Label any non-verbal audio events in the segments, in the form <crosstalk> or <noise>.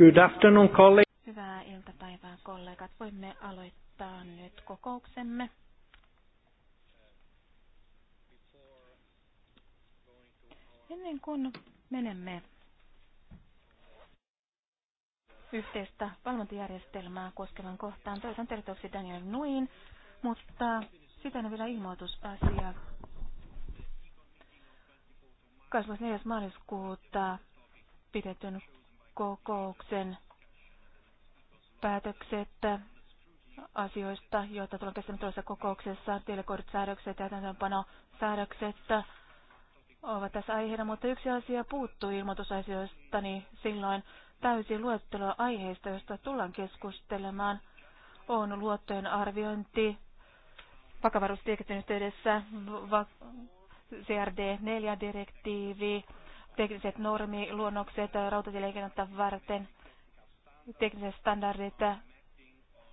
Good afternoon, colleagues. Hyvää iltapäivää, kollegat. Voimme aloittaa nyt kokouksemme. Ennen kuin menemme yhteistä valvontajärjestelmää koskevan kohtaan, toivotan tervetuloksi Daniel Nuin, mutta sitä on vielä ilmoitusasia. 24. maaliskuuta pidetyn kokouksen päätökset asioista, joita tullaan käsittämään tuossa kokouksessa, delegoidut säädökset ja täytäntöönpano säädökset ovat tässä aiheena, mutta yksi asia puuttuu ilmoitusasioista, niin silloin täysi luettelo aiheista, joista tullaan keskustelemaan, on luottojen arviointi, vakavaruusdirektiivin yhteydessä CRD4-direktiivi, tekniset normiluonnokset rautatieliikennettä varten, tekniset standardit,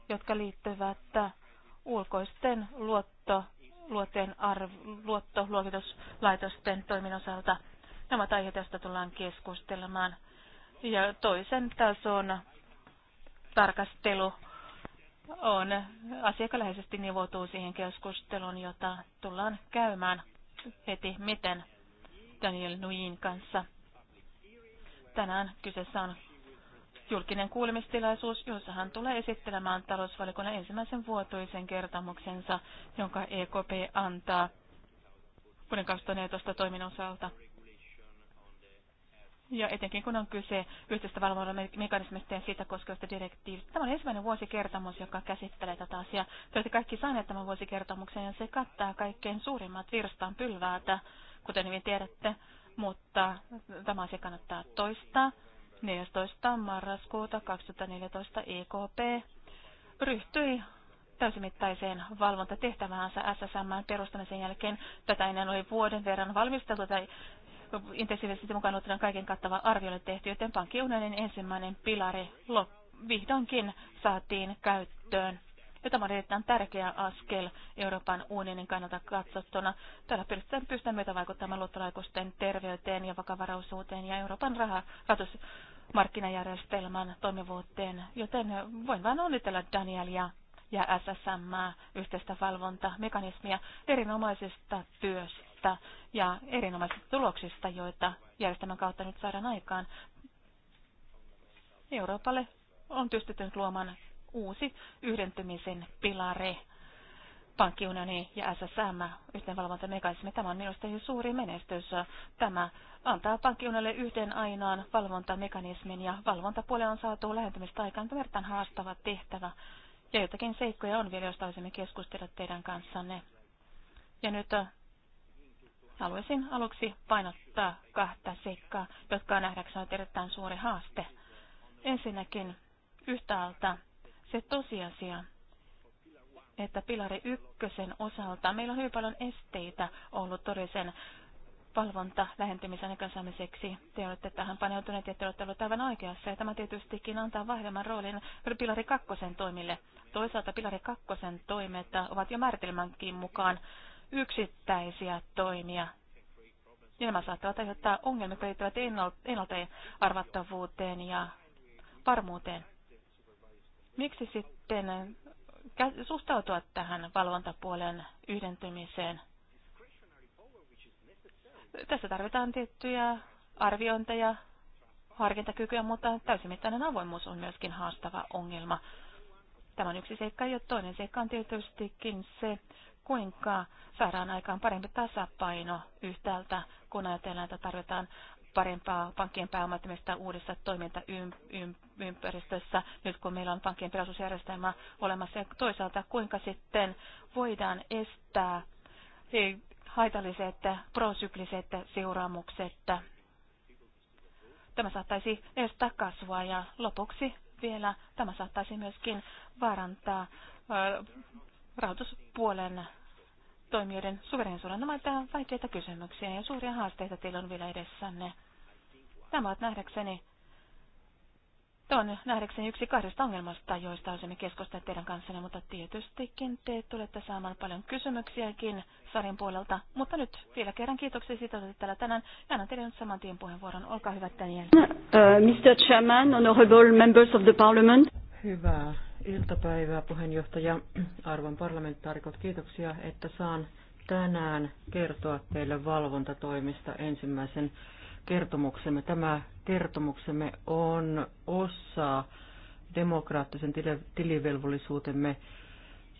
jotka liittyvät ulkoisten luotto, luotteen arv, luottoluokituslaitosten toiminnan osalta. Nämä aiheet, joista tullaan keskustelemaan. Ja toisen tason tarkastelu on asiakaläheisesti nivoutuu siihen keskusteluun, jota tullaan käymään heti miten Daniel Nuin kanssa. Tänään kyseessä on julkinen kuulemistilaisuus, jossa hän tulee esittelemään talousvalikunnan ensimmäisen vuotuisen kertomuksensa, jonka EKP antaa vuoden 2014 toiminnan osalta. Ja etenkin kun on kyse yhteistä valvontamekanismista ja siitä koskevasta direktiivistä. Tämä on ensimmäinen vuosikertomus, joka käsittelee tätä asiaa. Te olette kaikki saaneet tämän vuosikertomuksen ja se kattaa kaikkein suurimmat virstaan pylväätä kuten hyvin tiedätte, mutta tämä asia kannattaa toistaa. 14. marraskuuta 2014 EKP ryhtyi täysimittaiseen valvontatehtäväänsä SSM perustamisen jälkeen. Tätä ennen oli vuoden verran valmisteltu tai intensiivisesti mukaan ottaen kaiken kattava arvioille tehty, joten pankkiunionin ensimmäinen pilari lop, vihdoinkin saatiin käyttöön. Ja tämä on erittäin tärkeä askel Euroopan unionin kannalta katsottuna. Tällä pystytään, pystytään meitä vaikuttamaan luottolaikusten terveyteen ja vakavaraisuuteen ja Euroopan rahoitusmarkkinajärjestelmän markkinajärjestelmän toimivuuteen, joten voin vain onnitella Danielia ja SSM yhteistä valvontamekanismia erinomaisesta työstä ja erinomaisista tuloksista, joita järjestelmän kautta nyt saadaan aikaan. Euroopalle on pystytty luomaan uusi yhdentymisen pilari pankkiunioni ja SSM, yhteenvalvontamekanismi. Tämä on minusta jo suuri menestys. Tämä antaa pankkiunionille yhden ainoan valvontamekanismin ja valvontapuolella on saatu lähentymistä aikaan verran haastava tehtävä. Ja jotakin seikkoja on vielä, joista olisimme keskustella teidän kanssanne. Ja nyt äh, haluaisin aluksi painottaa kahta seikkaa, jotka on nähdäkseni erittäin suuri haaste. Ensinnäkin yhtäältä se tosiasia, että pilari ykkösen osalta meillä on hyvin paljon esteitä ollut todellisen valvonta lähentymisen aikaansaamiseksi. Te olette tähän paneutuneet ja te olette olleet aivan oikeassa. Ja tämä tietystikin antaa vahvemman roolin pilari kakkosen toimille. Toisaalta pilari kakkosen toimet ovat jo määritelmänkin mukaan yksittäisiä toimia. Ja nämä saattavat aiheuttaa ongelmia, jotka liittyvät ennalta arvattavuuteen ja varmuuteen. Miksi sitten äh, suhtautua tähän valvontapuolen yhdentymiseen? Tässä tarvitaan tiettyjä arviointeja, harkintakykyä, mutta täysimittainen avoimuus on myöskin haastava ongelma. Tämä on yksi seikka ja toinen seikka on tietystikin se, kuinka saadaan aikaan parempi tasapaino yhtäältä, kun ajatellaan, että tarvitaan parempaa pankkien pääomattamista uudessa toimintaympäristössä, nyt kun meillä on pankkien pelastusjärjestelmä olemassa. Ja toisaalta, kuinka sitten voidaan estää eh, haitalliset prosykliset seuraamukset. Tämä saattaisi estää kasvua ja lopuksi vielä tämä saattaisi myöskin vaarantaa eh, rahoituspuolen toimijoiden suverensuudella. Nämä ovat vaikeita kysymyksiä ja suuria haasteita teillä on vielä edessänne. Tämä on nähdäkseni, on nähdäkseni yksi kahdesta ongelmasta, joista olisimme keskustella teidän kanssanne, mutta tietystikin te tulette saamaan paljon kysymyksiäkin sarin puolelta. Mutta nyt vielä kerran kiitoksia siitä, että olette täällä tänään. Ja annan teille nyt saman tien puheenvuoron. Olkaa hyvä, Daniel. Uh, äh, Mr. Chairman, honorable members of the parliament. Hyvää iltapäivää, puheenjohtaja, arvon parlamentaarikot. Kiitoksia, että saan tänään kertoa teille valvontatoimista ensimmäisen kertomuksemme. Tämä kertomuksemme on osa demokraattisen tilivelvollisuutemme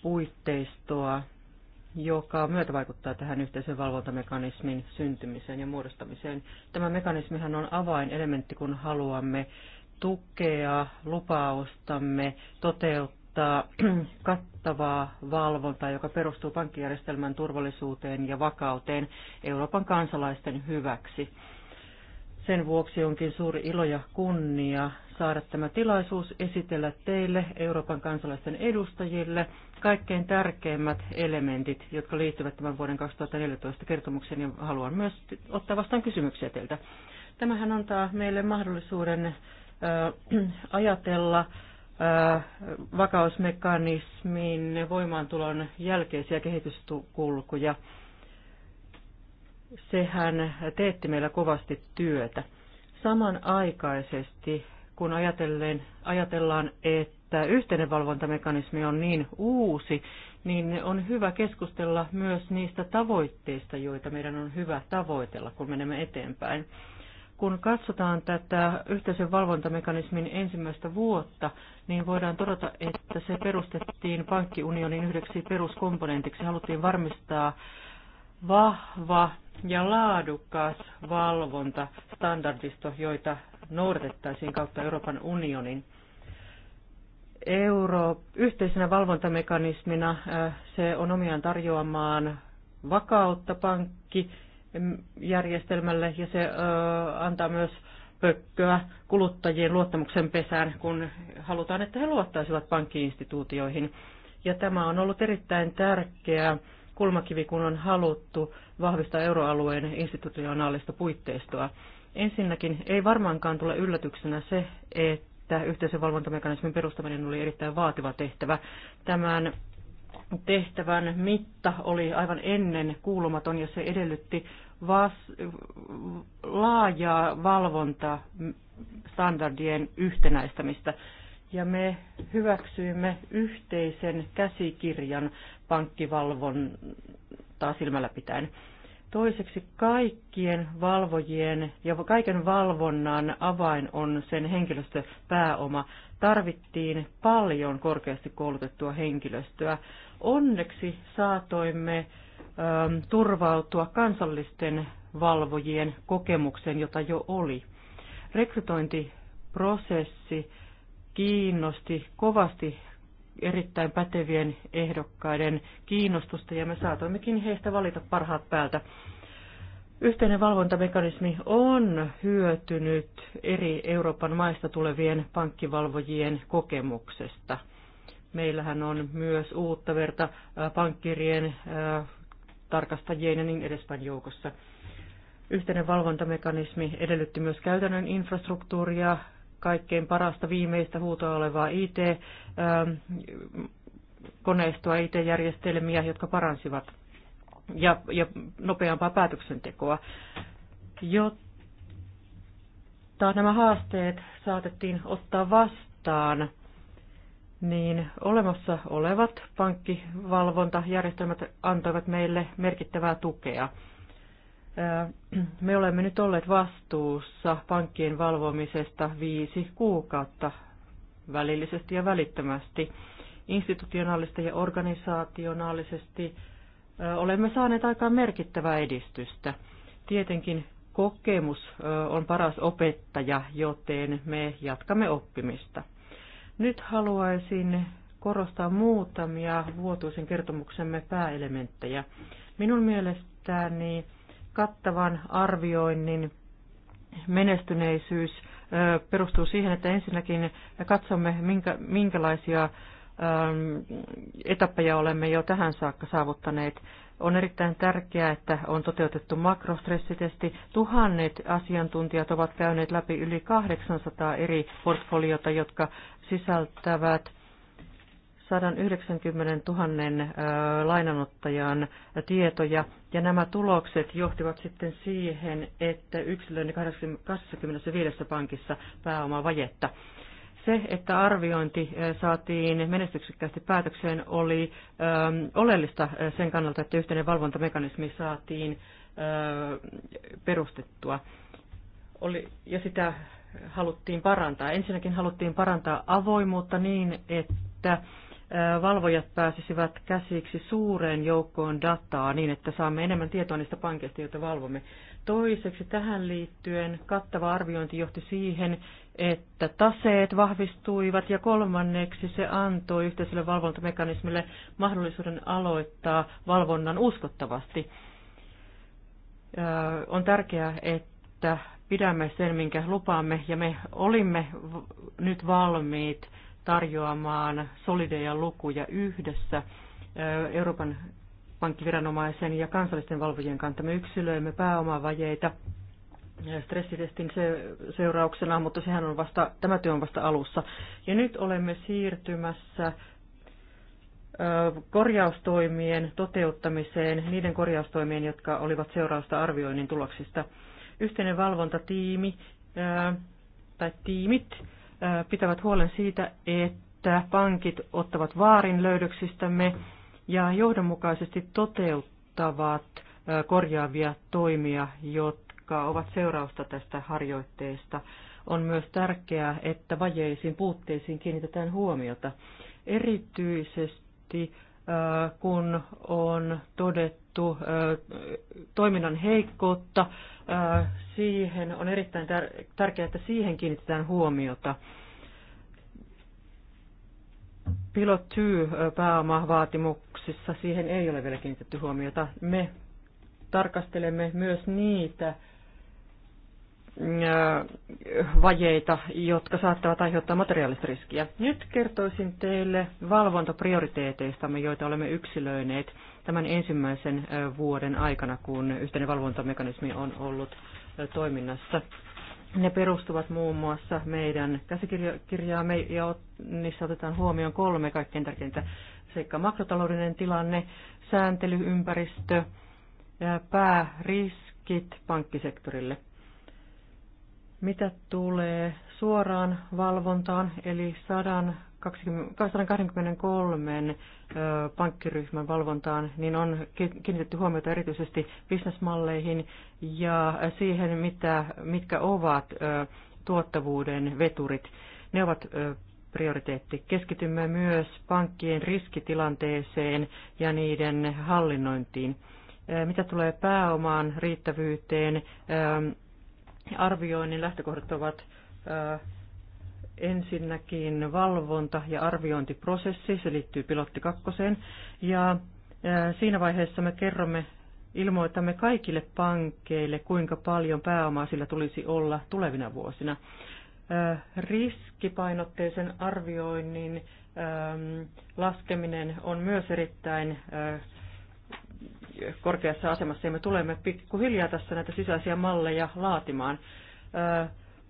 puitteistoa, joka myötävaikuttaa tähän yhteisen valvontamekanismin syntymiseen ja muodostamiseen. Tämä mekanismihan on avainelementti, kun haluamme tukea lupaustamme toteuttaa <clears throat> kattavaa valvontaa, joka perustuu pankkijärjestelmän turvallisuuteen ja vakauteen Euroopan kansalaisten hyväksi. Sen vuoksi onkin suuri ilo ja kunnia saada tämä tilaisuus esitellä teille, Euroopan kansalaisten edustajille, kaikkein tärkeimmät elementit, jotka liittyvät tämän vuoden 2014 kertomukseen, ja haluan myös ottaa vastaan kysymyksiä teiltä. Tämähän antaa meille mahdollisuuden äh, ajatella äh, vakausmekanismin voimaantulon jälkeisiä kehityskulkuja sehän teetti meillä kovasti työtä. Samanaikaisesti, kun ajatellen, ajatellaan, että yhteinen valvontamekanismi on niin uusi, niin on hyvä keskustella myös niistä tavoitteista, joita meidän on hyvä tavoitella, kun menemme eteenpäin. Kun katsotaan tätä yhteisen valvontamekanismin ensimmäistä vuotta, niin voidaan todeta, että se perustettiin pankkiunionin yhdeksi peruskomponentiksi. Haluttiin varmistaa vahva ja laadukas valvonta standardisto, joita noudatettaisiin kautta Euroopan unionin. Euro, yhteisenä valvontamekanismina äh, se on omiaan tarjoamaan vakautta pankkijärjestelmälle mm, ja se äh, antaa myös pökköä kuluttajien luottamuksen pesään, kun halutaan, että he luottaisivat pankkiinstituutioihin. Ja tämä on ollut erittäin tärkeää kulmakivi, kun on haluttu vahvistaa euroalueen institutionaalista puitteistoa. Ensinnäkin ei varmaankaan tule yllätyksenä se, että yhteisen valvontamekanismin perustaminen oli erittäin vaativa tehtävä. Tämän tehtävän mitta oli aivan ennen kuulumaton ja se edellytti vas, laajaa valvonta standardien yhtenäistämistä ja me hyväksyimme yhteisen käsikirjan pankkivalvon taas silmällä pitäen. Toiseksi kaikkien valvojien ja kaiken valvonnan avain on sen henkilöstöpääoma. Tarvittiin paljon korkeasti koulutettua henkilöstöä. Onneksi saatoimme ö, ähm, turvautua kansallisten valvojien kokemukseen, jota jo oli. Rekrytointiprosessi kiinnosti kovasti erittäin pätevien ehdokkaiden kiinnostusta ja me saatoimmekin heistä valita parhaat päältä. Yhteinen valvontamekanismi on hyötynyt eri Euroopan maista tulevien pankkivalvojien kokemuksesta. Meillähän on myös uutta verta pankkirien, tarkastajien ja niin edespäin joukossa. Yhteinen valvontamekanismi edellytti myös käytännön infrastruktuuria, kaikkein parasta viimeistä huutoa olevaa IT-koneistoa, IT-järjestelmiä, jotka paransivat ja, ja nopeampaa päätöksentekoa, jotta nämä haasteet saatettiin ottaa vastaan niin olemassa olevat pankkivalvontajärjestelmät antoivat meille merkittävää tukea. Me olemme nyt olleet vastuussa pankkien valvomisesta viisi kuukautta välillisesti ja välittömästi. Institutionaalisesti ja organisaationaalisesti olemme saaneet aikaan merkittävää edistystä. Tietenkin kokemus on paras opettaja, joten me jatkamme oppimista. Nyt haluaisin korostaa muutamia vuotuisen kertomuksemme pääelementtejä. Minun mielestäni kattavan arvioinnin menestyneisyys perustuu siihen, että ensinnäkin katsomme, minkä, minkälaisia ähm, etappeja olemme jo tähän saakka saavuttaneet. On erittäin tärkeää, että on toteutettu makrostressitesti. Tuhannet asiantuntijat ovat käyneet läpi yli 800 eri portfoliota, jotka sisältävät 190 000 lainanottajan tietoja, ja nämä tulokset johtivat sitten siihen, että yksilöiden 25 pankissa pääomavajetta. Se, että arviointi saatiin menestyksekkäästi päätökseen, oli oleellista sen kannalta, että yhteinen valvontamekanismi saatiin perustettua. Oli, ja sitä haluttiin parantaa. Ensinnäkin haluttiin parantaa avoimuutta niin, että että valvojat pääsisivät käsiksi suureen joukkoon dataa niin, että saamme enemmän tietoa niistä pankeista, joita valvomme. Toiseksi tähän liittyen kattava arviointi johti siihen, että taseet vahvistuivat ja kolmanneksi se antoi yhteiselle valvontamekanismille mahdollisuuden aloittaa valvonnan uskottavasti. On tärkeää, että pidämme sen, minkä lupaamme ja me olimme nyt valmiit tarjoamaan solideja lukuja yhdessä Euroopan pankkiviranomaisen ja kansallisten valvojien kanssa. Me yksilöimme pääomavajeita stressitestin se, seurauksena, mutta sehän on vasta, tämä työ on vasta alussa. Ja nyt olemme siirtymässä korjaustoimien toteuttamiseen, niiden korjaustoimien, jotka olivat seurausta arvioinnin tuloksista. Yhteinen valvontatiimi tai tiimit pitävät huolen siitä, että pankit ottavat vaarin löydöksistämme ja johdonmukaisesti toteuttavat korjaavia toimia, jotka ovat seurausta tästä harjoitteesta. On myös tärkeää, että vajeisiin puutteisiin kiinnitetään huomiota. Erityisesti kun on todettu toiminnan heikkoutta, Äh, siihen on erittäin tärkeää, että siihen kiinnitetään huomiota. Pilot 2-pääomavaatimuksissa siihen ei ole vielä kiinnitetty huomiota. Me tarkastelemme myös niitä äh, vajeita, jotka saattavat aiheuttaa materiaalista riskiä. Nyt kertoisin teille valvontaprioriteeteistamme, joita olemme yksilöineet tämän ensimmäisen vuoden aikana, kun yhteinen valvontamekanismi on ollut toiminnassa. Ne perustuvat muun muassa meidän käsikirjaamme ja niissä otetaan huomioon kolme kaikkein tärkeintä seikkaa. Makrotaloudellinen tilanne, sääntelyympäristö, pääriskit pankkisektorille. Mitä tulee suoraan valvontaan, eli sadan 223 pankkiryhmän valvontaan, niin on kiinnitetty huomiota erityisesti bisnesmalleihin ja siihen, mitä, mitkä ovat tuottavuuden veturit. Ne ovat prioriteetti. Keskitymme myös pankkien riskitilanteeseen ja niiden hallinnointiin. Mitä tulee pääomaan riittävyyteen, arvioinnin lähtökohdat ovat Ensinnäkin valvonta- ja arviointiprosessi, se liittyy pilotti kakkoseen. Ja siinä vaiheessa me kerromme, ilmoitamme kaikille pankkeille kuinka paljon pääomaa sillä tulisi olla tulevina vuosina. Riskipainotteisen arvioinnin laskeminen on myös erittäin korkeassa asemassa ja me tulemme pikkuhiljaa tässä näitä sisäisiä malleja laatimaan.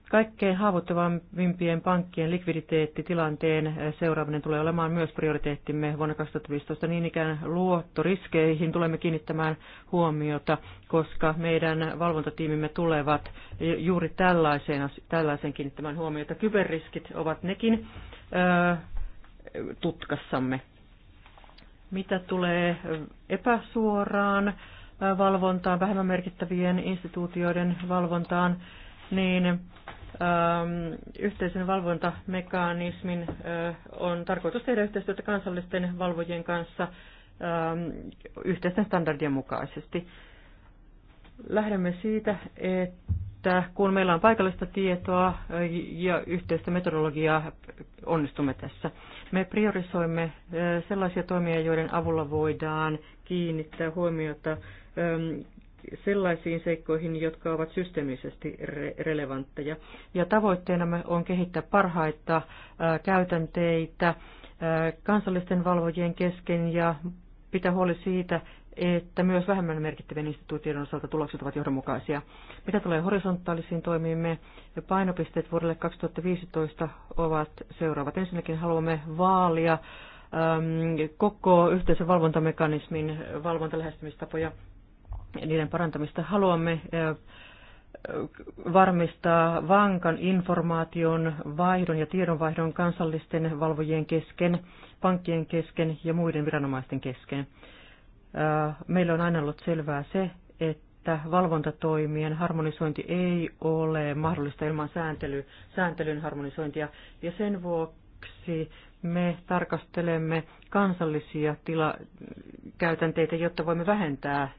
Kaikkein haavoittuvampien pankkien likviditeettitilanteen seuraaminen tulee olemaan myös prioriteettimme vuonna 2015. Niin ikään luottoriskeihin tulemme kiinnittämään huomiota, koska meidän valvontatiimimme tulevat juuri tällaiseen, tällaiseen kiinnittämään huomiota. Kyberriskit ovat nekin ö, tutkassamme. Mitä tulee epäsuoraan valvontaan, vähemmän merkittävien instituutioiden valvontaan, niin Ähm, yhteisen valvontamekanismin äh, on tarkoitus tehdä yhteistyötä kansallisten valvojien kanssa ähm, yhteisten standardien mukaisesti. Lähdemme siitä, että kun meillä on paikallista tietoa äh, ja yhteistä metodologiaa, onnistumme tässä. Me priorisoimme äh, sellaisia toimia, joiden avulla voidaan kiinnittää huomiota ähm, sellaisiin seikkoihin, jotka ovat systeemisesti re- relevantteja. Ja tavoitteena on kehittää parhaita ää, käytänteitä ää, kansallisten valvojien kesken ja pitää huoli siitä, että myös vähemmän merkittävien instituutioiden osalta tulokset ovat johdonmukaisia. Mitä tulee horisontaalisiin toimiimme, painopisteet vuodelle 2015 ovat seuraavat. Ensinnäkin haluamme vaalia äm, koko yhteisen valvontamekanismin valvontalähestymistapoja niiden parantamista. Haluamme varmistaa vankan informaation vaihdon ja tiedonvaihdon kansallisten valvojien kesken, pankkien kesken ja muiden viranomaisten kesken. Meillä on aina ollut selvää se, että valvontatoimien harmonisointi ei ole mahdollista ilman sääntely, sääntelyn harmonisointia, ja sen vuoksi me tarkastelemme kansallisia tila- käytänteitä, jotta voimme vähentää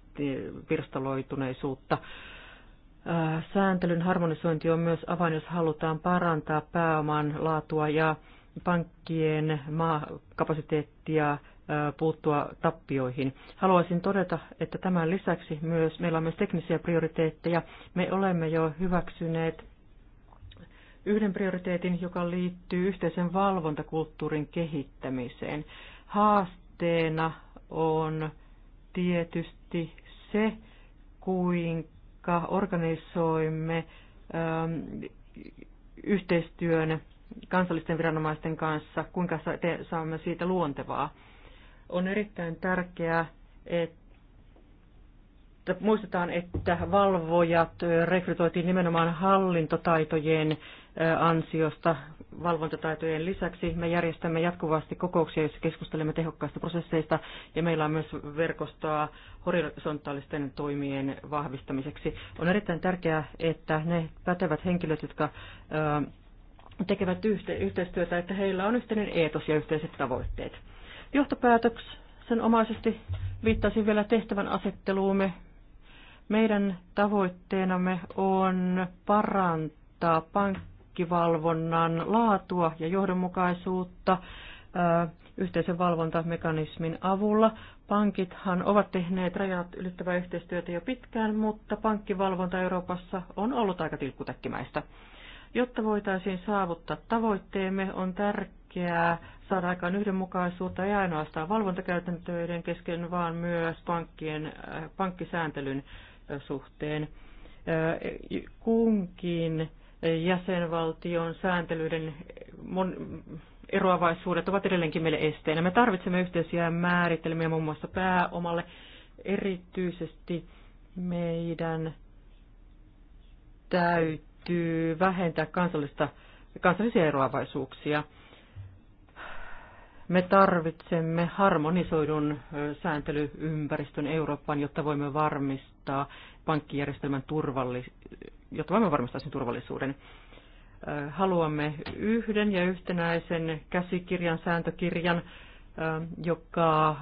pirstaloituneisuutta. Äh, sääntelyn harmonisointi on myös avain, jos halutaan parantaa pääoman laatua ja pankkien maakapasiteettia äh, puuttua tappioihin. Haluaisin todeta, että tämän lisäksi myös meillä on myös teknisiä prioriteetteja. Me olemme jo hyväksyneet yhden prioriteetin, joka liittyy yhteisen valvontakulttuurin kehittämiseen. Haasteena on tietysti se, kuinka organisoimme ähm, yhteistyön kansallisten viranomaisten kanssa, kuinka saamme siitä luontevaa. On erittäin tärkeää, että muistetaan, että valvojat äh, rekrytoitiin nimenomaan hallintotaitojen ansiosta valvontataitojen lisäksi. Me järjestämme jatkuvasti kokouksia, joissa keskustelemme tehokkaista prosesseista ja meillä on myös verkostoa horisontaalisten toimien vahvistamiseksi. On erittäin tärkeää, että ne pätevät henkilöt, jotka tekevät yhteistyötä, että heillä on yhteinen eetos ja yhteiset tavoitteet. Johtopäätöksen omaisesti viittasin vielä tehtävän asetteluumme. Meidän tavoitteenamme on parantaa pankkia pankkivalvonnan laatua ja johdonmukaisuutta yhteisen valvontamekanismin avulla. Pankithan ovat tehneet rajat ylittävää yhteistyötä jo pitkään, mutta pankkivalvonta Euroopassa on ollut aika tilkkutäkkimäistä. Jotta voitaisiin saavuttaa tavoitteemme, on tärkeää saada aikaan yhdenmukaisuutta ei ainoastaan valvontakäytäntöiden kesken, vaan myös pankkien, pankkisääntelyn suhteen. Kunkin jäsenvaltion sääntelyiden mon- eroavaisuudet ovat edelleenkin meille esteenä. Me tarvitsemme yhteisiä määritelmiä muun muassa pääomalle, erityisesti meidän täytyy vähentää kansallista, kansallisia eroavaisuuksia. Me tarvitsemme harmonisoidun sääntelyympäristön Eurooppaan, jotta voimme varmistaa pankkijärjestelmän turvalli, jotta voimme varmistaa sen turvallisuuden. Haluamme yhden ja yhtenäisen käsikirjan, sääntökirjan, joka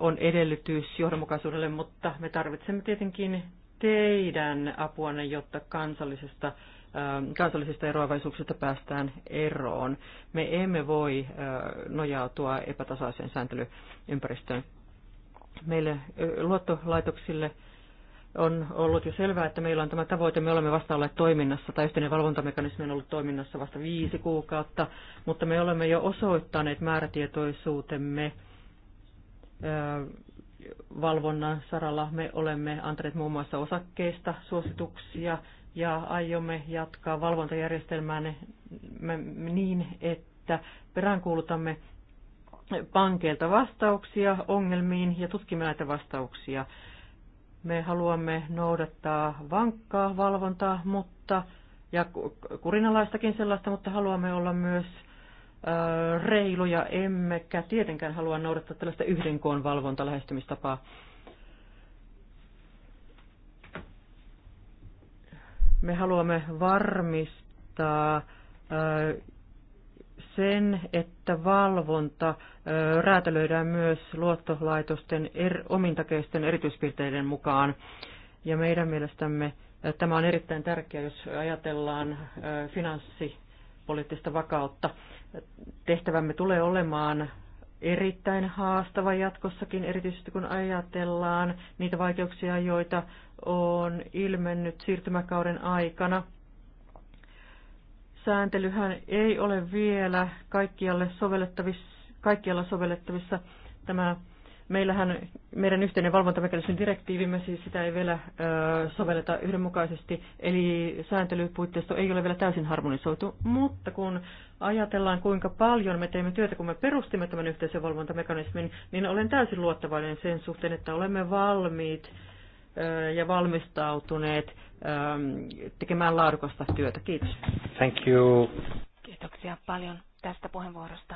on edellytys johdonmukaisuudelle, mutta me tarvitsemme tietenkin teidän apuanne, jotta kansallisesta, kansallisista eroavaisuuksista päästään eroon. Me emme voi nojautua epätasaiseen sääntelyympäristöön. Meille luottolaitoksille on ollut jo selvää, että meillä on tämä tavoite. Me olemme vasta olleet toiminnassa, tai yhteinen valvontamekanismi on ollut toiminnassa vasta viisi kuukautta, mutta me olemme jo osoittaneet määrätietoisuutemme valvonnan saralla. Me olemme antaneet muun muassa osakkeista suosituksia ja aiomme jatkaa valvontajärjestelmää niin, että peräänkuulutamme pankeilta vastauksia ongelmiin ja tutkimme näitä vastauksia me haluamme noudattaa vankkaa valvontaa, mutta ja kurinalaistakin sellaista, mutta haluamme olla myös reiluja, emmekä tietenkään halua noudattaa tällaista yhden koon valvontalähestymistapaa. Me haluamme varmistaa sen, että valvonta räätälöidään myös luottolaitosten er, omintakeisten erityispiirteiden mukaan. Ja meidän mielestämme tämä on erittäin tärkeää, jos ajatellaan finanssipoliittista vakautta. Tehtävämme tulee olemaan erittäin haastava jatkossakin, erityisesti kun ajatellaan niitä vaikeuksia, joita on ilmennyt siirtymäkauden aikana – Sääntelyhän ei ole vielä kaikkialle sovellettavissa. Kaikkialla sovellettavissa. Tämä, meillähän meidän yhteinen valvontamekanismin direktiivimme, siis sitä ei vielä ö, sovelleta yhdenmukaisesti, eli sääntelypuitteisto ei ole vielä täysin harmonisoitu, mutta kun ajatellaan kuinka paljon me teemme työtä, kun me perustimme tämän yhteisen valvontamekanismin, niin olen täysin luottavainen sen suhteen, että olemme valmiit ja valmistautuneet tekemään laadukasta työtä. Kiitos. Thank you. Kiitoksia paljon tästä puheenvuorosta.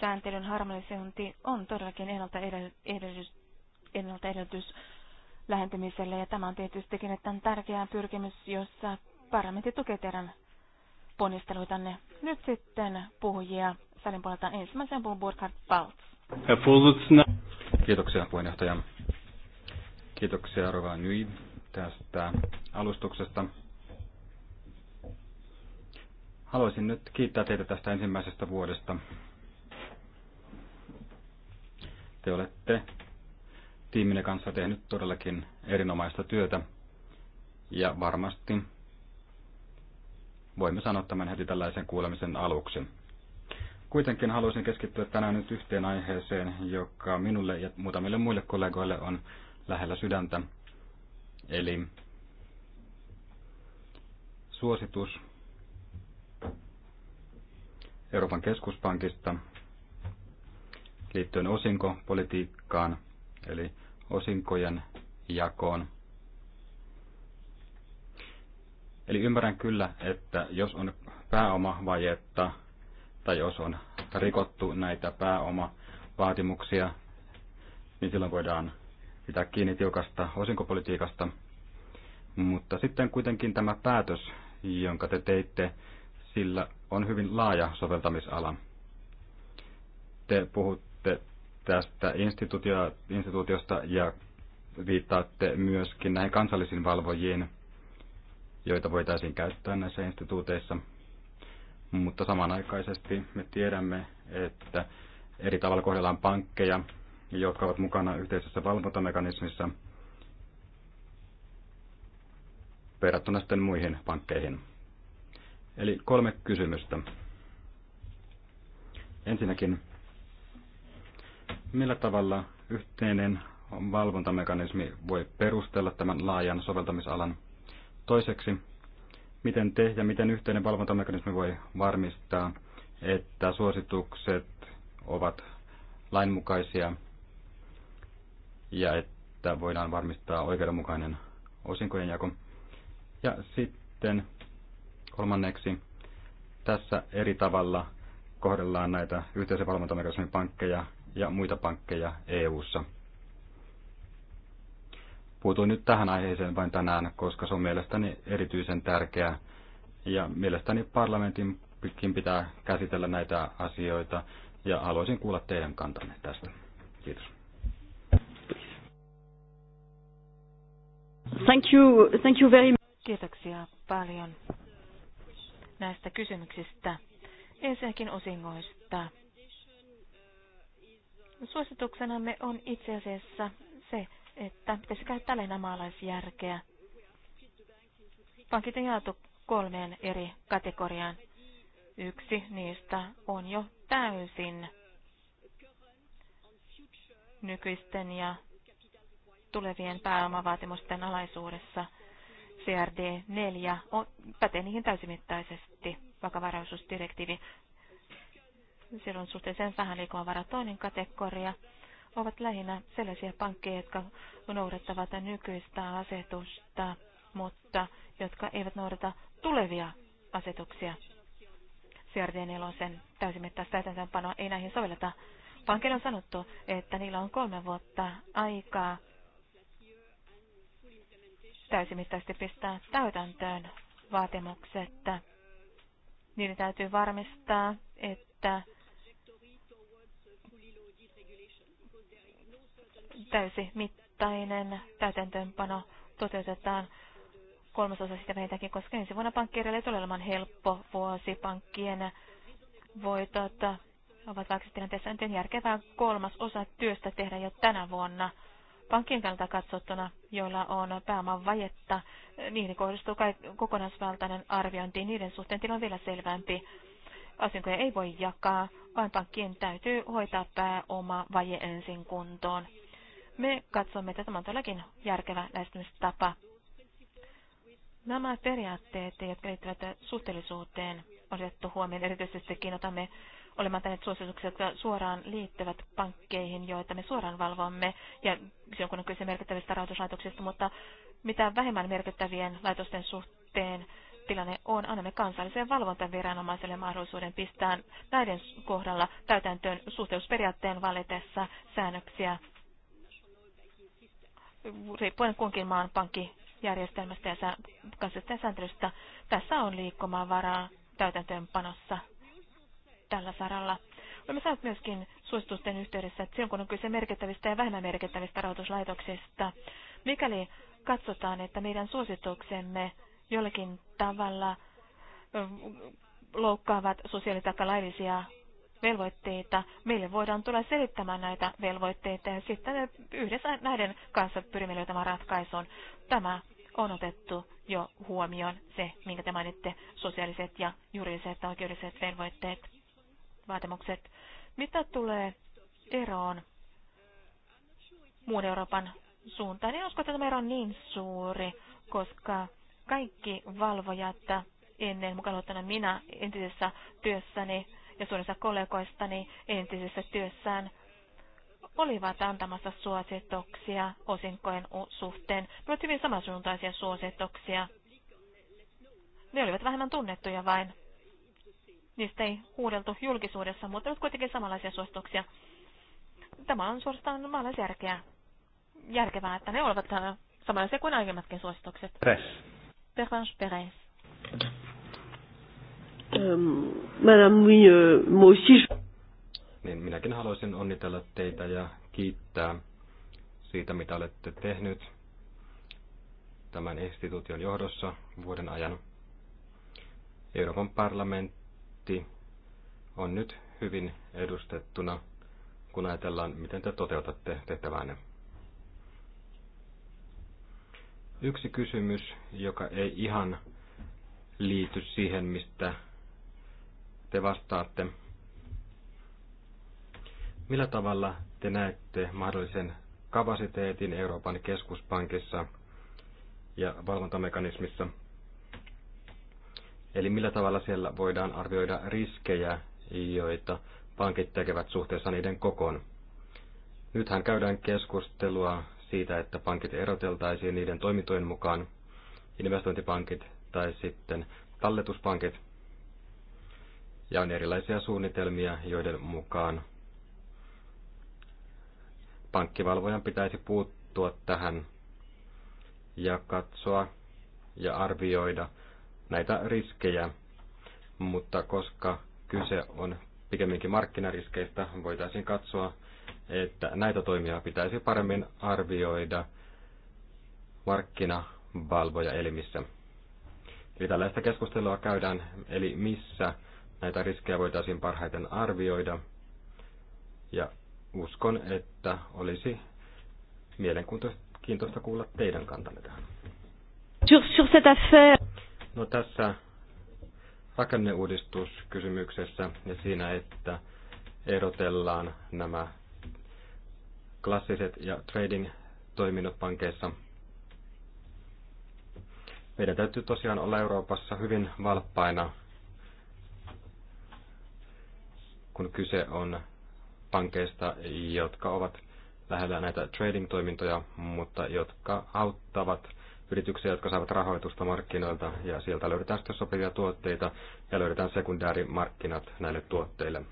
Sääntelyn harmonisointi on todellakin ennalta edellytys, ennalta edellytys lähentymiselle ja tämä on tietystikin tämän tärkeä pyrkimys, jossa parlamentti tukee teidän ponnisteluitanne. Nyt sitten puhujia salin puolelta ensimmäisen puhun Burkhard Paltz. Kiitoksia puheenjohtaja. Kiitoksia Rova Nyi tästä alustuksesta. Haluaisin nyt kiittää teitä tästä ensimmäisestä vuodesta. Te olette tiiminne kanssa tehnyt todellakin erinomaista työtä ja varmasti voimme sanoa tämän heti tällaisen kuulemisen aluksi. Kuitenkin haluaisin keskittyä tänään nyt yhteen aiheeseen, joka minulle ja muutamille muille kollegoille on lähellä sydäntä. Eli suositus Euroopan keskuspankista liittyen osinkopolitiikkaan, eli osinkojen jakoon. Eli ymmärrän kyllä, että jos on pääomavajetta tai jos on rikottu näitä pääomavaatimuksia, niin silloin voidaan pitää kiinni tiukasta osinkopolitiikasta. Mutta sitten kuitenkin tämä päätös, jonka te teitte, sillä on hyvin laaja soveltamisala. Te puhutte tästä instituutio, instituutiosta ja viittaatte myöskin näihin kansallisiin valvojiin, joita voitaisiin käyttää näissä instituuteissa – mutta samanaikaisesti me tiedämme, että eri tavalla kohdellaan pankkeja, jotka ovat mukana yhteisessä valvontamekanismissa verrattuna sitten muihin pankkeihin. Eli kolme kysymystä. Ensinnäkin, millä tavalla yhteinen valvontamekanismi voi perustella tämän laajan soveltamisalan? Toiseksi, miten te ja miten yhteinen valvontamekanismi voi varmistaa, että suositukset ovat lainmukaisia ja että voidaan varmistaa oikeudenmukainen osinkojen jako. Ja sitten kolmanneksi tässä eri tavalla kohdellaan näitä yhteisen valvontamekanismin pankkeja ja muita pankkeja EU-ssa. Puutuin nyt tähän aiheeseen vain tänään, koska se on mielestäni erityisen tärkeää. Ja mielestäni parlamentinkin pitää käsitellä näitä asioita ja haluaisin kuulla teidän kantanne tästä. Kiitos. Thank you, thank you very much. Kiitoksia paljon näistä kysymyksistä. Ensinnäkin osingoista. Suosituksenamme on itse asiassa se, että pitäisi käyttää lähinnä maalaisjärkeä. Pankit on jaettu kolmeen eri kategoriaan. Yksi niistä on jo täysin nykyisten ja tulevien pääomavaatimusten alaisuudessa. CRD 4 on, pätee niihin täysimittaisesti vakavaraisuusdirektiivi. Siellä on suhteellisen vähän liikkumavaraa varatoinen kategoria, ovat lähinnä sellaisia pankkeja, jotka noudattavat nykyistä asetusta, mutta jotka eivät noudata tulevia asetuksia. CRD4 täysimittaista täytäntöönpanoa ei näihin sovelleta. Pankkeille on sanottu, että niillä on kolme vuotta aikaa täysimittaisesti pistää täytäntöön vaatimukset. Niiden täytyy varmistaa, että täysimittainen täytäntöönpano toteutetaan kolmasosa sitä vähintäänkin, koska ensi vuonna ei tulee olemaan helppo vuosi pankkien voitot ovat vaikka tilanteessa nyt järkevää kolmas osa työstä tehdä jo tänä vuonna. Pankkien kannalta katsottuna, joilla on pääoman vajetta, niihin kohdistuu kokonaisvaltainen arviointi. Niiden suhteen tilanne on vielä selvämpi. Asinkoja ei voi jakaa, vaan pankkien täytyy hoitaa pääoma vaje ensin kuntoon. Me katsomme, että tämä on todellakin järkevä lähestymistapa. Nämä periaatteet, jotka liittyvät suhteellisuuteen, on otettu huomioon. Erityisestikin otamme olemaan tänne suosituksia, jotka suoraan liittyvät pankkeihin, joita me suoraan valvomme, ja se on kyse merkittävistä rahoituslaitoksista, mutta mitä vähemmän merkittävien laitosten suhteen tilanne on, annamme kansalliseen valvontaviranomaiselle mahdollisuuden pistää näiden kohdalla täytäntöön suhteusperiaatteen valitessa säännöksiä riippuen kunkin maan pankkijärjestelmästä ja kansallisten sääntelystä. Tässä on liikkumaan varaa täytäntöönpanossa tällä saralla. Olemme saaneet myöskin suositusten yhteydessä, että silloin kun on kyse merkittävistä ja vähemmän merkittävistä rahoituslaitoksista, mikäli katsotaan, että meidän suosituksemme jollakin tavalla loukkaavat sosiaali- tai laillisia velvoitteita. Meille voidaan tulla selittämään näitä velvoitteita ja sitten yhdessä näiden kanssa pyrimme löytämään ratkaisun. Tämä on otettu jo huomioon se, minkä te mainitte, sosiaaliset ja juridiset ja oikeudelliset velvoitteet, vaatimukset. Mitä tulee eroon muun Euroopan suuntaan, en niin usko, että tämä ero on niin suuri, koska kaikki valvojat ennen mukaan minä entisessä työssäni ja suurin kollegoistani entisessä työssään olivat antamassa suosituksia osinkojen suhteen. Ne olivat hyvin samansuuntaisia suosituksia. Ne olivat vähemmän tunnettuja vain. Niistä ei huudeltu julkisuudessa, mutta nyt kuitenkin samanlaisia suosituksia. Tämä on suorastaan maalaisjärkeä. Järkevää, että ne olivat äh, samanlaisia kuin aiemmatkin suositukset. Peres. Peres. Madame, oui, euh, moi aussi. Niin minäkin haluaisin onnitella teitä ja kiittää siitä, mitä olette tehnyt tämän instituution johdossa vuoden ajan. Euroopan parlamentti on nyt hyvin edustettuna, kun ajatellaan, miten te toteutatte tehtävänne. Yksi kysymys, joka ei ihan liity siihen, mistä te vastaatte. Millä tavalla te näette mahdollisen kapasiteetin Euroopan keskuspankissa ja valvontamekanismissa? Eli millä tavalla siellä voidaan arvioida riskejä, joita pankit tekevät suhteessa niiden kokoon? Nythän käydään keskustelua siitä, että pankit eroteltaisiin niiden toimintojen mukaan, investointipankit tai sitten talletuspankit – ja on erilaisia suunnitelmia, joiden mukaan pankkivalvojan pitäisi puuttua tähän ja katsoa ja arvioida näitä riskejä, mutta koska kyse on pikemminkin markkinariskeistä, voitaisiin katsoa, että näitä toimia pitäisi paremmin arvioida markkinavalvoja elimissä. Eli tällaista keskustelua käydään, eli missä näitä riskejä voitaisiin parhaiten arvioida. Ja uskon, että olisi mielenkiintoista kuulla teidän kantanne tähän. Sur, cette affaire. No tässä rakenneuudistuskysymyksessä ja siinä, että erotellaan nämä klassiset ja trading-toiminnot pankeissa. Meidän täytyy tosiaan olla Euroopassa hyvin valppaina kun kyse on pankeista, jotka ovat lähellä näitä trading-toimintoja, mutta jotka auttavat yrityksiä, jotka saavat rahoitusta markkinoilta, ja sieltä löydetään sitten sopivia tuotteita, ja löydetään sekundäärimarkkinat näille tuotteille.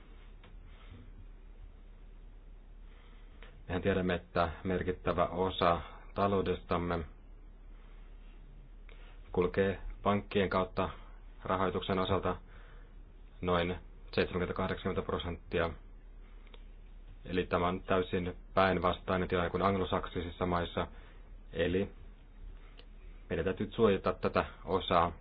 Mehän tiedämme, että merkittävä osa taloudestamme kulkee pankkien kautta rahoituksen osalta noin 70-80 prosenttia. Eli tämä on täysin päinvastainen tilanne kuin anglosaksisissa maissa. Eli meidän täytyy suojata tätä osaa.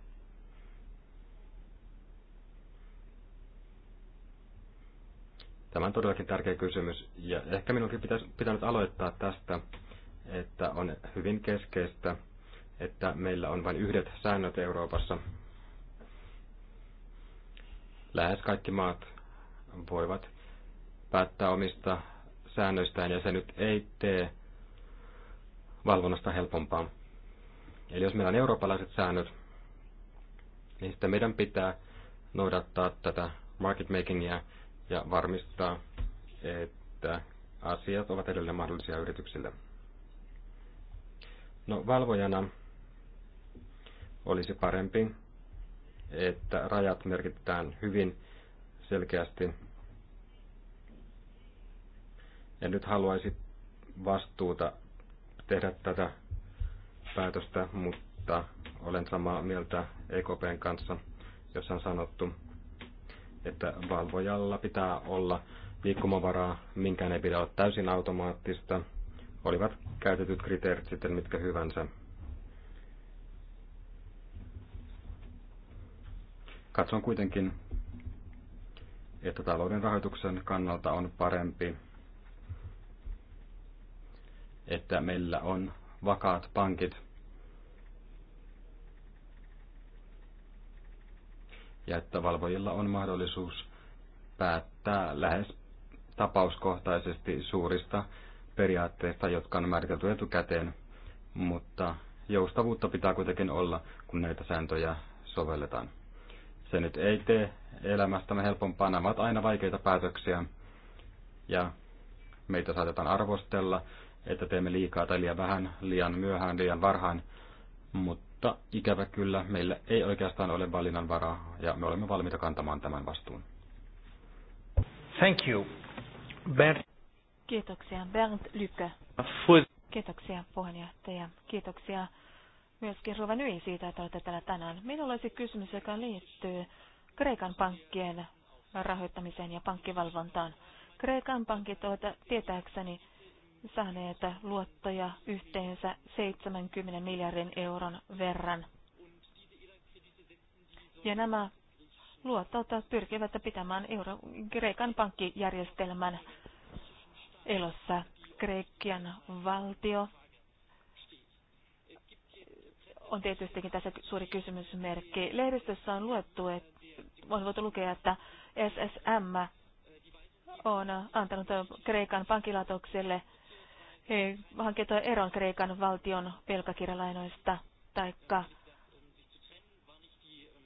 Tämä on todellakin tärkeä kysymys, ja ehkä minunkin pitäisi, pitänyt aloittaa tästä, että on hyvin keskeistä, että meillä on vain yhdet säännöt Euroopassa, lähes kaikki maat voivat päättää omista säännöistään, ja se nyt ei tee valvonnasta helpompaa. Eli jos meillä on eurooppalaiset säännöt, niin sitten meidän pitää noudattaa tätä market makingia ja varmistaa, että asiat ovat edelleen mahdollisia yrityksille. No valvojana olisi parempi, että rajat merkitään hyvin selkeästi. En nyt haluaisi vastuuta tehdä tätä päätöstä, mutta olen samaa mieltä EKPn kanssa, jossa on sanottu, että valvojalla pitää olla liikkumavaraa, minkään ei pidä olla täysin automaattista, olivat käytetyt kriteerit sitten mitkä hyvänsä. Katson kuitenkin, että talouden rahoituksen kannalta on parempi, että meillä on vakaat pankit ja että valvojilla on mahdollisuus päättää lähes tapauskohtaisesti suurista periaatteista, jotka on määritelty etukäteen, mutta joustavuutta pitää kuitenkin olla, kun näitä sääntöjä sovelletaan. Se nyt ei tee elämästämme helpompaa. Nämä ovat aina vaikeita päätöksiä ja meitä saatetaan arvostella, että teemme liikaa tai liian vähän, liian myöhään, liian varhain. Mutta ikävä kyllä, meillä ei oikeastaan ole valinnanvaraa ja me olemme valmiita kantamaan tämän vastuun. Thank you. Bert. Kiitoksia. Bernd Lykke. Kiitoksia puheenjohtaja. Kiitoksia myöskin Ruvan Yi siitä, että olette täällä tänään. Minulla olisi kysymys, joka liittyy Kreikan pankkien rahoittamiseen ja pankkivalvontaan. Kreikan pankit ovat tietääkseni saaneet luottoja yhteensä 70 miljardin euron verran. Ja nämä luotot pyrkivät pitämään Euro- Kreikan pankkijärjestelmän elossa. kreikkian valtio on tietystikin tässä suuri kysymysmerkki. Lehdistössä on luettu, että on voitu lukea, että SSM on antanut Kreikan pankilatokselle hankkeita eron Kreikan valtion velkakirjalainoista, taikka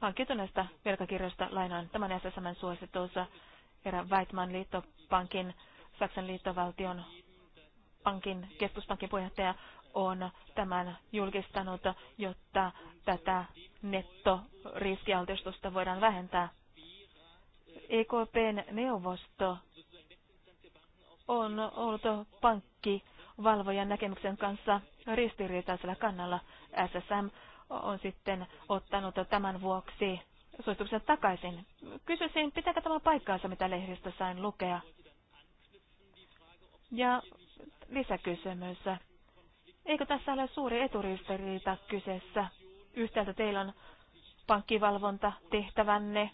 hankkeita näistä velkakirjoista lainaan. Tämän SSMn suositus erään Weitman liittopankin, Saksan liittovaltion pankin, keskuspankin puheenjohtaja on tämän julkistanut, jotta tätä nettoriskialtistusta voidaan vähentää. EKPn neuvosto on ollut pankkivalvojan näkemyksen kanssa ristiriitaisella kannalla. SSM on sitten ottanut tämän vuoksi suositukset takaisin. Kysyisin, pitääkö tämä paikkaansa, mitä lehdistä sain lukea? Ja lisäkysymys. Eikö tässä ole suuri eturistiriita kyseessä? Yhtäältä teillä on pankkivalvonta tehtävänne,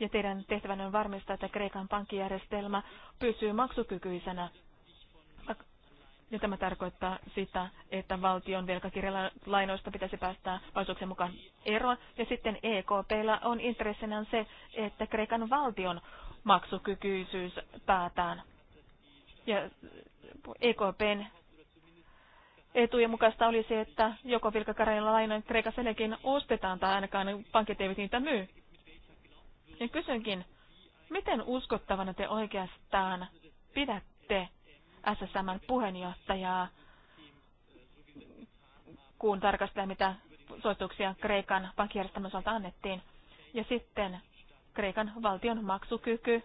ja teidän tehtävänne on varmistaa, että Kreikan pankkijärjestelmä pysyy maksukykyisenä. Ja tämä tarkoittaa sitä, että valtion velkakirjalainoista pitäisi päästä vaisuuksen mukaan eroon. Ja sitten EKPllä on intressinä se, että Kreikan valtion maksukykyisyys päätään. Ja EKPn etujen mukaista olisi, että joko vilkakarjalla lainoin Kreikassa ennenkin ostetaan tai ainakaan pankit eivät niitä myy. Ja kysynkin, miten uskottavana te oikeastaan pidätte SSMn puheenjohtajaa, kun tarkastelee, mitä soituksia Kreikan pankkijärjestelmän osalta annettiin. Ja sitten Kreikan valtion maksukyky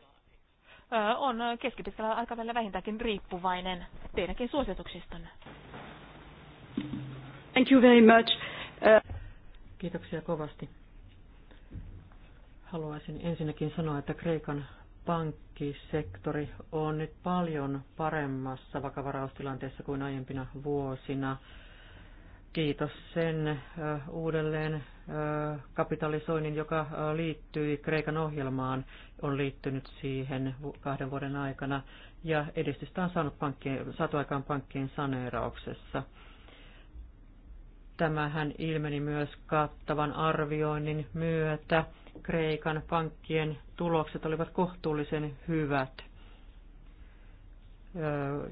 on keskipitkällä aikavälillä vähintäänkin riippuvainen teidänkin suosituksistanne. Thank you very much. Uh, Kiitoksia kovasti. Haluaisin ensinnäkin sanoa, että Kreikan pankkisektori on nyt paljon paremmassa vakavaraustilanteessa kuin aiempina vuosina. Kiitos sen uudelleen kapitalisoinnin, joka liittyi Kreikan ohjelmaan, on liittynyt siihen kahden vuoden aikana ja edistystä on saanut pankkien, saatu aikaan pankkien saneerauksessa – Tämähän ilmeni myös kattavan arvioinnin myötä. Kreikan pankkien tulokset olivat kohtuullisen hyvät.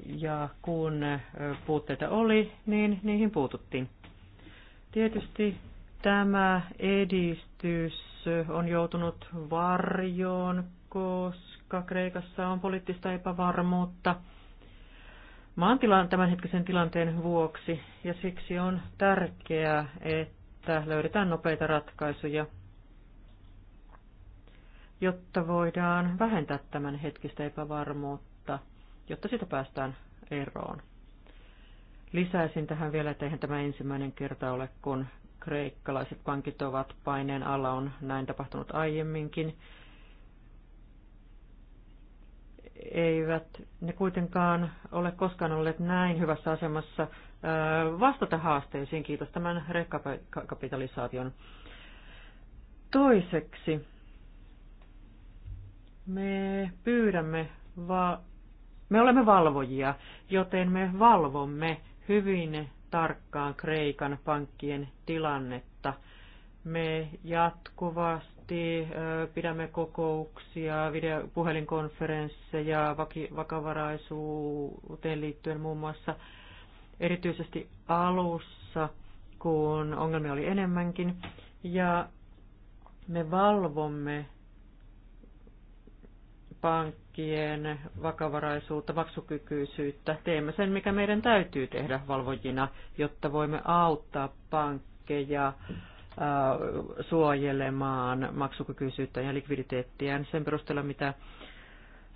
Ja kun puutteita oli, niin niihin puututtiin. Tietysti tämä edistys on joutunut varjoon, koska Kreikassa on poliittista epävarmuutta – maantilan tämänhetkisen tilanteen vuoksi ja siksi on tärkeää, että löydetään nopeita ratkaisuja, jotta voidaan vähentää tämänhetkistä epävarmuutta, jotta sitä päästään eroon. Lisäisin tähän vielä, että eihän tämä ensimmäinen kerta ole, kun kreikkalaiset pankit ovat paineen alla, on näin tapahtunut aiemminkin eivät ne kuitenkaan ole koskaan olleet näin hyvässä asemassa äh, vastata haasteisiin, kiitos tämän rekkakapitalisaation. Toiseksi me pyydämme, va- me olemme valvojia, joten me valvomme hyvin tarkkaan Kreikan pankkien tilannetta. Me jatkuvasti raportti, pidämme kokouksia, video, puhelinkonferensseja vakavaraisuuteen liittyen muun muassa erityisesti alussa, kun ongelmia oli enemmänkin. Ja me valvomme pankkien vakavaraisuutta, maksukykyisyyttä. Teemme sen, mikä meidän täytyy tehdä valvojina, jotta voimme auttaa pankkeja Äh, suojelemaan maksukykyisyyttä ja likviditeettiä, sen perusteella, mitä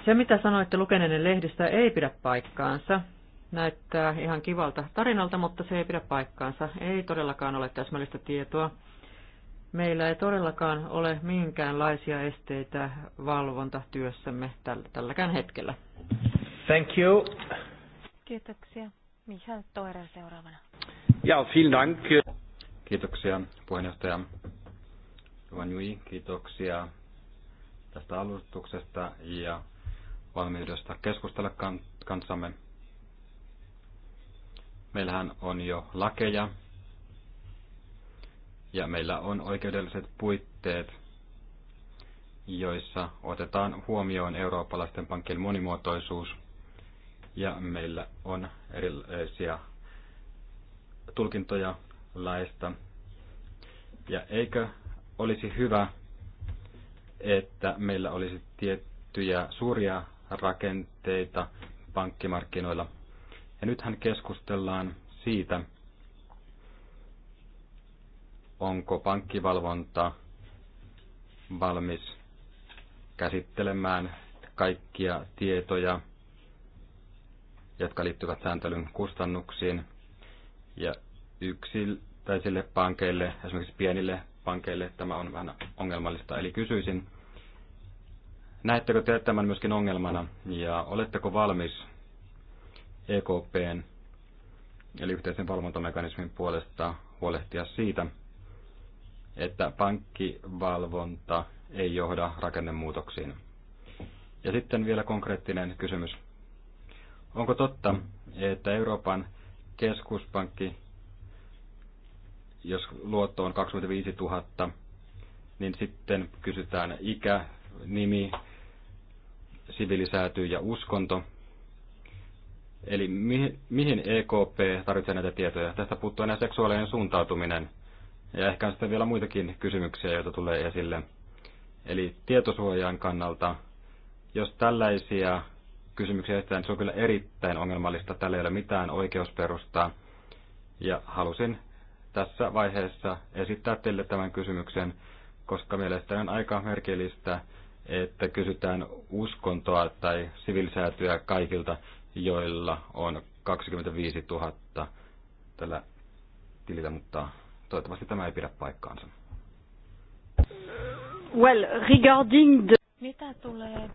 se, mitä sanoitte lukeneen lehdistä, ei pidä paikkaansa. Näyttää ihan kivalta tarinalta, mutta se ei pidä paikkaansa. Ei todellakaan ole täsmällistä tietoa. Meillä ei todellakaan ole minkäänlaisia esteitä valvontatyössämme tällä, tälläkään hetkellä. Thank you. Kiitoksia. Michael Toira seuraavana. Ja, vielen Dank. Kiitoksia puheenjohtaja Juan Jui, kiitoksia tästä alustuksesta ja valmiudesta keskustella kanssamme. Meillähän on jo lakeja ja meillä on oikeudelliset puitteet, joissa otetaan huomioon eurooppalaisten pankkien monimuotoisuus ja meillä on erilaisia tulkintoja laista. Ja eikö olisi hyvä, että meillä olisi tiettyjä suuria rakenteita pankkimarkkinoilla. Ja nythän keskustellaan siitä, onko pankkivalvonta valmis käsittelemään kaikkia tietoja, jotka liittyvät sääntelyn kustannuksiin. Ja yksittäisille pankeille, esimerkiksi pienille pankeille, tämä on vähän ongelmallista. Eli kysyisin, näettekö te tämän myöskin ongelmana ja oletteko valmis EKPn eli yhteisen valvontamekanismin puolesta huolehtia siitä, että pankkivalvonta ei johda rakennemuutoksiin. Ja sitten vielä konkreettinen kysymys. Onko totta, että Euroopan keskuspankki jos luotto on 25 000, niin sitten kysytään ikä, nimi, sivilisääty ja uskonto. Eli mihin EKP tarvitsee näitä tietoja? Tästä puuttuu enää seksuaalinen suuntautuminen. Ja ehkä on sitten vielä muitakin kysymyksiä, joita tulee esille. Eli tietosuojan kannalta, jos tällaisia kysymyksiä esitetään, niin se on kyllä erittäin ongelmallista. Tällä ei ole mitään oikeusperustaa. Ja halusin tässä vaiheessa esittää teille tämän kysymyksen, koska mielestäni on aika merkillistä, että kysytään uskontoa tai sivilisäätyä kaikilta, joilla on 25 000 tällä tilillä, mutta toivottavasti tämä ei pidä paikkaansa. Well, regarding the... Mitä tulee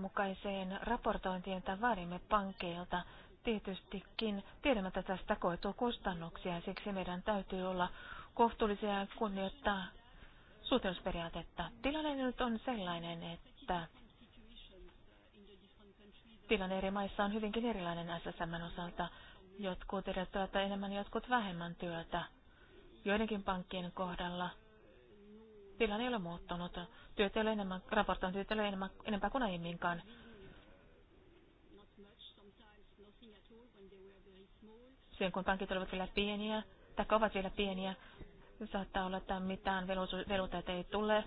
mukaiseen raportointiin, jota vaadimme pankeilta, tietystikin tiedämme, tästä koetua kustannuksia, siksi meidän täytyy olla kohtuullisia ja kunnioittaa suhteellisperiaatetta. Tilanne nyt on sellainen, että tilanne eri maissa on hyvinkin erilainen ssm osalta. Jotkut edellyttävät enemmän, jotkut vähemmän työtä. Joidenkin pankkien kohdalla tilanne ei ole muuttunut. Työtä ei ole enemmän, raportointi ei ole enemmän, enempää kuin aiemminkaan. Silloin kun pankit olivat vielä pieniä, tai ovat vielä pieniä, saattaa olla, että mitään veluta ei tule.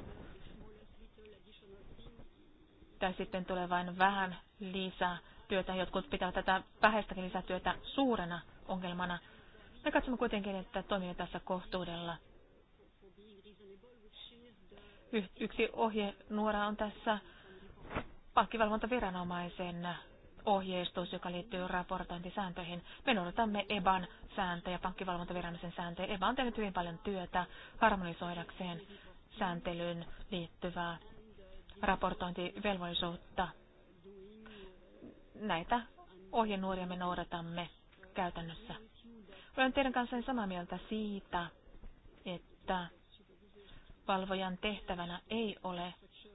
Tai sitten tulee vain vähän lisää työtä. Jotkut pitävät tätä vähäistäkin lisätyötä suurena ongelmana. Me katsomme kuitenkin, että toimii tässä kohtuudella. Y- yksi ohje nuora on tässä pankkivalvontaviranomaisen ohjeistus, joka liittyy raportointisääntöihin. Me noudatamme EBAN sääntöjä, pankkivalvontaviranomaisen sääntöjä. EBA on tehnyt hyvin paljon työtä harmonisoidakseen sääntelyyn liittyvää raportointivelvollisuutta. Näitä ohjenuoria me noudatamme käytännössä. Olen teidän kanssa samaa mieltä siitä, että valvojan tehtävänä ei ole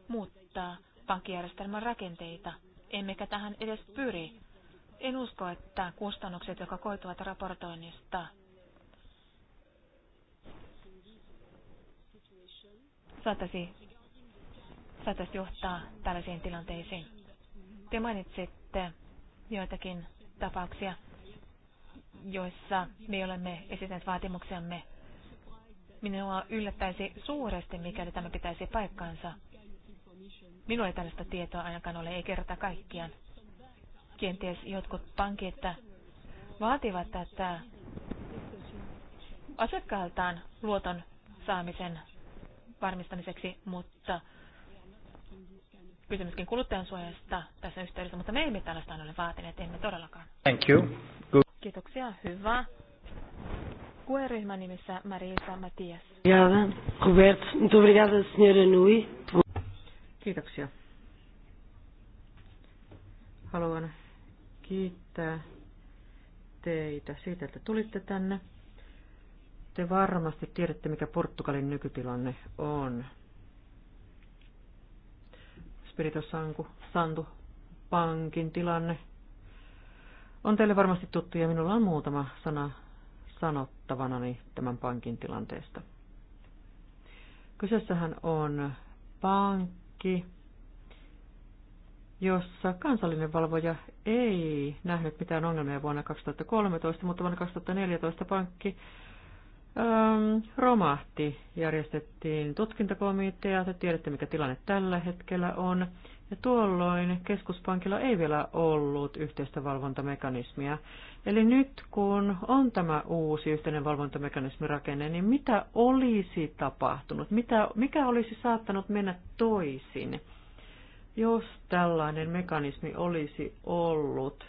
muuttaa pankkijärjestelmän rakenteita – emmekä tähän edes pyri. En usko, että kustannukset, jotka koituvat raportoinnista, saattaisi, saattaisi johtaa tällaisiin tilanteisiin. Te mainitsitte joitakin tapauksia, joissa me olemme esittäneet vaatimuksiamme. Minua yllättäisi suuresti, mikäli tämä pitäisi paikkaansa. Minulla ei tällaista tietoa ainakaan ole, ei kerta kaikkiaan. Kenties jotkut pankit vaativat tätä asiakkaaltaan luoton saamisen varmistamiseksi, mutta kysymyskin kuluttajan suojasta tässä yhteydessä, mutta me emme tällaista ole vaatineet, emme todellakaan. Thank you. Good. Kiitoksia, hyvä. Kueryhmän nimessä Marisa Matias. Roberto. Muito obrigada, senhora Nui. Kiitoksia. Haluan kiittää teitä siitä, että tulitte tänne. Te varmasti tiedätte, mikä Portugalin nykytilanne on. Spirito Sanku, Santu, pankin tilanne on teille varmasti tuttu ja minulla on muutama sana sanottavanani tämän pankin tilanteesta. Kyseessähän on pankki kaikki, jossa kansallinen valvoja ei nähnyt mitään ongelmia vuonna 2013, mutta vuonna 2014 pankki äm, romahti. Järjestettiin tutkintakomitea, te tiedätte mikä tilanne tällä hetkellä on. Ja tuolloin keskuspankilla ei vielä ollut yhteistä valvontamekanismia. Eli nyt kun on tämä uusi yhteinen valvontamekanismi rakenne, niin mitä olisi tapahtunut? Mitä, mikä olisi saattanut mennä toisin, jos tällainen mekanismi olisi ollut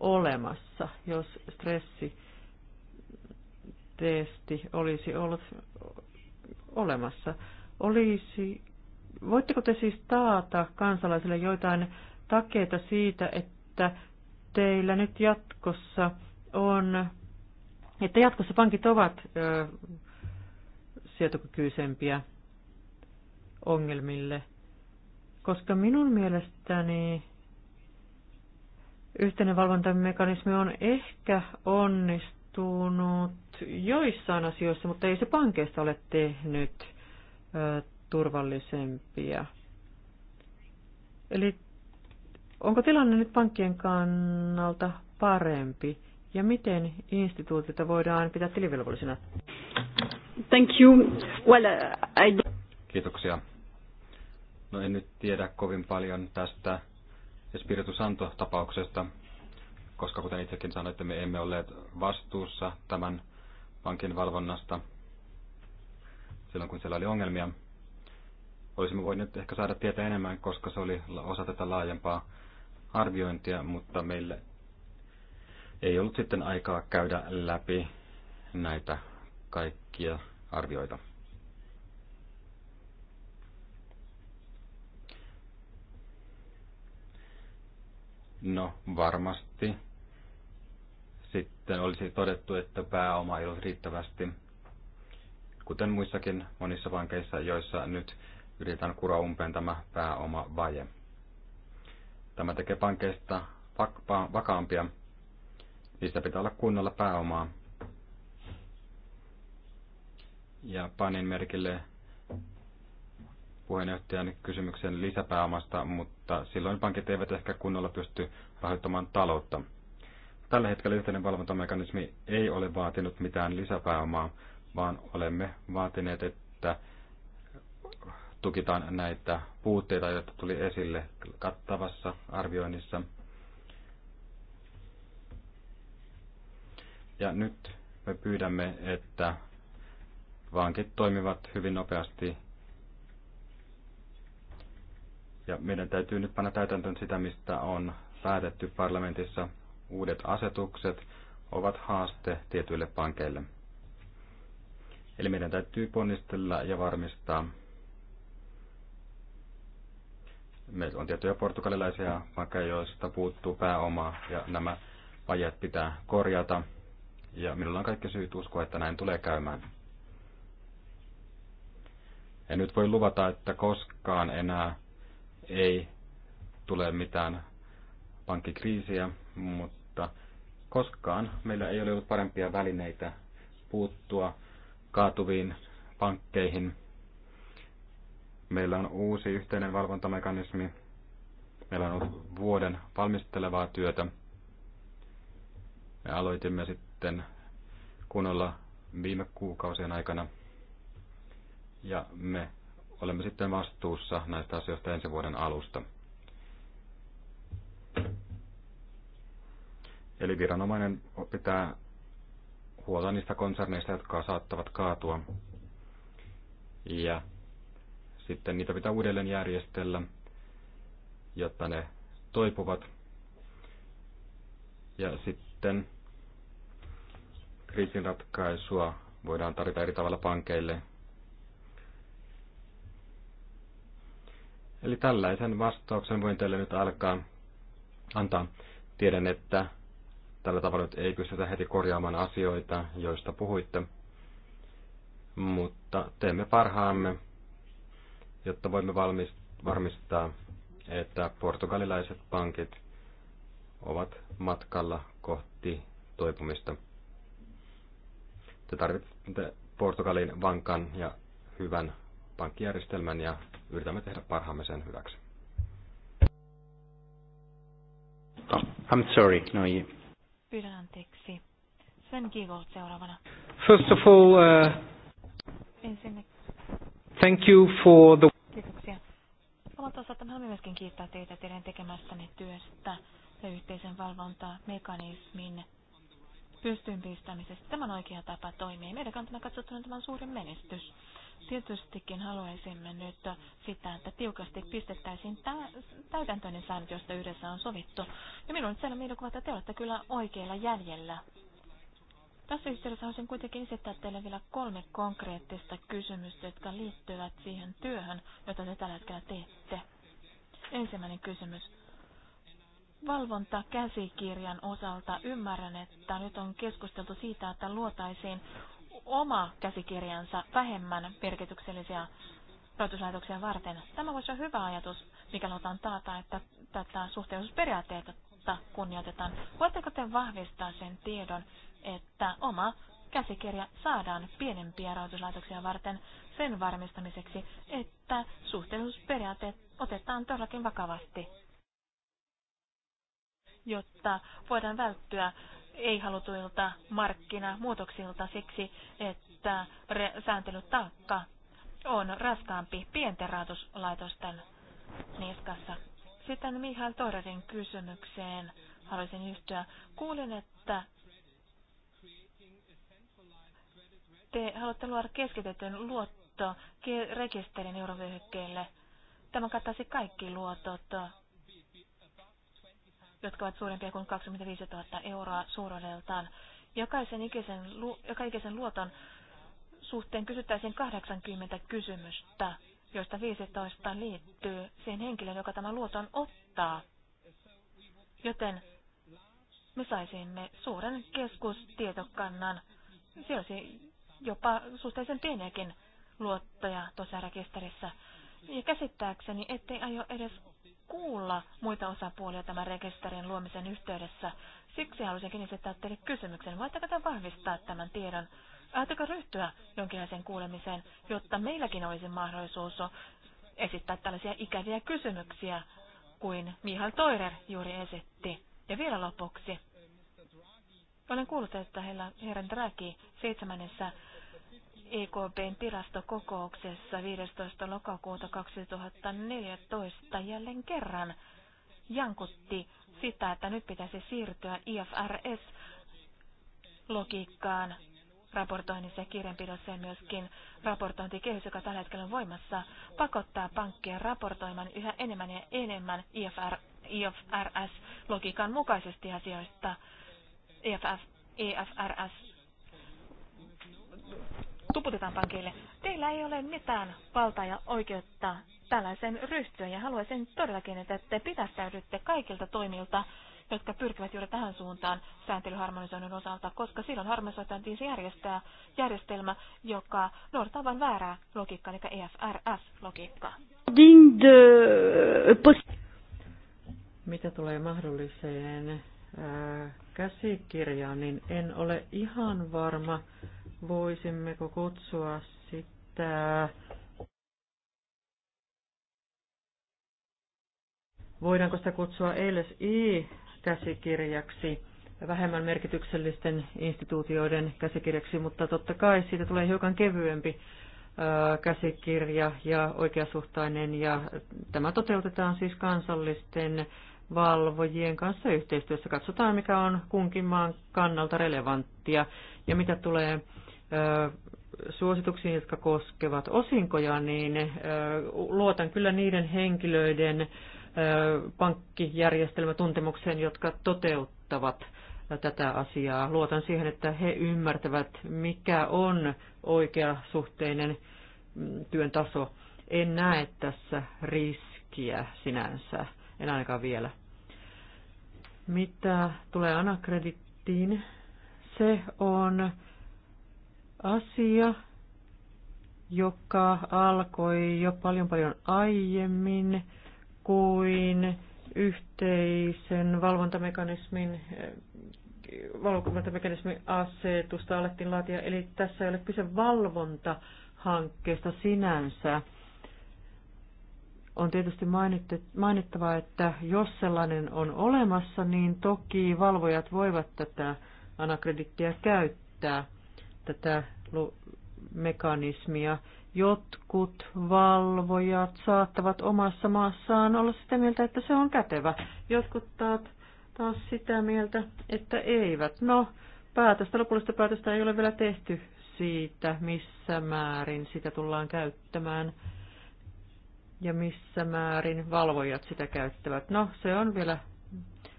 olemassa, jos stressitesti olisi ollut olemassa? Olisi Voitteko te siis taata kansalaisille joitain takeita siitä, että teillä nyt jatkossa on, että jatkossa pankit ovat ö, sietokykyisempiä ongelmille? Koska minun mielestäni yhteinen valvontamekanismi on ehkä onnistunut joissain asioissa, mutta ei se pankeista ole tehnyt turvallisempia. Eli onko tilanne nyt pankkien kannalta parempi ja miten instituutiota voidaan pitää tilivelvollisena? Thank you. Well, uh, I... Kiitoksia. No en nyt tiedä kovin paljon tästä Espiritu Santo-tapauksesta, koska kuten itsekin sanoitte, me emme olleet vastuussa tämän pankin valvonnasta silloin, kun siellä oli ongelmia. Olisimme voineet ehkä saada tietää enemmän, koska se oli osa tätä laajempaa arviointia, mutta meille ei ollut sitten aikaa käydä läpi näitä kaikkia arvioita. No varmasti. Sitten olisi todettu, että pääoma ei ollut riittävästi, kuten muissakin monissa vankeissa, joissa nyt yritetään kura umpeen tämä pääoma vaje. Tämä tekee pankeista vakaampia. Niistä pitää olla kunnolla pääomaa. Ja panin merkille puheenjohtajan kysymyksen lisäpääomasta, mutta silloin pankit eivät ehkä kunnolla pysty rahoittamaan taloutta. Tällä hetkellä yhteinen valvontamekanismi ei ole vaatinut mitään lisäpääomaa, vaan olemme vaatineet, että tukitaan näitä puutteita, joita tuli esille kattavassa arvioinnissa. Ja nyt me pyydämme, että vankit toimivat hyvin nopeasti. Ja meidän täytyy nyt panna täytäntöön sitä, mistä on päätetty parlamentissa. Uudet asetukset ovat haaste tietyille pankeille. Eli meidän täytyy ponnistella ja varmistaa, Meillä on tiettyjä portugalilaisia pankkeja, joista puuttuu pääomaa ja nämä vajat pitää korjata. Ja minulla on kaikki syyt uskoa, että näin tulee käymään. En nyt voi luvata, että koskaan enää ei tule mitään pankkikriisiä, mutta koskaan meillä ei ole ollut parempia välineitä puuttua kaatuviin pankkeihin – Meillä on uusi yhteinen valvontamekanismi. Meillä on ollut vuoden valmistelevaa työtä. Me aloitimme sitten kunnolla viime kuukausien aikana. Ja me olemme sitten vastuussa näistä asioista ensi vuoden alusta. Eli viranomainen pitää huolta niistä konserneista, jotka saattavat kaatua. Ja sitten niitä pitää uudelleen järjestellä, jotta ne toipuvat. Ja sitten kriisinratkaisua voidaan tarjota eri tavalla pankeille. Eli tällaisen vastauksen voin teille nyt alkaa antaa. Tiedän, että tällä tavalla nyt ei pystytä heti korjaamaan asioita, joista puhuitte, mutta teemme parhaamme jotta voimme varmistaa, että portugalilaiset pankit ovat matkalla kohti toipumista. Te tarvitsette Portugalin vankan ja hyvän pankkijärjestelmän ja yritämme tehdä parhaamme sen hyväksi. I'm sorry, no you. Pyydän anteeksi. Sven Giegold seuraavana. First of all, uh... Ensinnäkin Thank you for the... Kiitoksia. Omalta osalta haluan myöskin kiittää teitä teidän tekemästänne työstä ja yhteisen valvontamekanismin pystyyn pistämisestä. Tämä on oikea tapa toimia. Meidän kantana katsottuna tämä on suuri menestys. Tietystikin haluaisimme nyt sitä, että tiukasti pistettäisiin täytäntöinen säännöt, josta yhdessä on sovittu. Ja minun on sellainen mielikuva, että te olette kyllä oikeilla jäljellä tässä yhteydessä haluaisin kuitenkin esittää teille vielä kolme konkreettista kysymystä, jotka liittyvät siihen työhön, jota te tällä hetkellä teette. Ensimmäinen kysymys. valvonta käsikirjan osalta ymmärrän, että nyt on keskusteltu siitä, että luotaisiin oma käsikirjansa vähemmän merkityksellisiä rahoituslaitoksia varten. Tämä voisi olla hyvä ajatus, mikä luotaan taata, että tätä suhteellisuusperiaatteita kunnioitetaan. Voitteko te vahvistaa sen tiedon, että oma käsikirja saadaan pienempiä rahoituslaitoksia varten sen varmistamiseksi, että suhteellisuusperiaatteet otetaan todellakin vakavasti, jotta voidaan välttyä ei-halutuilta markkinamuutoksilta siksi, että sääntelytaakka on raskaampi pienten rahoituslaitosten niskassa. Sitten Mihail Torerin kysymykseen haluaisin yhtyä. Kuulin, että Te haluatte luoda keskitetyn luottorekisterin eurovyöhykkeelle. Tämä kattaisi kaikki luotot, jotka ovat suurempia kuin 25 000 euroa suuruudeltaan. Jokaisen ikisen, joka ikisen luoton suhteen kysyttäisiin 80 kysymystä, joista 15 liittyy siihen henkilöön, joka tämän luoton ottaa. Joten me saisimme suuren keskustietokannan. Se olisi jopa suhteellisen pieniäkin luottoja tuossa rekisterissä. Ja käsittääkseni, ettei aio edes kuulla muita osapuolia tämän rekisterin luomisen yhteydessä. Siksi halusinkin esittää teille kysymyksen, voitteko te vahvistaa tämän tiedon? Ajatteko ryhtyä jonkinlaiseen kuulemiseen, jotta meilläkin olisi mahdollisuus esittää tällaisia ikäviä kysymyksiä kuin Mihail Toirer juuri esitti. Ja vielä lopuksi. Olen kuullut, että heillä herran Draghi seitsemännessä EKPn tilastokokouksessa 15. lokakuuta 2014 jälleen kerran jankutti sitä, että nyt pitäisi siirtyä IFRS-logiikkaan raportoinnissa ja kirjanpidossa ja myöskin raportointikehys, joka tällä hetkellä on voimassa, pakottaa pankkia raportoimaan yhä enemmän ja enemmän IFR, IFRS-logiikan mukaisesti asioista. EFRS tuputetaan pankeille. Teillä ei ole mitään valtaa ja oikeutta tällaisen ryhtyä ja haluaisin todellakin, että te pitästäydytte kaikilta toimilta, jotka pyrkivät juuri tähän suuntaan sääntelyharmonisoinnin osalta, koska silloin harmonisoitiin se siis järjestää järjestelmä, joka noudattaa vain väärää logiikkaa, eli EFRS-logiikkaa. Mitä tulee mahdolliseen käsikirjaan, niin en ole ihan varma, voisimmeko kutsua sitä, voidaanko sitä kutsua LSI-käsikirjaksi, vähemmän merkityksellisten instituutioiden käsikirjaksi, mutta totta kai siitä tulee hiukan kevyempi käsikirja ja oikeasuhtainen, ja tämä toteutetaan siis kansallisten valvojien kanssa yhteistyössä. Katsotaan, mikä on kunkin maan kannalta relevanttia ja mitä tulee suosituksiin, jotka koskevat osinkoja, niin luotan kyllä niiden henkilöiden pankkijärjestelmätuntemukseen, jotka toteuttavat tätä asiaa. Luotan siihen, että he ymmärtävät, mikä on oikea suhteinen mm, työn taso. En näe tässä riskiä sinänsä, en ainakaan vielä. Mitä tulee anakredittiin, se on asia, joka alkoi jo paljon paljon aiemmin kuin yhteisen valvontamekanismin valvontamekanismin asetusta alettiin laatia. Eli tässä ei ole kyse valvontahankkeesta sinänsä. On tietysti mainittava, että jos sellainen on olemassa, niin toki valvojat voivat tätä anakredittiä käyttää, tätä mekanismia. Jotkut valvojat saattavat omassa maassaan olla sitä mieltä, että se on kätevä. Jotkut taas, taas sitä mieltä, että eivät. No, päätöstä, lopullista päätöstä ei ole vielä tehty siitä, missä määrin sitä tullaan käyttämään ja missä määrin valvojat sitä käyttävät. No, se on vielä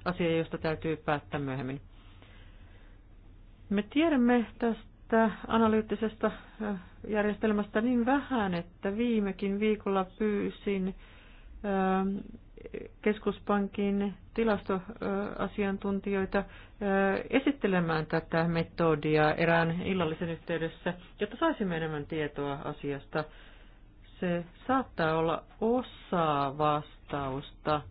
asia, josta täytyy päättää myöhemmin. Me tiedämme tästä tästä analyyttisestä järjestelmästä niin vähän, että viimekin viikolla pyysin keskuspankin tilastoasiantuntijoita esittelemään tätä metodia erään illallisen yhteydessä, jotta saisimme enemmän tietoa asiasta. Se saattaa olla osa vastausta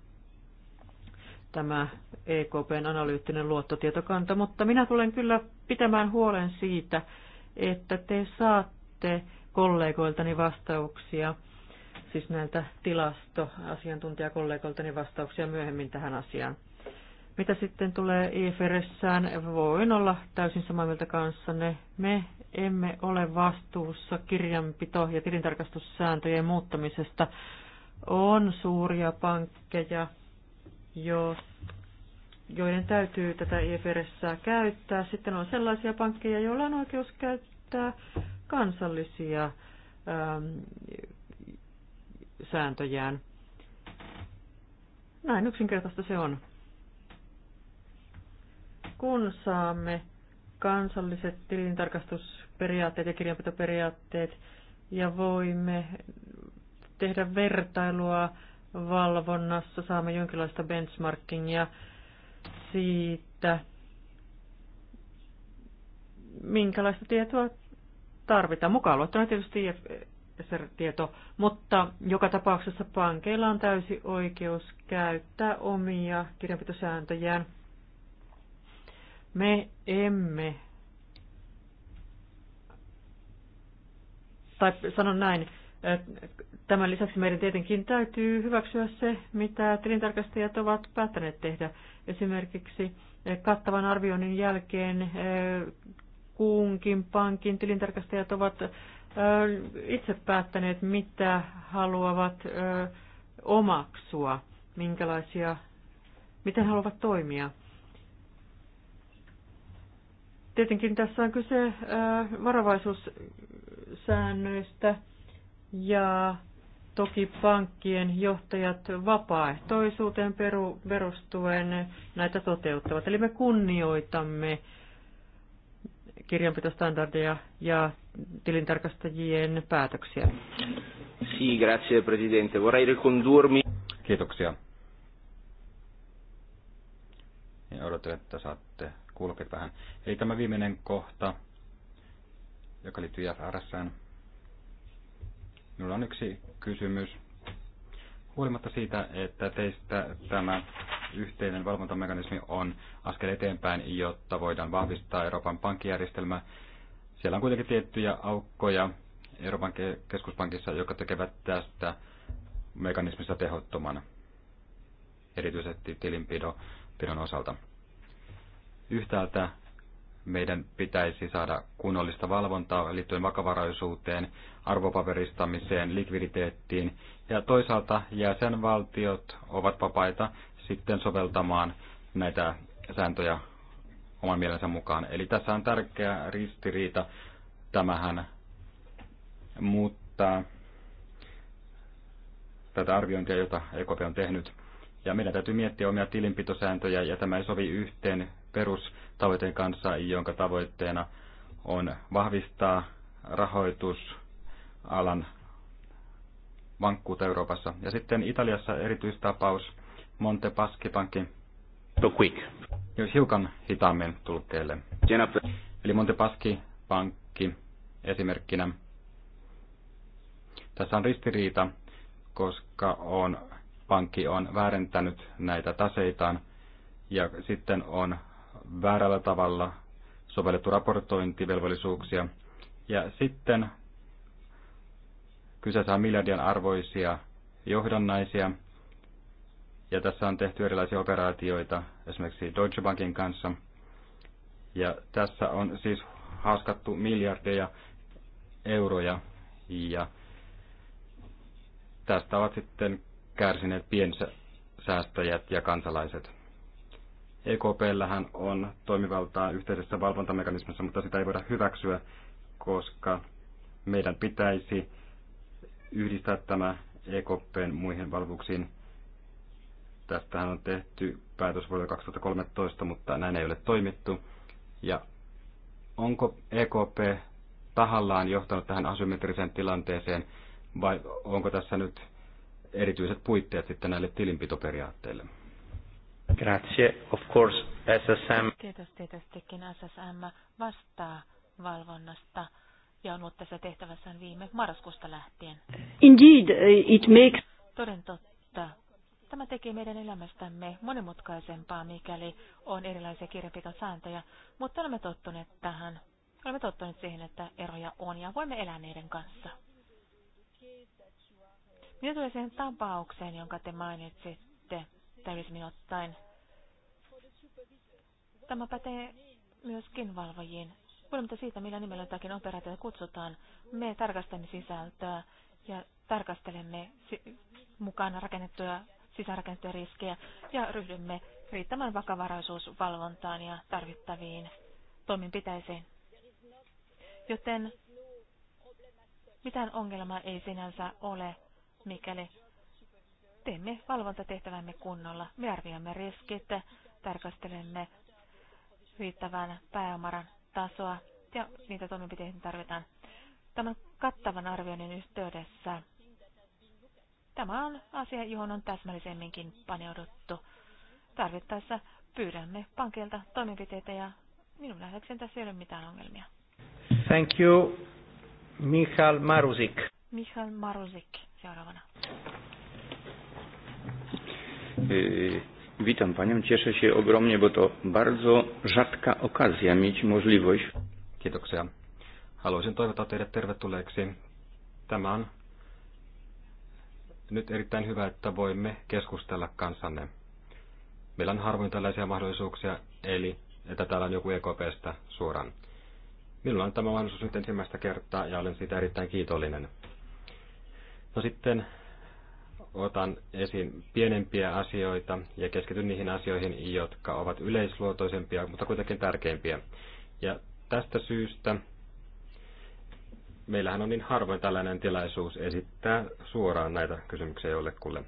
tämä EKPn analyyttinen luottotietokanta, mutta minä tulen kyllä pitämään huolen siitä, että te saatte kollegoiltani vastauksia, siis näiltä tilastoasiantuntijakollegoiltani vastauksia myöhemmin tähän asiaan. Mitä sitten tulee IFRSään, voin olla täysin samaa mieltä kanssanne. Me emme ole vastuussa kirjanpito- ja tilintarkastussääntöjen muuttamisesta. On suuria pankkeja, jos joiden täytyy tätä IFRS e käyttää. Sitten on sellaisia pankkeja, joilla on oikeus käyttää kansallisia ähm, sääntöjään. Näin yksinkertaista se on. Kun saamme kansalliset tilintarkastusperiaatteet ja kirjanpitoperiaatteet ja voimme tehdä vertailua valvonnassa, saamme jonkinlaista benchmarkingia, siitä, minkälaista tietoa tarvitaan. Mukaan luettuna tietysti IFSR-tieto, mutta joka tapauksessa pankeilla on täysi oikeus käyttää omia kirjanpitosääntöjään. Me emme, tai sanon näin, Tämän lisäksi meidän tietenkin täytyy hyväksyä se, mitä tilintarkastajat ovat päättäneet tehdä. Esimerkiksi kattavan arvioinnin jälkeen kuunkin, pankin tilintarkastajat ovat itse päättäneet, mitä haluavat omaksua, minkälaisia, miten haluavat toimia. Tietenkin tässä on kyse varovaisuussäännöistä ja toki pankkien johtajat vapaaehtoisuuteen peru, perustuen näitä toteuttavat. Eli me kunnioitamme kirjanpitostandardeja ja tilintarkastajien päätöksiä. Sì, grazie Presidente. Vorrei ricondurmi... Kiitoksia. Ja odotan, että saatte kulkea vähän. Eli tämä viimeinen kohta, joka liittyy IFRSään. Minulla on yksi kysymys. Huolimatta siitä, että teistä tämä yhteinen valvontamekanismi on askel eteenpäin, jotta voidaan vahvistaa Euroopan pankkijärjestelmä siellä on kuitenkin tiettyjä aukkoja Euroopan keskuspankissa, jotka tekevät tästä mekanismista tehottomana, erityisesti tilinpidon osalta. Yhtäältä meidän pitäisi saada kunnollista valvontaa liittyen vakavaraisuuteen, arvopaperistamiseen, likviditeettiin ja toisaalta jäsenvaltiot ovat vapaita sitten soveltamaan näitä sääntöjä oman mielensä mukaan. Eli tässä on tärkeä ristiriita. Tämähän mutta tätä arviointia, jota EKP on tehnyt. Ja meidän täytyy miettiä omia tilinpitosääntöjä, ja tämä ei sovi yhteen perustavoitteen kanssa, jonka tavoitteena on vahvistaa rahoitusalan vankkuutta Euroopassa. Ja sitten Italiassa erityistapaus Monte Paschi Pankki. So quick. Jos hiukan hitaammin teille. Eli Monte Paschi Pankki esimerkkinä. Tässä on ristiriita, koska on, pankki on väärentänyt näitä taseitaan ja sitten on väärällä tavalla sovellettu raportointivelvollisuuksia. Ja sitten kyseessä on miljardien arvoisia johdannaisia, ja tässä on tehty erilaisia operaatioita esimerkiksi Deutsche Bankin kanssa. Ja tässä on siis haaskattu miljardeja euroja ja tästä ovat sitten kärsineet säästäjät ja kansalaiset. EKPllähän on toimivaltaa yhteisessä valvontamekanismissa, mutta sitä ei voida hyväksyä, koska meidän pitäisi yhdistää tämä EKPn muihin valvuksiin. Tästähän on tehty päätös vuonna 2013, mutta näin ei ole toimittu. Ja onko EKP tahallaan johtanut tähän asymmetriseen tilanteeseen, vai onko tässä nyt erityiset puitteet sitten näille tilinpitoperiaatteille? Grazie. Of course, SSM. Tietysti, tietystikin SSM vastaa valvonnasta ja on ollut tässä tehtävässään viime marraskuusta lähtien. Indeed, uh, it makes... Toden totta. Tämä tekee meidän elämästämme monimutkaisempaa, mikäli on erilaisia kirjanpitosääntöjä, mutta olemme tottuneet tähän. Olemme tottuneet siihen, että eroja on ja voimme elää niiden kanssa. Mitä tulee siihen tapaukseen, jonka te mainitsitte? täydellisemmin ottaen. Tämä pätee myöskin valvojiin. Huolimatta siitä, millä nimellä jotakin operaatiota kutsutaan, me tarkastamme sisältöä ja tarkastelemme mukana rakennettuja sisärakennettuja riskejä ja ryhdymme riittämään vakavaraisuusvalvontaan ja tarvittaviin toimenpiteisiin. Joten mitään ongelmaa ei sinänsä ole, mikäli teemme valvontatehtävämme kunnolla. Me arvioimme riskit, tarkastelemme riittävän pääomaran tasoa ja niitä toimenpiteitä tarvitaan. Tämän kattavan arvioinnin yhteydessä tämä on asia, johon on täsmällisemminkin paneuduttu. Tarvittaessa pyydämme pankilta toimenpiteitä ja minun nähdäkseni tässä ei ole mitään ongelmia. Thank you, Michal Marusik. Michal Marusik seuraavana. Witam Panią, cieszę się ogromnie, bo to bardzo rzadka okazja mieć możliwość. Kiitoksia. Haluaisin toivottaa teidät tervetulleeksi. tämän nyt erittäin hyvä, että voimme keskustella kanssanne. Meillä on harvoin tällaisia mahdollisuuksia, eli että täällä on joku EKPstä suoraan. Minulla on tämä mahdollisuus nyt ensimmäistä kertaa ja olen siitä erittäin kiitollinen. No sitten otan esiin pienempiä asioita ja keskityn niihin asioihin, jotka ovat yleisluotoisempia, mutta kuitenkin tärkeimpiä. Ja tästä syystä meillähän on niin harvoin tällainen tilaisuus esittää suoraan näitä kysymyksiä jollekulle.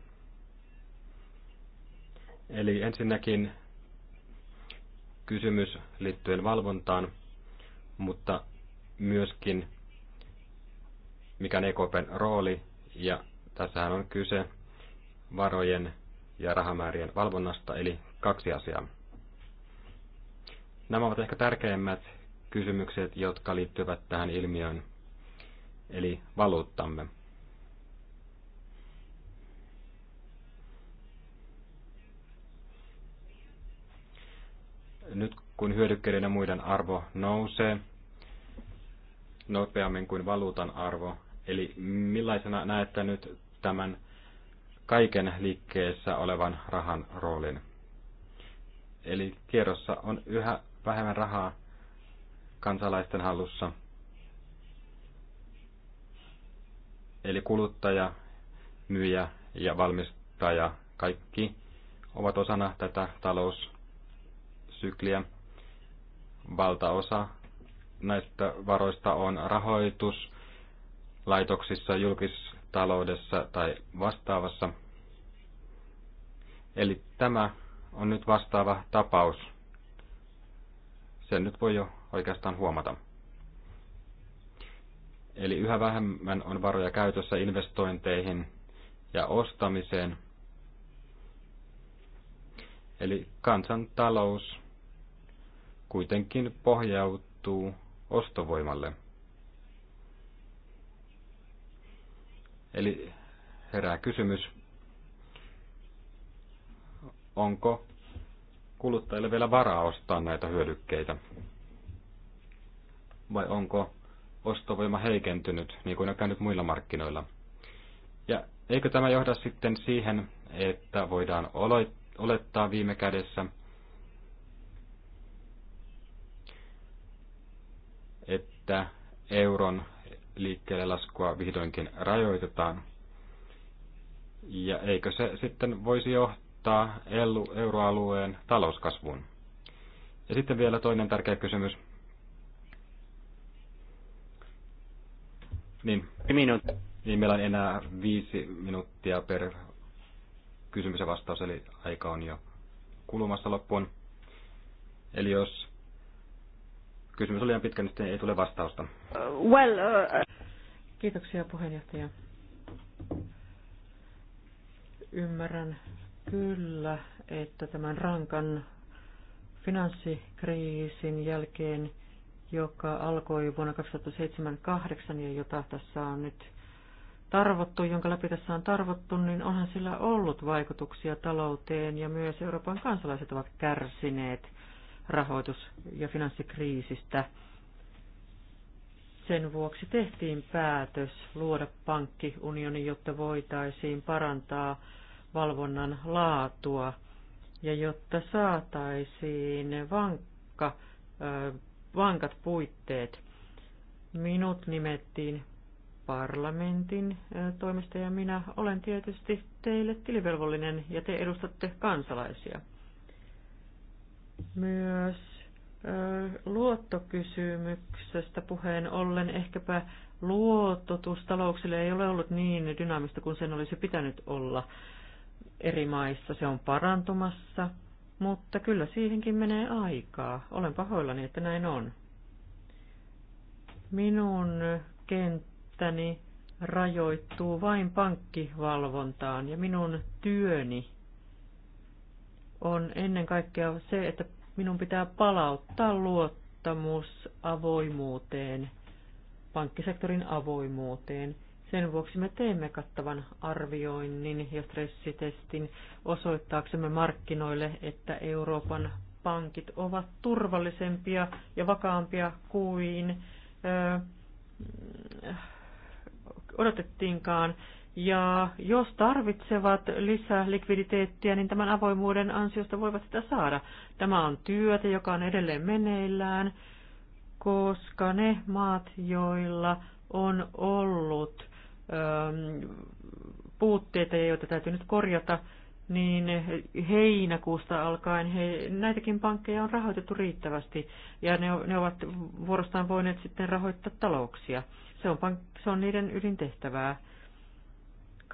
Eli ensinnäkin kysymys liittyen valvontaan, mutta myöskin mikä on EKPn rooli, ja tässähän on kyse varojen ja rahamäärien valvonnasta, eli kaksi asiaa. Nämä ovat ehkä tärkeimmät kysymykset, jotka liittyvät tähän ilmiöön, eli valuuttamme. Nyt kun hyödykkeiden ja muiden arvo nousee nopeammin kuin valuutan arvo, eli millaisena näette nyt tämän kaiken liikkeessä olevan rahan roolin. Eli tiedossa on yhä vähemmän rahaa kansalaisten hallussa. Eli kuluttaja, myyjä ja valmistaja, kaikki ovat osana tätä taloussykliä. Valtaosa näistä varoista on rahoitus laitoksissa, julkis, taloudessa tai vastaavassa. Eli tämä on nyt vastaava tapaus. Sen nyt voi jo oikeastaan huomata. Eli yhä vähemmän on varoja käytössä investointeihin ja ostamiseen. Eli kansantalous kuitenkin pohjautuu ostovoimalle. Eli herää kysymys, onko kuluttajille vielä varaa ostaa näitä hyödykkeitä? Vai onko ostovoima heikentynyt, niin kuin on käynyt muilla markkinoilla? Ja eikö tämä johda sitten siihen, että voidaan olettaa viime kädessä, että euron liikkeelle laskua vihdoinkin rajoitetaan. Ja eikö se sitten voisi johtaa euroalueen talouskasvuun? Ja sitten vielä toinen tärkeä kysymys. Niin. Minuutti. Niin meillä on enää viisi minuuttia per kysymys ja vastaus, eli aika on jo kulumassa loppuun. Eli jos Kysymys oli liian pitkä, nyt niin ei tule vastausta. Uh, well, uh... Kiitoksia puheenjohtaja. Ymmärrän kyllä, että tämän rankan finanssikriisin jälkeen, joka alkoi vuonna 2007-2008 ja jota tässä on nyt tarvottu, jonka läpi tässä on tarvottu, niin onhan sillä ollut vaikutuksia talouteen ja myös Euroopan kansalaiset ovat kärsineet rahoitus- ja finanssikriisistä. Sen vuoksi tehtiin päätös luoda pankkiunioni, jotta voitaisiin parantaa valvonnan laatua ja jotta saataisiin vankka, vankat puitteet. Minut nimettiin parlamentin toimesta ja minä olen tietysti teille tilivelvollinen ja te edustatte kansalaisia myös luottokysymyksestä puheen ollen ehkäpä luototus talouksille ei ole ollut niin dynaamista kuin sen olisi pitänyt olla eri maissa. Se on parantumassa, mutta kyllä siihenkin menee aikaa. Olen pahoillani, että näin on. Minun kenttäni rajoittuu vain pankkivalvontaan ja minun työni on ennen kaikkea se, että minun pitää palauttaa luottamus avoimuuteen, pankkisektorin avoimuuteen. Sen vuoksi me teemme kattavan arvioinnin ja stressitestin osoittaaksemme markkinoille, että Euroopan pankit ovat turvallisempia ja vakaampia kuin ö, odotettiinkaan. Ja jos tarvitsevat lisää likviditeettiä, niin tämän avoimuuden ansiosta voivat sitä saada. Tämä on työtä, joka on edelleen meneillään, koska ne maat, joilla on ollut ähm, puutteita ja joita täytyy nyt korjata, niin heinäkuusta alkaen he, näitäkin pankkeja on rahoitettu riittävästi ja ne, ne ovat vuorostaan voineet sitten rahoittaa talouksia. Se on, pank, se on niiden ydintehtävää.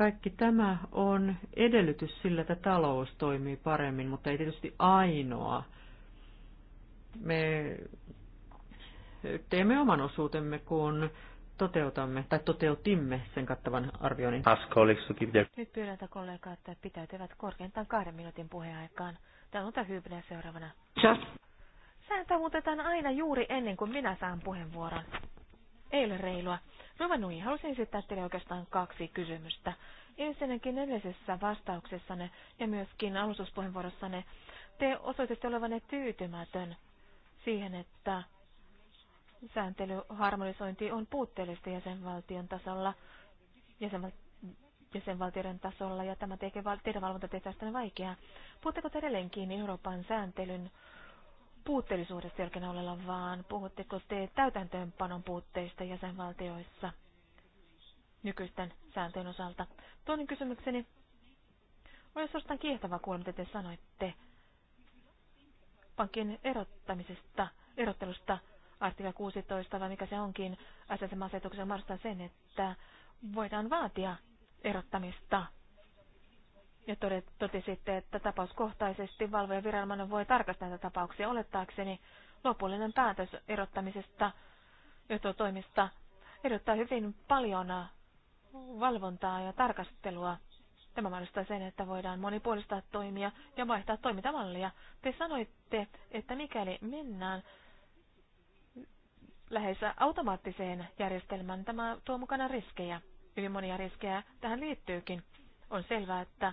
Kaikki tämä on edellytys sillä, että talous toimii paremmin, mutta ei tietysti ainoa. Me teemme oman osuutemme, kun toteutamme tai toteutimme sen kattavan arvioinnin. Nyt pyydän kollegaa, että pitäytyvät korkeintaan kahden minuutin puheaikaan. Täällä on tämä seuraavana. Sääntö muutetaan aina juuri ennen kuin minä saan puheenvuoron. Ei ole reilua. Rova Nui, haluaisin esittää teille oikeastaan kaksi kysymystä. Ensinnäkin edellisessä vastauksessanne ja myöskin alustuspuheenvuorossanne te osoititte olevanne tyytymätön siihen, että sääntelyharmonisointi on puutteellista jäsenvaltion tasolla, jäsenval- jäsenvaltioiden tasolla, ja tämä tekee teidän valvontatehtävästänne vaikeaa. Puutteko te edelleenkin Euroopan sääntelyn puutteellisuudesta jälkeen olella, vaan puhutteko te täytäntöönpanon puutteista jäsenvaltioissa nykyisten sääntöjen osalta? Toinen kysymykseni Olen suorastaan kiehtova kuulla, mitä te sanoitte pankin erottamisesta, erottelusta artikla 16 vai mikä se onkin, SSM-asetuksen sen, että voidaan vaatia erottamista ja totesitte, että tapauskohtaisesti valvoja viranomainen voi tarkastaa näitä tapauksia olettaakseni lopullinen päätös erottamisesta toimista edottaa hyvin paljon valvontaa ja tarkastelua. Tämä mahdollistaa sen, että voidaan monipuolistaa toimia ja vaihtaa toimintamallia. Te sanoitte, että mikäli mennään lähes automaattiseen järjestelmään, tämä tuo mukana riskejä. Hyvin monia riskejä tähän liittyykin. On selvää, että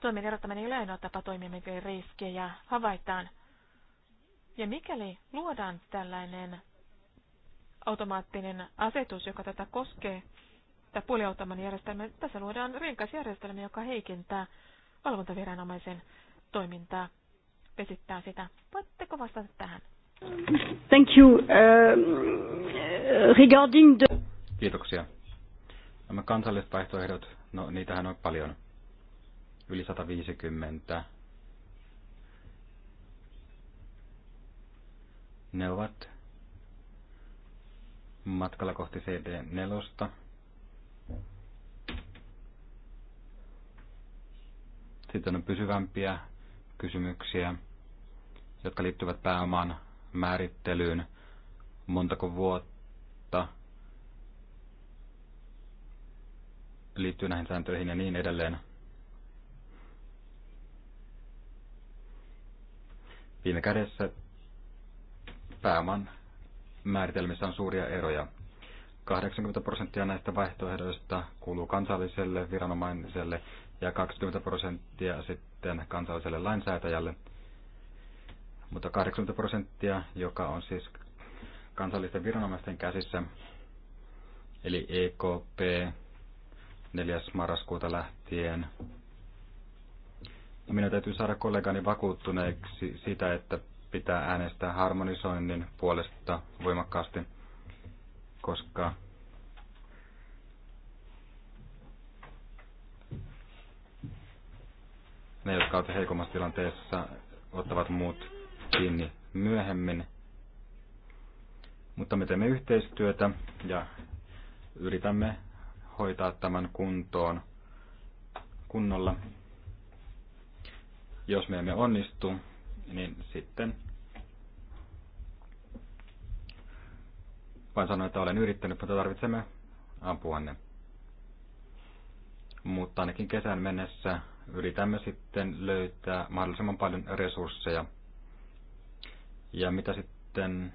toimien erottaminen ei ole ainoa tapa toimia, mikäli riskejä havaitaan. Ja mikäli luodaan tällainen automaattinen asetus, joka tätä koskee, tämä puoliautomainen järjestelmä, tässä luodaan rinkaisjärjestelmä, järjestelmä, joka heikentää valvontaviranomaisen toimintaa, vesittää sitä. Voitteko vastata tähän? Thank you. Uh, regarding the... Kiitoksia. Nämä kansalliset vaihtoehdot No niitähän on paljon. Yli 150. Ne ovat matkalla kohti CD4. Sitten on pysyvämpiä kysymyksiä, jotka liittyvät pääoman määrittelyyn, montako vuotta liittyy näihin sääntöihin ja niin edelleen. Viime kädessä pääoman määritelmissä on suuria eroja. 80 prosenttia näistä vaihtoehdoista kuuluu kansalliselle viranomaiselle ja 20 prosenttia sitten kansalliselle lainsäätäjälle. Mutta 80 prosenttia, joka on siis kansallisten viranomaisten käsissä, eli EKP, 4. marraskuuta lähtien. Ja minä täytyy saada kollegani vakuuttuneeksi sitä, että pitää äänestää harmonisoinnin puolesta voimakkaasti, koska ne, jotka ovat heikommassa tilanteessa, ottavat muut kiinni myöhemmin. Mutta me teemme yhteistyötä ja yritämme hoitaa tämän kuntoon kunnolla. Jos me emme onnistu, niin sitten vain sanoin, että olen yrittänyt, mutta tarvitsemme apuanne. Mutta ainakin kesän mennessä yritämme sitten löytää mahdollisimman paljon resursseja. Ja mitä sitten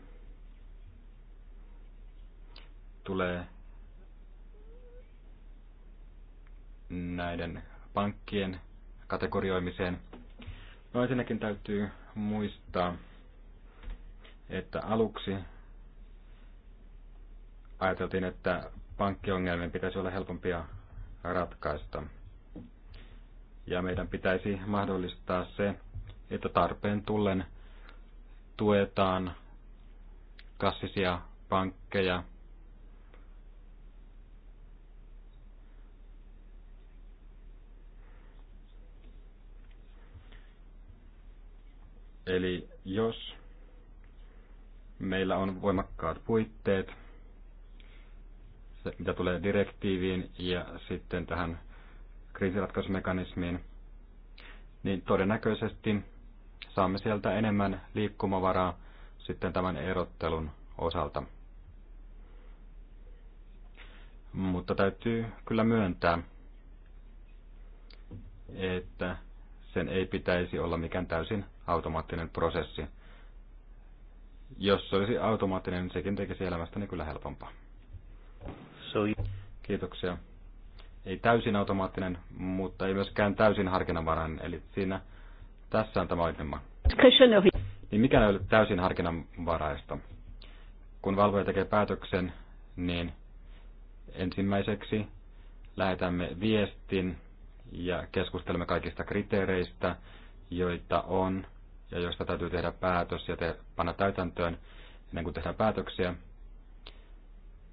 tulee näiden pankkien kategorioimiseen. No ensinnäkin täytyy muistaa, että aluksi ajateltiin, että pankkiongelmien pitäisi olla helpompia ratkaista. Ja meidän pitäisi mahdollistaa se, että tarpeen tullen tuetaan klassisia pankkeja – Eli jos meillä on voimakkaat puitteet, se, mitä tulee direktiiviin ja sitten tähän kriisiratkaisumekanismiin, niin todennäköisesti saamme sieltä enemmän liikkumavaraa sitten tämän erottelun osalta. Mutta täytyy kyllä myöntää, että sen ei pitäisi olla mikään täysin automaattinen prosessi. Jos se olisi automaattinen, niin sekin tekisi elämästäni kyllä helpompaa. So, Kiitoksia. Ei täysin automaattinen, mutta ei myöskään täysin harkinnanvarainen. Eli siinä tässä on tämä ongelma. Niin mikä ei ole täysin harkinnanvaraista? Kun valvoja tekee päätöksen, niin ensimmäiseksi lähetämme viestin ja keskustelemme kaikista kriteereistä, joita on ja josta täytyy tehdä päätös ja te, panna täytäntöön ennen kuin tehdään päätöksiä.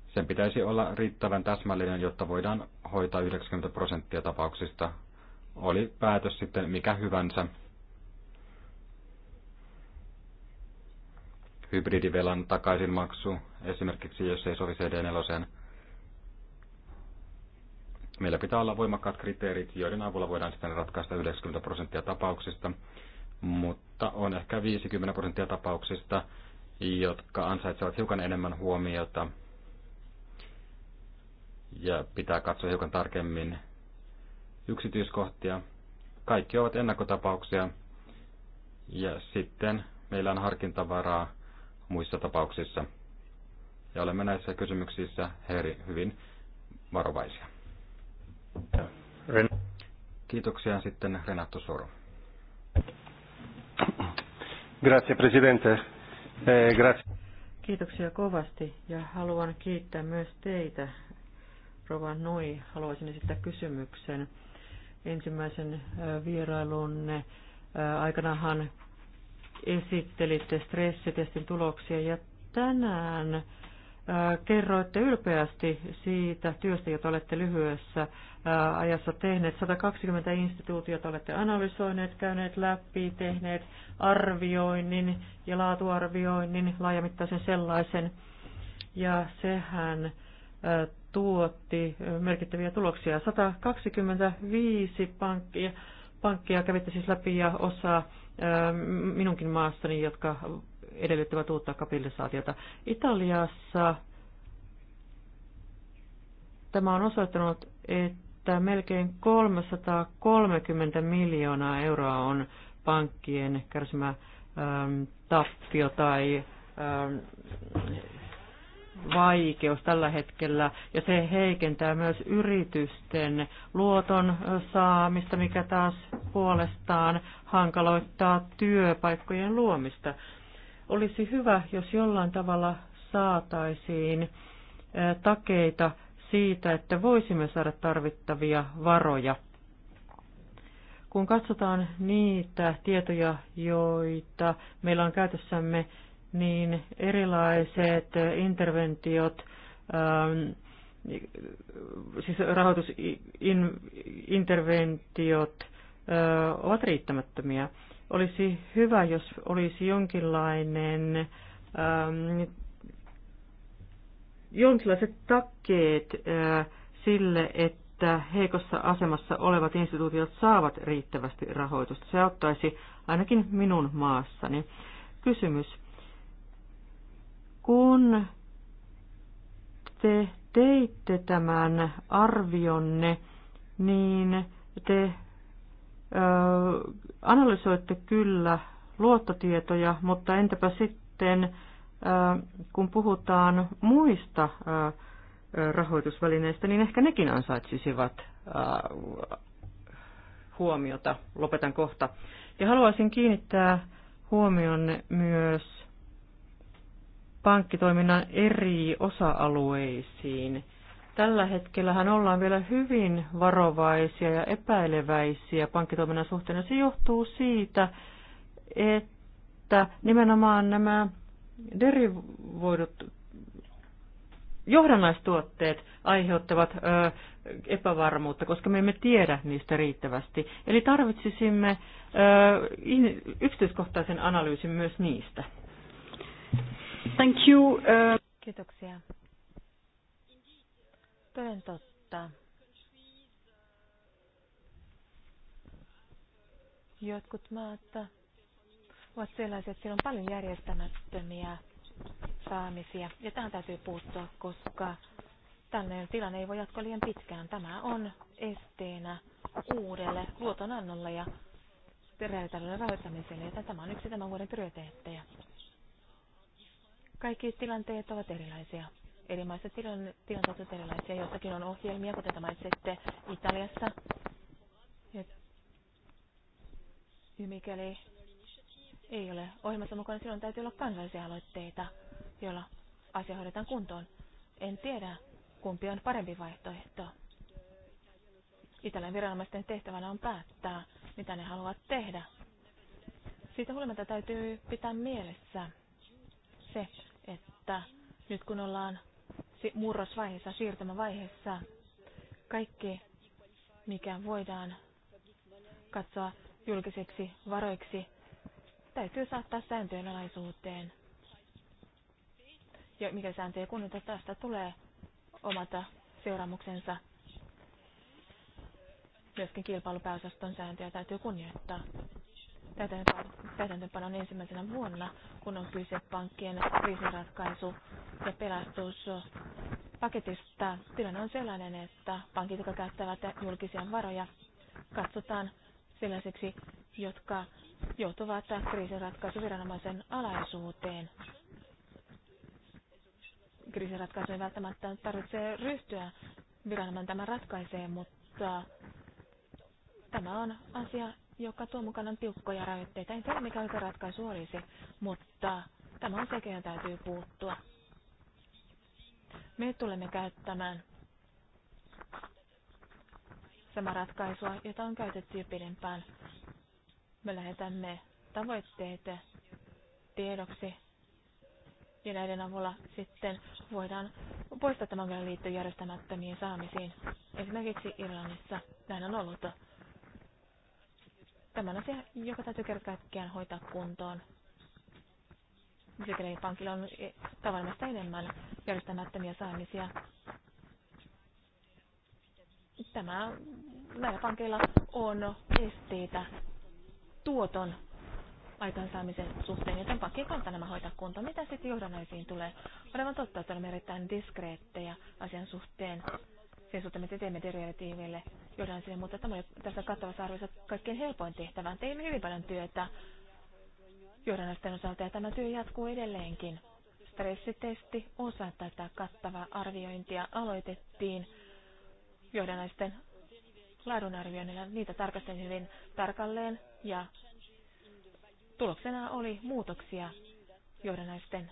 Sen pitäisi olla riittävän täsmällinen, jotta voidaan hoitaa 90 prosenttia tapauksista. Oli päätös sitten mikä hyvänsä. Hybridivelan takaisinmaksu, esimerkiksi jos ei sovi CD4. Meillä pitää olla voimakkaat kriteerit, joiden avulla voidaan sitten ratkaista 90 prosenttia tapauksista mutta on ehkä 50 prosenttia tapauksista, jotka ansaitsevat hiukan enemmän huomiota ja pitää katsoa hiukan tarkemmin yksityiskohtia. Kaikki ovat ennakkotapauksia ja sitten meillä on harkintavaraa muissa tapauksissa. Ja olemme näissä kysymyksissä heri hyvin varovaisia. Kiitoksia sitten Renato Soro. Grazie, presidente. Eh, grazie. Kiitoksia kovasti ja haluan kiittää myös teitä, Rova Nui. Haluaisin esittää kysymyksen. Ensimmäisen eh, vierailunne eh, aikanahan esittelitte stressitestin tuloksia ja tänään Äh, kerroitte ylpeästi siitä työstä, jota olette lyhyessä äh, ajassa tehneet. 120 instituutiota olette analysoineet, käyneet läpi, tehneet arvioinnin ja laatuarvioinnin, laajamittaisen sellaisen. Ja sehän äh, tuotti merkittäviä tuloksia. 125 pankkia, pankkia kävitte siis läpi ja osa minunkin maastani, jotka edellyttävät uutta kapitalisaatiota. Italiassa tämä on osoittanut, että melkein 330 miljoonaa euroa on pankkien kärsimä äm, tappio tai äm, vaikeus tällä hetkellä, ja se heikentää myös yritysten luoton saamista, mikä taas puolestaan hankaloittaa työpaikkojen luomista. Olisi hyvä, jos jollain tavalla saataisiin takeita siitä, että voisimme saada tarvittavia varoja. Kun katsotaan niitä tietoja, joita meillä on käytössämme, niin erilaiset interventiot, ähm, siis rahoitusinterventiot äh, ovat riittämättömiä. Olisi hyvä, jos olisi jonkinlainen, ähm, jonkinlaiset takkeet äh, sille, että heikossa asemassa olevat instituutiot saavat riittävästi rahoitusta. Se auttaisi ainakin minun maassani. Kysymys. Kun te teitte tämän arvionne, niin te analysoitte kyllä luottotietoja, mutta entäpä sitten, kun puhutaan muista rahoitusvälineistä, niin ehkä nekin ansaitsisivat huomiota. Lopetan kohta. Ja haluaisin kiinnittää huomion myös pankkitoiminnan eri osa-alueisiin – Tällä hetkellähän ollaan vielä hyvin varovaisia ja epäileväisiä pankkitoiminnan suhteen. se johtuu siitä, että nimenomaan nämä derivoidut johdannaistuotteet aiheuttavat ö, epävarmuutta, koska me emme tiedä niistä riittävästi. Eli tarvitsisimme ö, yksityiskohtaisen analyysin myös niistä. Thank you. Uh... Kiitoksia. Toden totta. Jotkut maat ovat sellaisia, että siellä on paljon järjestämättömiä saamisia. Ja tähän täytyy puuttua, koska tällainen tilanne ei voi jatkoa liian pitkään. Tämä on esteenä uudelle luotonannolle ja reaalitalouden rahoittamiselle, joten tämä on yksi tämän vuoden prioriteetteja. Kaikki tilanteet ovat erilaisia. Eri maissa tilanteet ovat erilaisia. Jossakin on ohjelmia, kuten tämä itse Italiassa. Ja mikäli ei ole ohjelmassa mukana, silloin täytyy olla kansallisia aloitteita, joilla asia hoidetaan kuntoon. En tiedä, kumpi on parempi vaihtoehto. Italian viranomaisten tehtävänä on päättää, mitä ne haluavat tehdä. Siitä huolimatta täytyy pitää mielessä se, että nyt kun ollaan murrosvaiheessa, siirtymävaiheessa kaikki, mikä voidaan katsoa julkiseksi varoiksi, täytyy saattaa sääntöjen alaisuuteen. Ja mikä ei kunnita tästä tulee omata seuraamuksensa. Myöskin kilpailupääosaston sääntöjä täytyy kunnioittaa täytäntöönpanon ensimmäisenä vuonna, kun on kyse pankkien kriisinratkaisu- ja pelastuspaketista. Tilanne on sellainen, että pankit, jotka käyttävät julkisia varoja, katsotaan sellaisiksi, jotka joutuvat kriisinratkaisuviranomaisen alaisuuteen. Kriisinratkaisu ei välttämättä tarvitse ryhtyä viranomaan tämän ratkaiseen, mutta tämä on asia, joka tuo mukanaan tiukkoja rajoitteita. En tiedä, mikä oikea ratkaisu olisi, mutta tämä on sekin, täytyy puuttua. Me tulemme käyttämään sama ratkaisua, jota on käytetty jo pidempään. Me lähetämme tavoitteet tiedoksi ja näiden avulla sitten voidaan poistaa tämän liittyen järjestämättömiin saamisiin. Esimerkiksi Irlannissa näin on ollut. Tämä asia, joka täytyy kerran hoitaa kuntoon. Sikäli pankilla on eh, tavallista enemmän järjestämättömiä saamisia. Tämä, näillä pankeilla on esteitä tuoton aikaansaamisen suhteen, joten pankkien kannattaa nämä hoitaa kuntoon. Mitä sitten johdannaisiin tulee? Olemme totta, että olemme erittäin diskreettejä asian suhteen. Sen suhteen, me teemme derivatiiville johdon sinne, mutta tämä oli tässä kattavassa arvoissa kaikkein helpoin tehtävä. Teimme hyvin paljon työtä johdannaisten osalta ja tämä työ jatkuu edelleenkin. Stressitesti osa tätä kattavaa arviointia aloitettiin johdannaisten laadunarvioinnilla. Niitä tarkastelin hyvin tarkalleen ja tuloksena oli muutoksia johdannaisten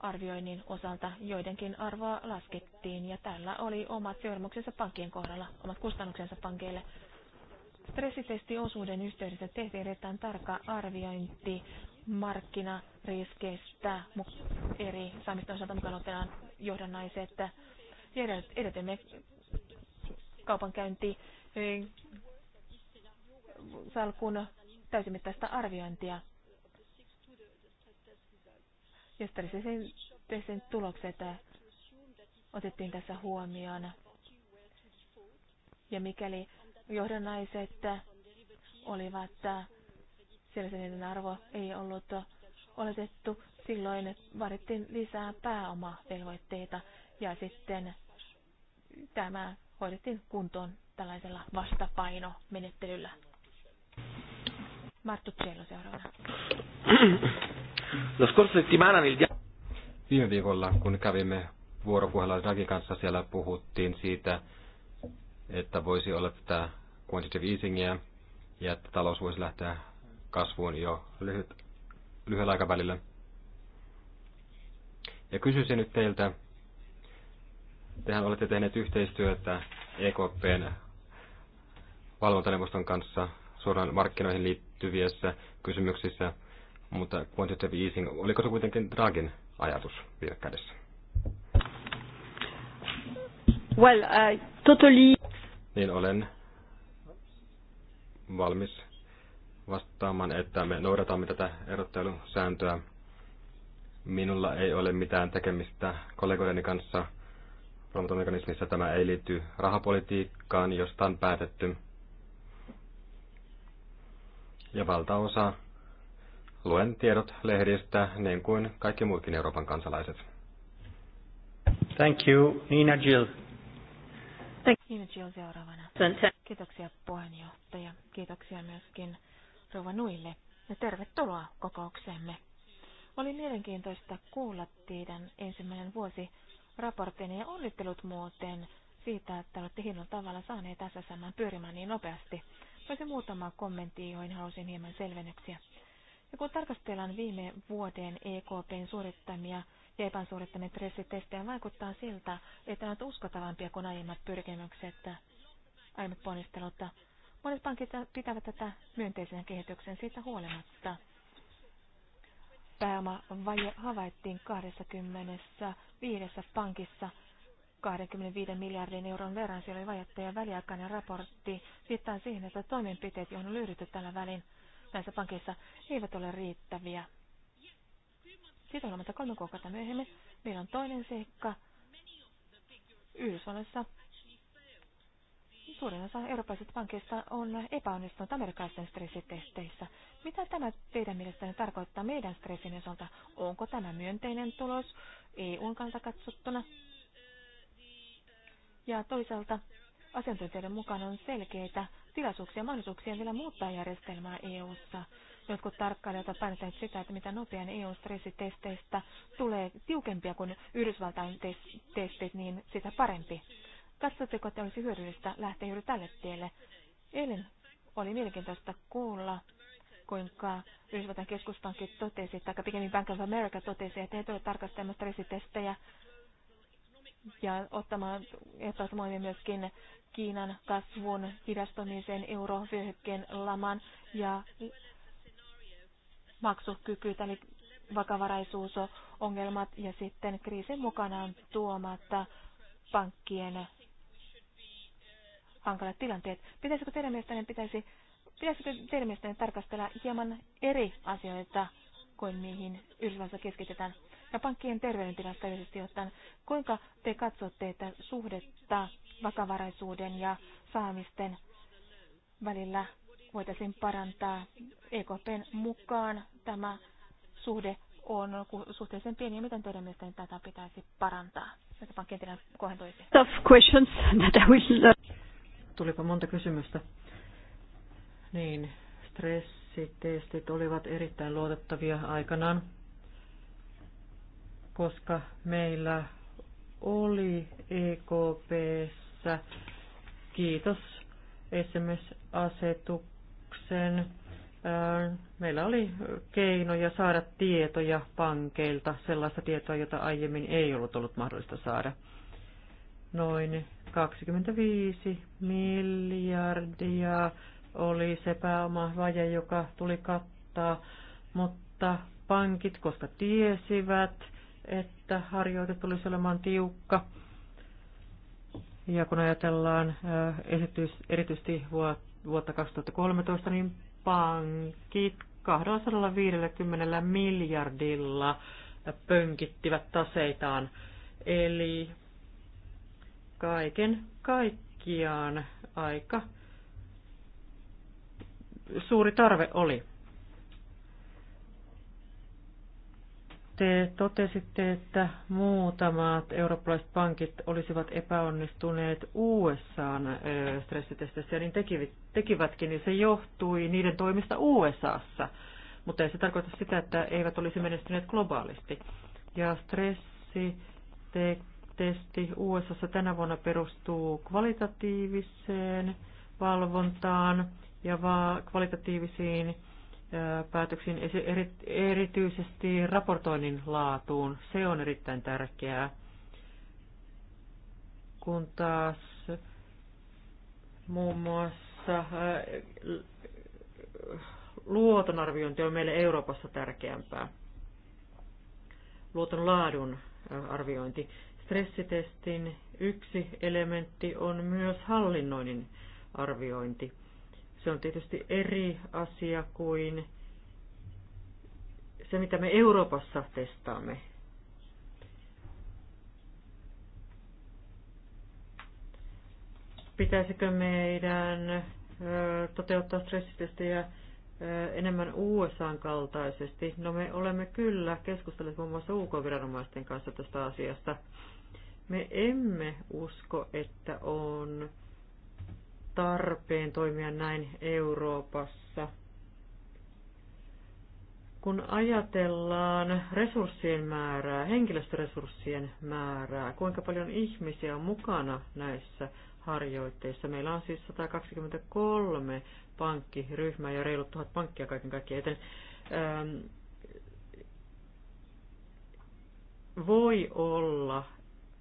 arvioinnin osalta joidenkin arvoa laskettiin ja tällä oli omat seuraamuksensa pankkien kohdalla, omat kustannuksensa pankeille. Stressitestiosuuden yhteydessä tehtiin erittäin tarkka arviointi markkinariskeistä eri saamista osalta mukaan otetaan johdannaiset. Edellytimme kaupankäynti eh, salkun täysimittaista arviointia josta sen, sen tulokset otettiin tässä huomioon. Ja mikäli johdonnaiset olivat siellä sen arvo ei ollut oletettu, silloin vaadittiin lisää pääomavelvoitteita ja sitten tämä hoidettiin kuntoon tällaisella vastapainomenettelyllä. Martuccello seuraavana. <clears throat> Lo scorso settimana nel Viime viikolla, kun kävimme vuoropuhelua Dagin kanssa, siellä puhuttiin siitä, että voisi olla tätä quantitative easingia ja että talous voisi lähteä kasvuun jo lyhyt, lyhyellä aikavälillä. Ja kysyisin nyt teiltä, tehän olette tehneet yhteistyötä EKPn valvontaneuvoston kanssa suoraan markkinoihin liittyen liittyvissä kysymyksissä, mutta quantitative easing, oliko se kuitenkin Dragin ajatus viime kädessä? Well, uh, totally. Niin olen valmis vastaamaan, että me noudatamme tätä erottelusääntöä. Minulla ei ole mitään tekemistä kollegoideni kanssa. Promotomekanismissa tämä ei liity rahapolitiikkaan, josta on päätetty ja valtaosa luen tiedot lehdistä niin kuin kaikki muutkin Euroopan kansalaiset. Thank you, Nina Jill. Thank you, Nina Jill seuraavana. Kiitoksia puheenjohtaja. Kiitoksia myöskin rouva Nuille ja tervetuloa kokoukseemme. Oli mielenkiintoista kuulla teidän ensimmäinen vuosi raporttini ja onnittelut muuten siitä, että olette hienolla tavalla saaneet SSM pyörimään niin nopeasti. Olisi muutama kommentti, joihin halusin hieman selvennyksiä. Ja kun tarkastellaan viime vuoden EKPn suorittamia ja epäsuorittamia stressitestejä, vaikuttaa siltä, että ne ovat uskottavampia kuin aiemmat pyrkimykset, aiemmat ponnistelut. Monet pankit pitävät tätä myönteisen kehityksen siitä huolimatta. Pääomavaje havaittiin 25 pankissa – 25 miljardin euron verran. Siellä oli vajetta ja väliaikainen raportti viittaa siihen, että toimenpiteet, joihin on lyhdytty tällä välin näissä pankeissa, eivät ole riittäviä. Sitten on kolme kuukautta myöhemmin meillä on toinen seikka. Yhdysvalloissa suurin osa eurooppalaisista pankeista on epäonnistunut amerikkalaisten stressitesteissä. Mitä tämä teidän mielestänne tarkoittaa meidän stressin osalta? Onko tämä myönteinen tulos EUn kannalta katsottuna? Ja toisaalta asiantuntijoiden mukaan on selkeitä tilaisuuksia ja mahdollisuuksia vielä muuttaa järjestelmää EU-ssa. Jotkut tarkkailijat ovat painottaneet sitä, että mitä nopean EU-stressitesteistä tulee tiukempia kuin Yhdysvaltain testit, niin sitä parempi. Katsotteko, että olisi hyödyllistä lähteä juuri tälle tielle? Eilen oli mielenkiintoista kuulla, kuinka Yhdysvaltain keskuspankki totesi, tai pikemmin Bank of America totesi, että he tulevat tarkastelemaan stressitestejä ja ottamaan epäsamoja myöskin Kiinan kasvun hidastamisen eurovyöhykkeen laman ja maksukyky, eli vakavaraisuusongelmat ja sitten kriisin mukanaan tuomatta pankkien hankalat tilanteet. Pitäisikö teidän mielestänne, pitäisi, pitäisikö teidän mielestänne tarkastella hieman eri asioita kuin mihin Yhdysvalloissa keskitetään? ja pankkien terveydentilasta yleisesti ottaen. Kuinka te katsotte, että suhdetta vakavaraisuuden ja saamisten välillä voitaisiin parantaa EKPn mukaan tämä suhde on suhteellisen pieni, miten teidän mielestänne tätä pitäisi parantaa, Tätä pankkien tilanne kohentuisi? questions that I will... Uh, Tulipa monta kysymystä. Niin, stressitestit olivat erittäin luotettavia aikanaan koska meillä oli EKPssä, kiitos SMS-asetuksen, äh, meillä oli keinoja saada tietoja pankeilta, sellaista tietoa, jota aiemmin ei ollut ollut mahdollista saada. Noin 25 miljardia oli se pääomavaje, joka tuli kattaa, mutta pankit, koska tiesivät, että harjoite tulisi olemaan tiukka. Ja kun ajatellaan erityisesti vuotta 2013, niin pankit 250 miljardilla pönkittivät taseitaan. Eli kaiken kaikkiaan aika suuri tarve oli. Te totesitte, että muutamat eurooppalaiset pankit olisivat epäonnistuneet USAan stressitestissä, niin tekivätkin, niin se johtui niiden toimista USAssa. Mutta ei se tarkoita sitä, että eivät olisi menestyneet globaalisti. Ja stressitesti USAssa tänä vuonna perustuu kvalitatiiviseen valvontaan ja kvalitatiivisiin päätöksiin, erityisesti raportoinnin laatuun. Se on erittäin tärkeää. Kun taas muun muassa luotonarviointi on meille Euroopassa tärkeämpää. Luoton laadun arviointi. Stressitestin yksi elementti on myös hallinnoinnin arviointi se on tietysti eri asia kuin se, mitä me Euroopassa testaamme. Pitäisikö meidän toteuttaa stressitestejä enemmän USAn kaltaisesti? No me olemme kyllä keskustelleet muun muassa UK-viranomaisten kanssa tästä asiasta. Me emme usko, että on tarpeen toimia näin Euroopassa. Kun ajatellaan resurssien määrää, henkilöstöresurssien määrää, kuinka paljon ihmisiä on mukana näissä harjoitteissa. Meillä on siis 123 pankkiryhmää ja reilut tuhat pankkia kaiken kaikkiaan, joten ähm, voi olla,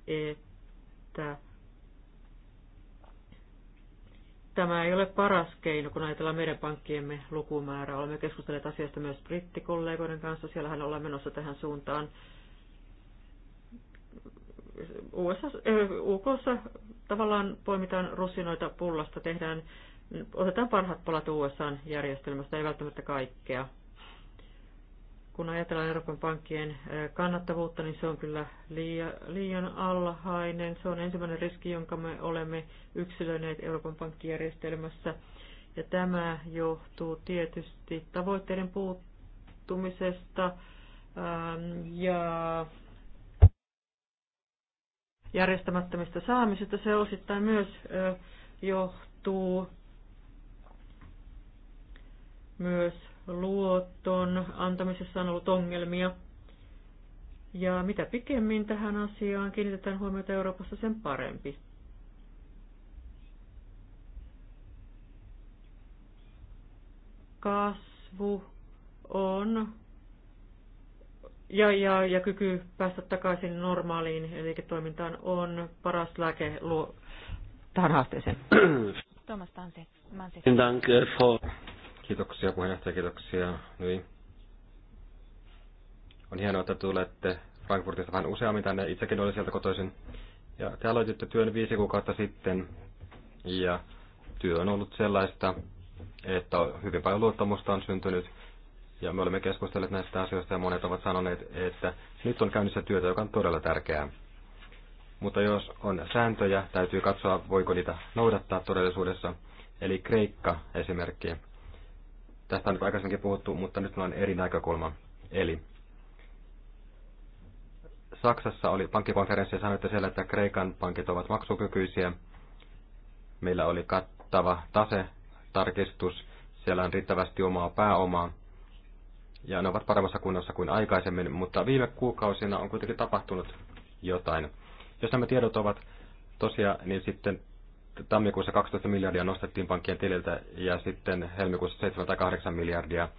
että Tämä ei ole paras keino, kun ajatellaan meidän pankkiemme lukumäärää. Olemme keskustelleet asiasta myös brittikollegoiden kanssa. Siellähän ollaan menossa tähän suuntaan. USA, eh, UKssa tavallaan poimitaan rusinoita pullasta, tehdään, otetaan parhaat palat usa järjestelmästä, ei välttämättä kaikkea kun ajatellaan Euroopan pankkien kannattavuutta, niin se on kyllä liian alhainen. Se on ensimmäinen riski, jonka me olemme yksilöineet Euroopan pankkijärjestelmässä. Ja tämä johtuu tietysti tavoitteiden puuttumisesta ähm, ja järjestämättömistä saamisesta. Se osittain myös johtuu myös luoton antamisessa on ollut ongelmia. Ja mitä pikemmin tähän asiaan kiinnitetään huomiota Euroopassa, sen parempi. Kasvu on ja, ja, ja kyky päästä takaisin normaaliin liiketoimintaan on paras lääke luo tähän haasteeseen. Thomas Mansi. Kiitoksia puheenjohtaja, kiitoksia Niin. On hienoa, että tulette Frankfurtista vähän useammin tänne. Itsekin olen sieltä kotoisin. Ja te aloititte työn viisi kuukautta sitten ja työ on ollut sellaista, että hyvin paljon luottamusta on syntynyt. Ja me olemme keskustelleet näistä asioista ja monet ovat sanoneet, että nyt on käynnissä työtä, joka on todella tärkeää. Mutta jos on sääntöjä, täytyy katsoa, voiko niitä noudattaa todellisuudessa. Eli Kreikka esimerkki. Tästä on nyt aikaisemminkin puhuttu, mutta nyt on eri näkökulma. Eli Saksassa oli pankkikonferenssi ja sanoitte siellä, että Kreikan pankit ovat maksukykyisiä. Meillä oli kattava tase, tarkistus, siellä on riittävästi omaa pääomaa ja ne ovat paremmassa kunnossa kuin aikaisemmin, mutta viime kuukausina on kuitenkin tapahtunut jotain. Jos nämä tiedot ovat tosia, niin sitten tammikuussa 12 miljardia nostettiin pankkien tililtä ja sitten helmikuussa 7 tai 8 miljardia.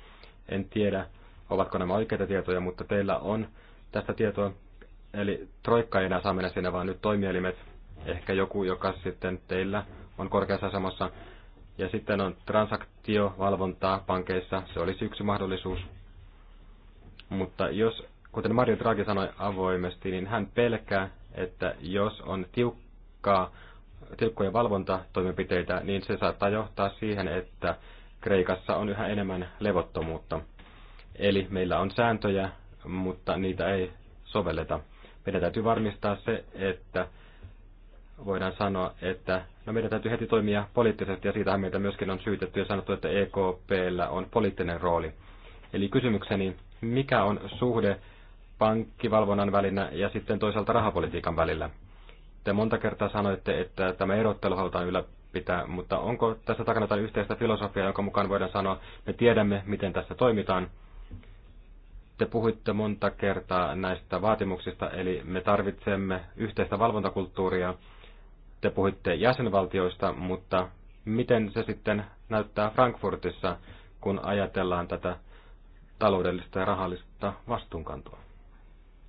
En tiedä, ovatko nämä oikeita tietoja, mutta teillä on tästä tietoa. Eli troikka ei enää saa mennä sinne, vaan nyt toimielimet, ehkä joku, joka sitten teillä on korkeassa asemassa. Ja sitten on transaktiovalvontaa pankeissa, se olisi yksi mahdollisuus. Mutta jos, kuten Mario Draghi sanoi avoimesti, niin hän pelkää, että jos on tiukkaa tiukkoja valvontatoimenpiteitä, niin se saattaa johtaa siihen, että Kreikassa on yhä enemmän levottomuutta. Eli meillä on sääntöjä, mutta niitä ei sovelleta. Meidän täytyy varmistaa se, että voidaan sanoa, että no meidän täytyy heti toimia poliittisesti, ja siitähän meitä myöskin on syytetty ja sanottu, että EKPllä on poliittinen rooli. Eli kysymykseni, mikä on suhde pankkivalvonnan välinä ja sitten toisaalta rahapolitiikan välillä? Te monta kertaa sanoitte, että tämä erottelu halutaan ylläpitää, mutta onko tässä takana jotain yhteistä filosofiaa, jonka mukaan voidaan sanoa, me tiedämme, miten tässä toimitaan. Te puhuitte monta kertaa näistä vaatimuksista, eli me tarvitsemme yhteistä valvontakulttuuria. Te puhuitte jäsenvaltioista, mutta miten se sitten näyttää Frankfurtissa, kun ajatellaan tätä taloudellista ja rahallista vastuunkantoa?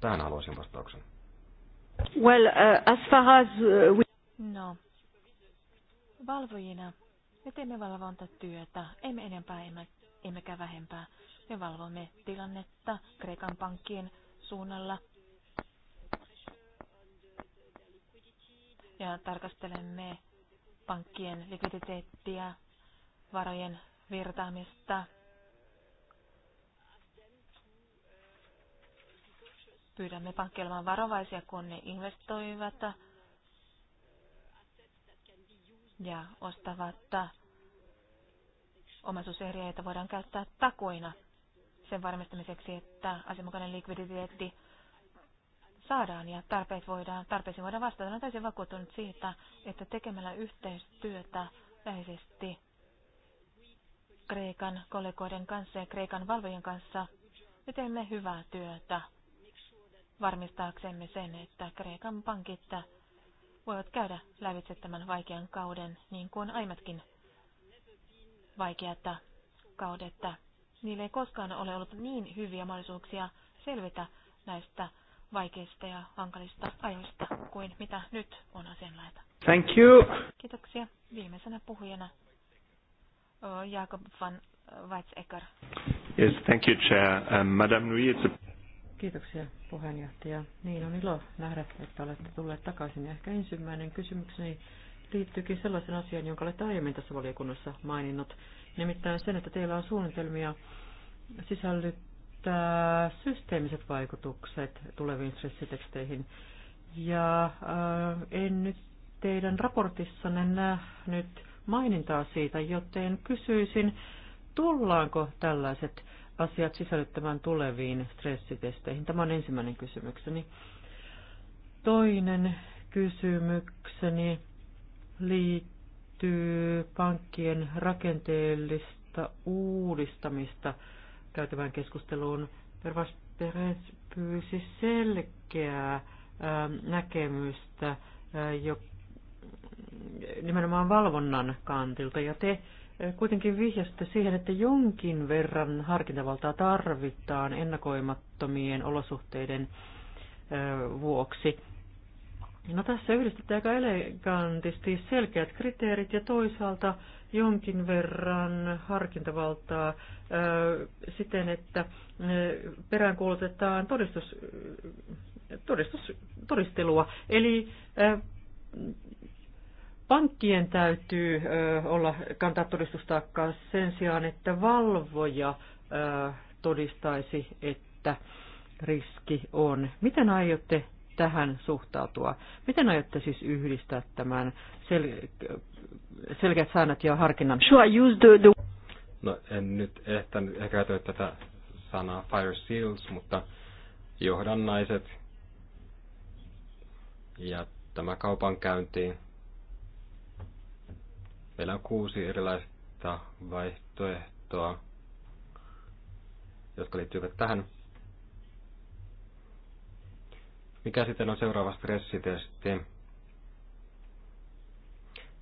Tähän haluaisin vastauksen. Well, uh, as far as uh, we... No. Valvojina. Me teemme valvontatyötä, emme enempää emmekä vähempää. Me valvomme tilannetta Kreikan pankkien suunnalla ja tarkastelemme pankkien likviditeettiä, varojen virtaamista Pyydämme pankkia olemaan varovaisia, kun ne investoivat ja ostavat omaisuuseriä, joita voidaan käyttää takuina sen varmistamiseksi, että asianmukainen likviditeetti saadaan ja tarpeet voidaan, tarpeisiin voidaan vastata. Olen täysin vakuuttunut siitä, että tekemällä yhteistyötä läheisesti Kreikan kollegoiden kanssa ja Kreikan valvojen kanssa me teemme hyvää työtä varmistaaksemme sen, että Kreikan pankit voivat käydä lävitse tämän vaikean kauden, niin kuin aiemmatkin vaikeata kaudetta, Niille ei koskaan ole ollut niin hyviä mahdollisuuksia selvitä näistä vaikeista ja hankalista ajoista kuin mitä nyt on asianlaita. Thank you. Kiitoksia. Viimeisenä puhujana Jakob van Weizsäcker. Yes, thank you, Chair. Um, Madame Louis, it's a... Kiitoksia puheenjohtaja. Niin on ilo nähdä, että olette tulleet takaisin. Ja ehkä ensimmäinen kysymykseni liittyykin sellaisen asian, jonka olette aiemmin tässä valiokunnassa maininnut. Nimittäin sen, että teillä on suunnitelmia sisällyttää systeemiset vaikutukset tuleviin stressiteksteihin. Ja äh, en nyt teidän raportissanne nähnyt mainintaa siitä, joten kysyisin, tullaanko tällaiset asiat sisällyttämään tuleviin stressitesteihin? Tämä on ensimmäinen kysymykseni. Toinen kysymykseni liittyy pankkien rakenteellista uudistamista käytävään keskusteluun. Pervas Perez pyysi selkeää näkemystä jo nimenomaan valvonnan kantilta, ja te Kuitenkin vihjasitte siihen, että jonkin verran harkintavaltaa tarvitaan ennakoimattomien olosuhteiden vuoksi. No tässä yhdistetään aika elegantisti selkeät kriteerit ja toisaalta jonkin verran harkintavaltaa siten, että peräänkuulutetaan todistus, todistus, todistelua. Eli Pankkien täytyy olla kantaa todistustaakkaa sen sijaan, että valvoja todistaisi, että riski on. Miten aiotte tähän suhtautua? Miten aiotte siis yhdistää tämän sel- selkeät säännöt ja harkinnan? the, No en nyt ehkä, ehkä tätä sanaa fire seals, mutta johdannaiset ja tämä kaupankäyntiin. Meillä on kuusi erilaista vaihtoehtoa, jotka liittyvät tähän. Mikä sitten on seuraava stressitesti?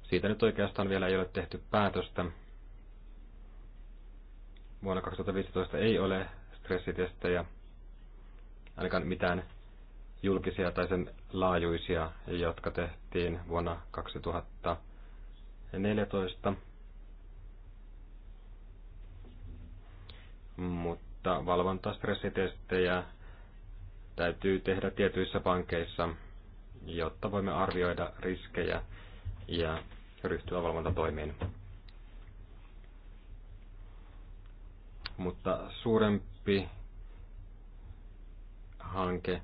Siitä nyt oikeastaan vielä ei ole tehty päätöstä. Vuonna 2015 ei ole stressitestejä, ainakaan mitään julkisia tai sen laajuisia, jotka tehtiin vuonna 2015 ja 14. Mutta valvontastressitestejä täytyy tehdä tietyissä pankeissa, jotta voimme arvioida riskejä ja ryhtyä valvontatoimiin. Mutta suurempi hanke.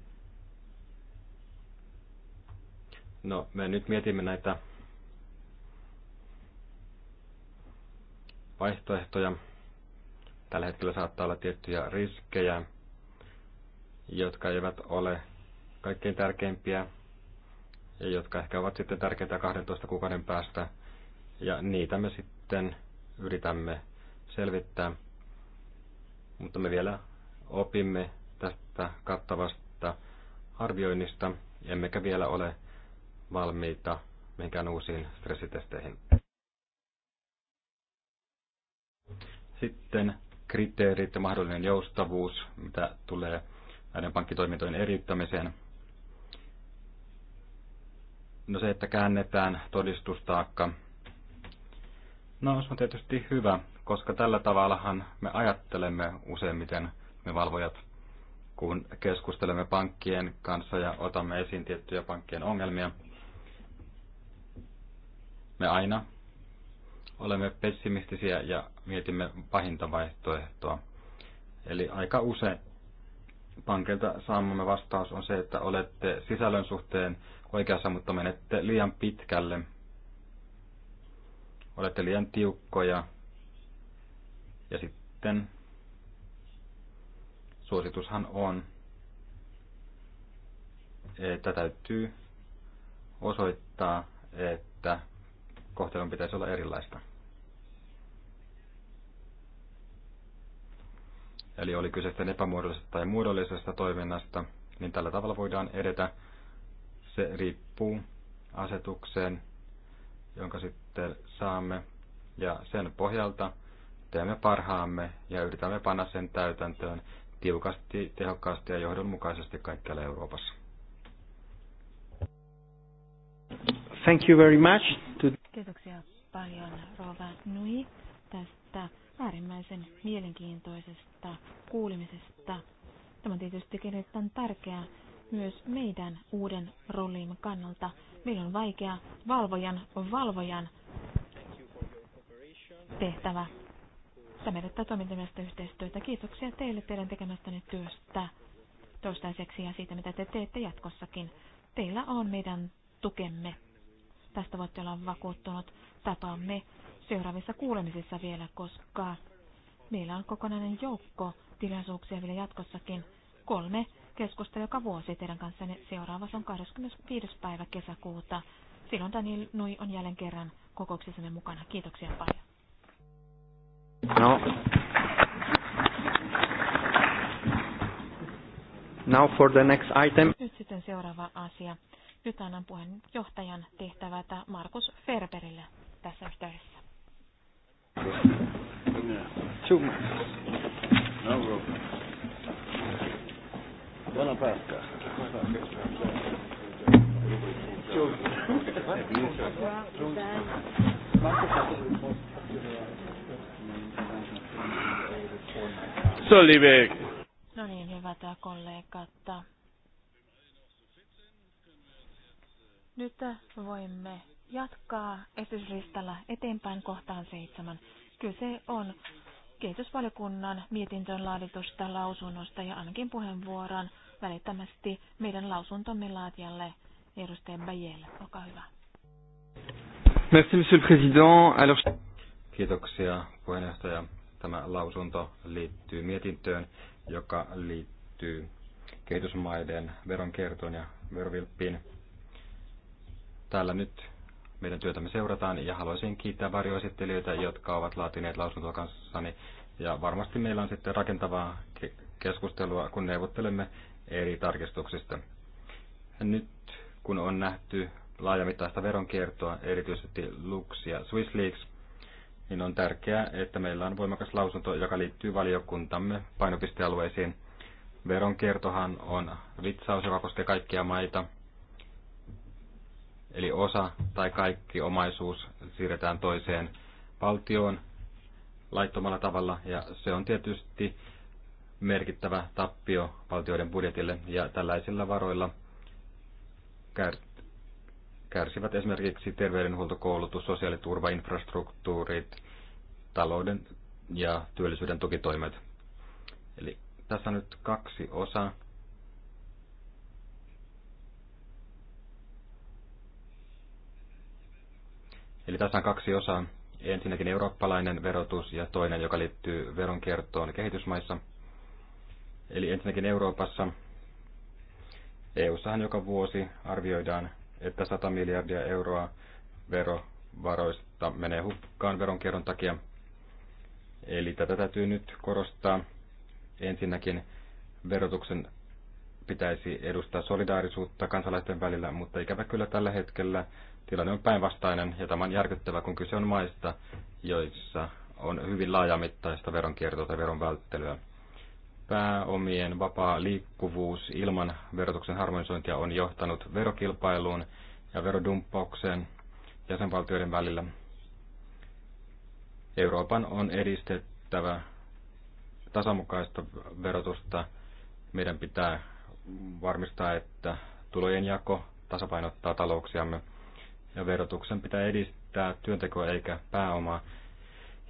No, me nyt mietimme näitä vaihtoehtoja. Tällä hetkellä saattaa olla tiettyjä riskejä, jotka eivät ole kaikkein tärkeimpiä ja jotka ehkä ovat sitten tärkeitä 12 kuukauden päästä. Ja niitä me sitten yritämme selvittää. Mutta me vielä opimme tästä kattavasta arvioinnista, emmekä vielä ole valmiita mihinkään uusiin stressitesteihin. Sitten kriteerit ja mahdollinen joustavuus, mitä tulee näiden pankkitoimintojen eriyttämiseen. No se, että käännetään todistustaakka. No se on tietysti hyvä, koska tällä tavallahan me ajattelemme useimmiten me valvojat, kun keskustelemme pankkien kanssa ja otamme esiin tiettyjä pankkien ongelmia. Me aina olemme pessimistisiä ja mietimme pahinta vaihtoehtoa. Eli aika usein pankilta saamamme vastaus on se, että olette sisällön suhteen oikeassa, mutta menette liian pitkälle. Olette liian tiukkoja. Ja sitten suositushan on, että täytyy osoittaa, että kohtelun pitäisi olla erilaista. eli oli kyse sitten epämuodollisesta tai muodollisesta toiminnasta, niin tällä tavalla voidaan edetä. Se riippuu asetukseen, jonka sitten saamme, ja sen pohjalta teemme parhaamme ja yritämme panna sen täytäntöön tiukasti, tehokkaasti ja johdonmukaisesti kaikkialla Euroopassa. Thank you very much. To... Kiitoksia paljon Rova Nui tästä äärimmäisen mielenkiintoisesta kuulemisesta. Tämä on tietysti erittäin tärkeää myös meidän uuden roolimme kannalta. Meillä on vaikea valvojan valvojan tehtävä. Tämä edettää toimintamista yhteistyötä. Kiitoksia teille teidän tekemästäni työstä toistaiseksi ja siitä, mitä te teette jatkossakin. Teillä on meidän tukemme. Tästä voitte olla vakuuttunut. Tapaamme seuraavissa kuulemisissa vielä, koska meillä on kokonainen joukko tilaisuuksia vielä jatkossakin. Kolme keskusta joka vuosi teidän kanssanne. Seuraavassa on 25. päivä kesäkuuta. Silloin Daniel Nui on jälleen kerran kokouksessamme mukana. Kiitoksia paljon. No. Now for the next item. Nyt sitten seuraava asia. Nyt annan puheenjohtajan tehtävätä Markus Ferberille tässä yhteydessä. Two minutes. No problem. Buona pasta. So, liebe. No niin, tämä kollegat. Nyt voimme jatkaa esityslistalla eteenpäin kohtaan seitsemän. Kyse on kehitysvaliokunnan mietintöön laaditusta lausunnosta ja ainakin puheenvuoron välittömästi meidän lausuntomme laatijalle edustaja Bajelle. Olkaa hyvä. Merci, monsieur le président. Alors... Kiitoksia puheenjohtaja. Tämä lausunto liittyy mietintöön, joka liittyy kehitysmaiden veronkiertoon ja verovilppiin. Täällä nyt meidän työtämme seurataan ja haluaisin kiittää varjoesittelijöitä, jotka ovat laatineet lausuntoa kanssani. Ja varmasti meillä on sitten rakentavaa keskustelua, kun neuvottelemme eri tarkistuksista. Nyt kun on nähty laajamittaista veronkiertoa, erityisesti Lux ja SwissLeaks, niin on tärkeää, että meillä on voimakas lausunto, joka liittyy valiokuntamme painopistealueisiin. Veronkiertohan on vitsaus, joka koskee kaikkia maita, eli osa tai kaikki omaisuus siirretään toiseen valtioon laittomalla tavalla, ja se on tietysti merkittävä tappio valtioiden budjetille, ja tällaisilla varoilla kärsivät esimerkiksi terveydenhuolto, koulutus, sosiaaliturva, infrastruktuurit, talouden ja työllisyyden tukitoimet. Eli tässä on nyt kaksi osaa. Eli tässä on kaksi osaa. Ensinnäkin eurooppalainen verotus ja toinen, joka liittyy veronkiertoon kehitysmaissa. Eli ensinnäkin Euroopassa. EU-sahan joka vuosi arvioidaan, että 100 miljardia euroa verovaroista menee hukkaan veronkierron takia. Eli tätä täytyy nyt korostaa ensinnäkin verotuksen pitäisi edustaa solidaarisuutta kansalaisten välillä, mutta ikävä kyllä tällä hetkellä tilanne on päinvastainen ja tämä on järkyttävä, kun kyse on maista, joissa on hyvin laajamittaista veronkiertoa tai veron välttelyä. Pääomien vapaa liikkuvuus ilman verotuksen harmonisointia on johtanut verokilpailuun ja verodumppaukseen jäsenvaltioiden välillä. Euroopan on edistettävä tasamukaista verotusta. Meidän pitää varmistaa, että tulojen jako tasapainottaa talouksiamme ja verotuksen pitää edistää työntekoa eikä pääomaa.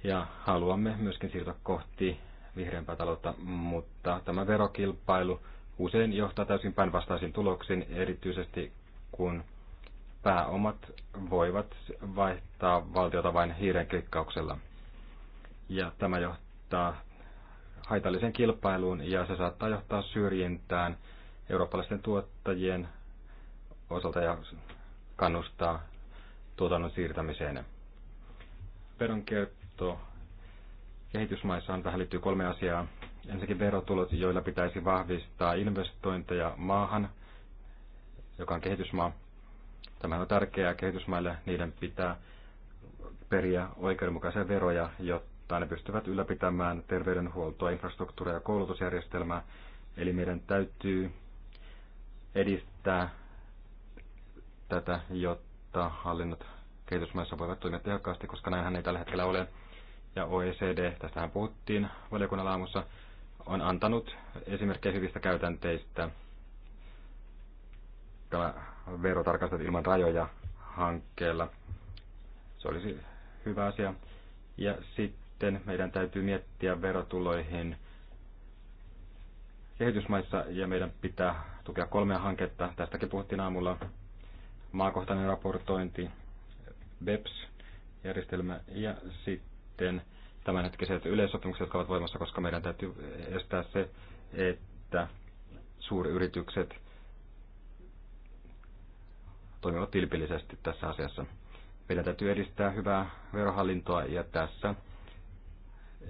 Ja haluamme myöskin siirtyä kohti vihreämpää taloutta, mutta tämä verokilpailu usein johtaa täysin päinvastaisiin tuloksiin, erityisesti kun pääomat voivat vaihtaa valtiota vain hiiren klikkauksella. Ja tämä johtaa haitalliseen kilpailuun ja se saattaa johtaa syrjintään eurooppalaisten tuottajien osalta ja kannustaa tuotannon siirtämiseen. Veronkierto on tähän liittyy kolme asiaa. Ensinnäkin verotulot, joilla pitäisi vahvistaa investointeja maahan, joka on kehitysmaa. Tämä on tärkeää kehitysmaille. Niiden pitää periä oikeudenmukaisia veroja, jotta ne pystyvät ylläpitämään terveydenhuoltoa, infrastruktuuria ja koulutusjärjestelmää. Eli meidän täytyy edistää tätä, jotta hallinnot kehitysmaissa voivat toimia tehokkaasti, koska näinhän ei tällä hetkellä ole. Ja OECD, tästähän puhuttiin valiokunnan aamussa, on antanut esimerkkejä hyvistä käytänteistä. Tämä verotarkastat ilman rajoja hankkeella. Se olisi hyvä asia. Ja sitten meidän täytyy miettiä verotuloihin kehitysmaissa ja meidän pitää tukea kolmea hanketta. Tästäkin puhuttiin aamulla. Maakohtainen raportointi, BEPS-järjestelmä ja sitten tämänhetkiset yleissopimukset, jotka ovat voimassa, koska meidän täytyy estää se, että suuryritykset toimivat tilpillisesti tässä asiassa. Meidän täytyy edistää hyvää verohallintoa ja tässä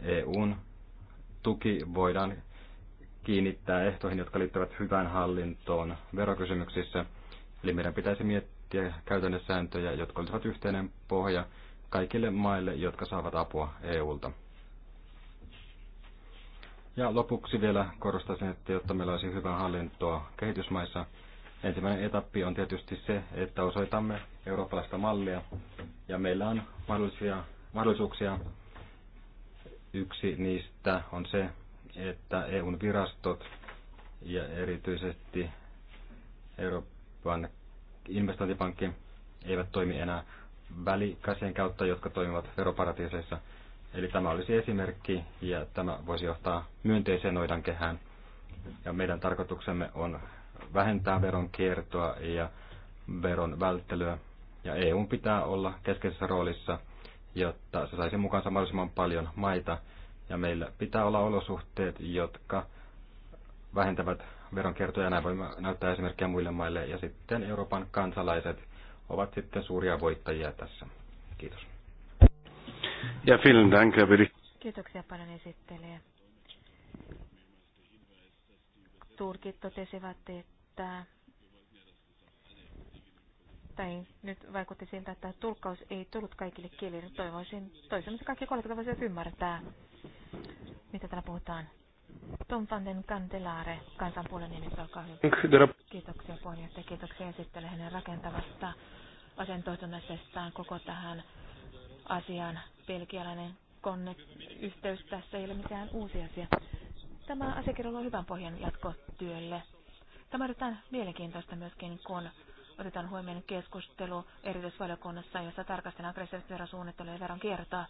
EUn tuki voidaan kiinnittää ehtoihin, jotka liittyvät hyvään hallintoon verokysymyksissä. Eli meidän pitäisi miettiä käytännön sääntöjä, jotka olisivat yhteinen pohja kaikille maille, jotka saavat apua EUlta. Ja lopuksi vielä korostaisin, että jotta meillä olisi hyvää hallintoa kehitysmaissa, ensimmäinen etappi on tietysti se, että osoitamme eurooppalaista mallia ja meillä on mahdollisia, mahdollisuuksia. Yksi niistä on se, että EUn virastot ja erityisesti Euroopan investointipankki eivät toimi enää välikäsien kautta, jotka toimivat veroparatiiseissa. Eli tämä olisi esimerkki ja tämä voisi johtaa myönteiseen noidankehään. Ja meidän tarkoituksemme on vähentää veron kiertoa ja veron välttelyä. Ja EUn pitää olla keskeisessä roolissa, jotta se saisi mukaansa mahdollisimman paljon maita, ja meillä pitää olla olosuhteet, jotka vähentävät veronkiertoja. Näin voimme näyttää esimerkkejä muille maille. Ja sitten Euroopan kansalaiset ovat sitten suuria voittajia tässä. Kiitos. Ja vielen dank, Kiitoksia paljon esittelijä. Turkit totesivat, että tai nyt vaikutti siltä, että tulkkaus ei tullut kaikille kielille. Toivoisin, toivoisin, että kaikki kollegat voisivat ymmärtää mitä täällä puhutaan. Tom van den Kantelaare, kansanpuolen nimissä, olkaa hyvä. Kiitoksia puheenjohtaja, kiitoksia esittele hänen rakentavasta asentoitumisestaan koko tähän asiaan. Belgialainen konneyhteys tässä ei ole mitään uusi asia. Tämä asiakirja on hyvän pohjan jatkotyölle. Tämä on mielenkiintoista myöskin, kun otetaan huomioon keskustelu erityisvaliokunnassa, jossa tarkastellaan aggressiivista verosuunnittelua ja veron kiertoa.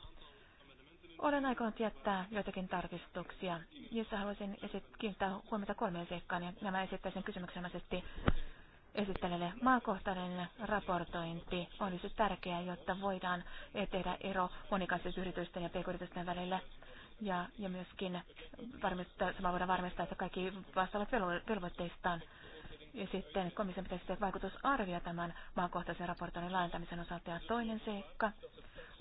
Olen aikonut jättää joitakin tarkistuksia, joissa haluaisin esit- kiinnittää huomiota kolmeen seikkaan, ja nämä esittäisin kysymyksenomaisesti esittelijälle. Maakohtainen raportointi on siis tärkeää, jotta voidaan tehdä ero monikansallisten yritysten ja pk-yritysten välillä. Ja, ja myöskin varmistaa, samalla voidaan varmistaa, että kaikki vastaavat velvoitteistaan. Ja sitten komission pitäisi tehdä vaikutusarvio tämän maakohtaisen raportoinnin laajentamisen osalta. Ja toinen seikka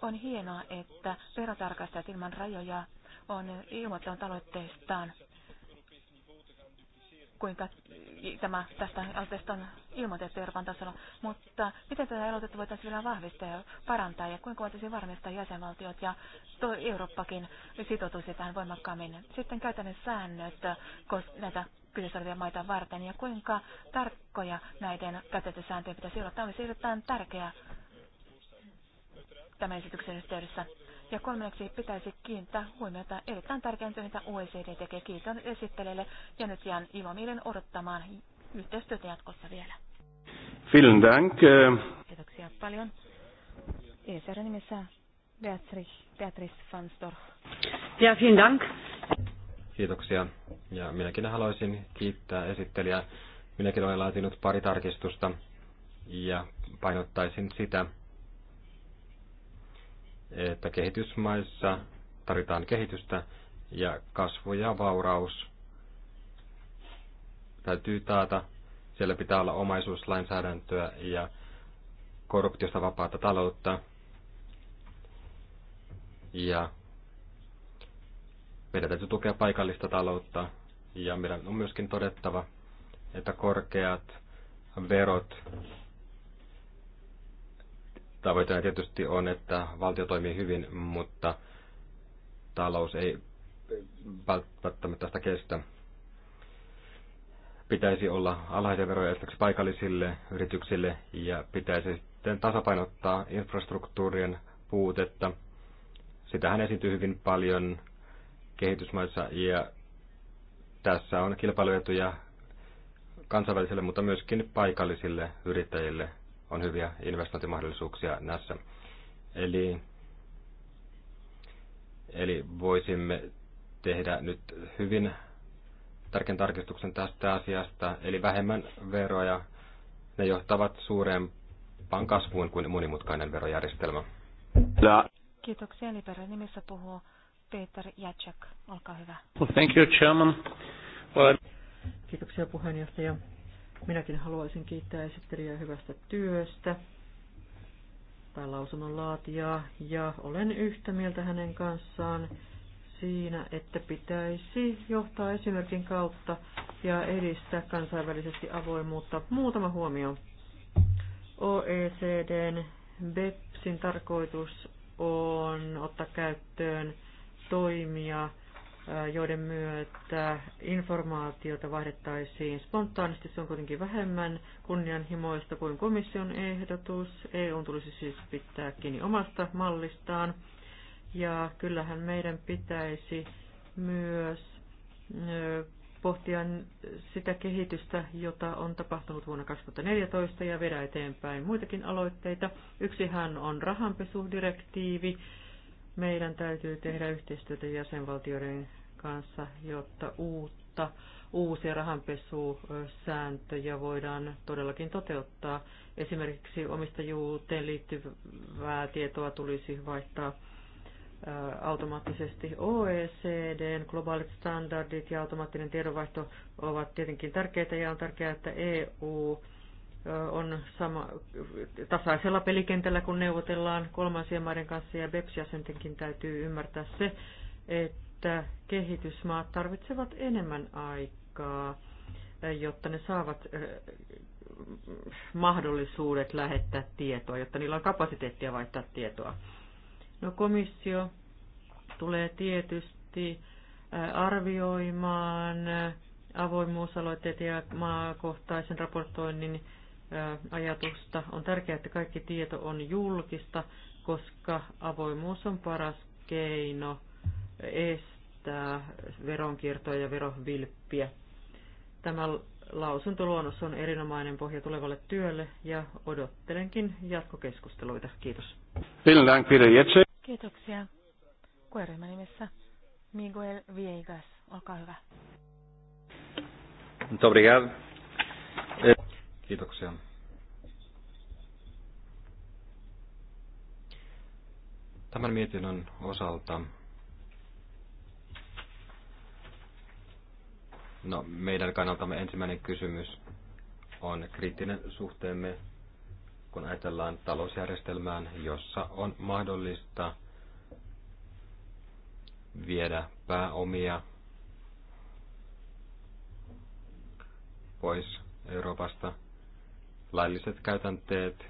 on hienoa, että verotarkastajat ilman rajoja on ilmoittanut aloitteestaan, kuinka tämä tästä aloitteesta on ilmoitettu Euroopan tasolla, mutta miten tätä aloitetta voitaisiin vielä vahvistaa ja parantaa ja kuinka voitaisiin varmistaa jäsenvaltiot ja Eurooppakin sitoutuisi tähän voimakkaammin. Sitten käytännön säännöt näitä kyseessä olevia maita varten ja kuinka tarkkoja näiden käytäntösääntöjen pitäisi olla. Tämä olisi erittäin tärkeä tämän esityksen yhteydessä. Ja kolmanneksi pitäisi kiinnittää huomiota erittäin tärkeän työhön, mitä OECD tekee. Kiitän esittelijälle ja nyt jään ilomielen odottamaan yhteistyötä jatkossa vielä. Vielen dank. Äh. Kiitoksia paljon. ESR nimessä Beatrice, Beatrice Fansdorf. Ja vielen dank. Kiitoksia. Ja minäkin haluaisin kiittää esittelijää. Minäkin olen laatinut pari tarkistusta ja painottaisin sitä, että kehitysmaissa tarvitaan kehitystä ja kasvu ja vauraus täytyy taata. Siellä pitää olla omaisuuslainsäädäntöä ja korruptiosta vapaata taloutta. Ja meidän täytyy tukea paikallista taloutta ja meidän on myöskin todettava, että korkeat verot Tavoitteena tietysti on, että valtio toimii hyvin, mutta talous ei välttämättä tästä kestä. Pitäisi olla alhaisia veroja esimerkiksi paikallisille yrityksille ja pitäisi sitten tasapainottaa infrastruktuurien puutetta. Sitähän esiintyy hyvin paljon kehitysmaissa ja tässä on kilpailuetuja kansainvälisille, mutta myöskin paikallisille yrittäjille on hyviä investointimahdollisuuksia näissä. Eli, eli voisimme tehdä nyt hyvin tärkeän tarkistuksen tästä asiasta, eli vähemmän veroja. Ne johtavat suurempaan kasvuun kuin monimutkainen verojärjestelmä. No. Kiitoksia. Liberan nimissä puhuu Peter Jacek. Olkaa hyvä. Well, thank you, Chairman. Well... Kiitoksia puheenjohtaja. Minäkin haluaisin kiittää esittelijää hyvästä työstä tai lausunnon laatijaa ja olen yhtä mieltä hänen kanssaan siinä, että pitäisi johtaa esimerkin kautta ja edistää kansainvälisesti avoimuutta. Muutama huomio. OECDn BEPSin tarkoitus on ottaa käyttöön toimia joiden myötä informaatiota vaihdettaisiin spontaanisti. Se on kuitenkin vähemmän kunnianhimoista kuin komission ehdotus. EU tulisi siis pitää kiinni omasta mallistaan. Ja kyllähän meidän pitäisi myös pohtia sitä kehitystä, jota on tapahtunut vuonna 2014 ja viedä eteenpäin muitakin aloitteita. Yksihän on rahanpesudirektiivi, meidän täytyy tehdä yhteistyötä jäsenvaltioiden kanssa, jotta uutta, uusia rahanpesusääntöjä voidaan todellakin toteuttaa. Esimerkiksi omistajuuteen liittyvää tietoa tulisi vaihtaa automaattisesti OECDn globaalit standardit ja automaattinen tiedonvaihto ovat tietenkin tärkeitä ja on tärkeää, että EU on sama, tasaisella pelikentällä, kun neuvotellaan kolmansien maiden kanssa, ja BEPS-jäsentenkin täytyy ymmärtää se, että kehitysmaat tarvitsevat enemmän aikaa, jotta ne saavat mahdollisuudet lähettää tietoa, jotta niillä on kapasiteettia vaihtaa tietoa. No komissio tulee tietysti arvioimaan avoimuusaloitteet ja maakohtaisen raportoinnin ajatusta. On tärkeää, että kaikki tieto on julkista, koska avoimuus on paras keino estää veronkiertoa ja verovilppiä. Tämä lausuntoluonnos on erinomainen pohja tulevalle työlle ja odottelenkin jatkokeskusteluita. Kiitos. Kiitoksia. Kuoryhmän nimessä Miguel Viegas, olkaa hyvä. Obrigado. Kiitoksia. Tämän mietinnön osalta no, meidän kannaltamme ensimmäinen kysymys on kriittinen suhteemme, kun ajatellaan talousjärjestelmään, jossa on mahdollista viedä pääomia pois Euroopasta – lailliset käytänteet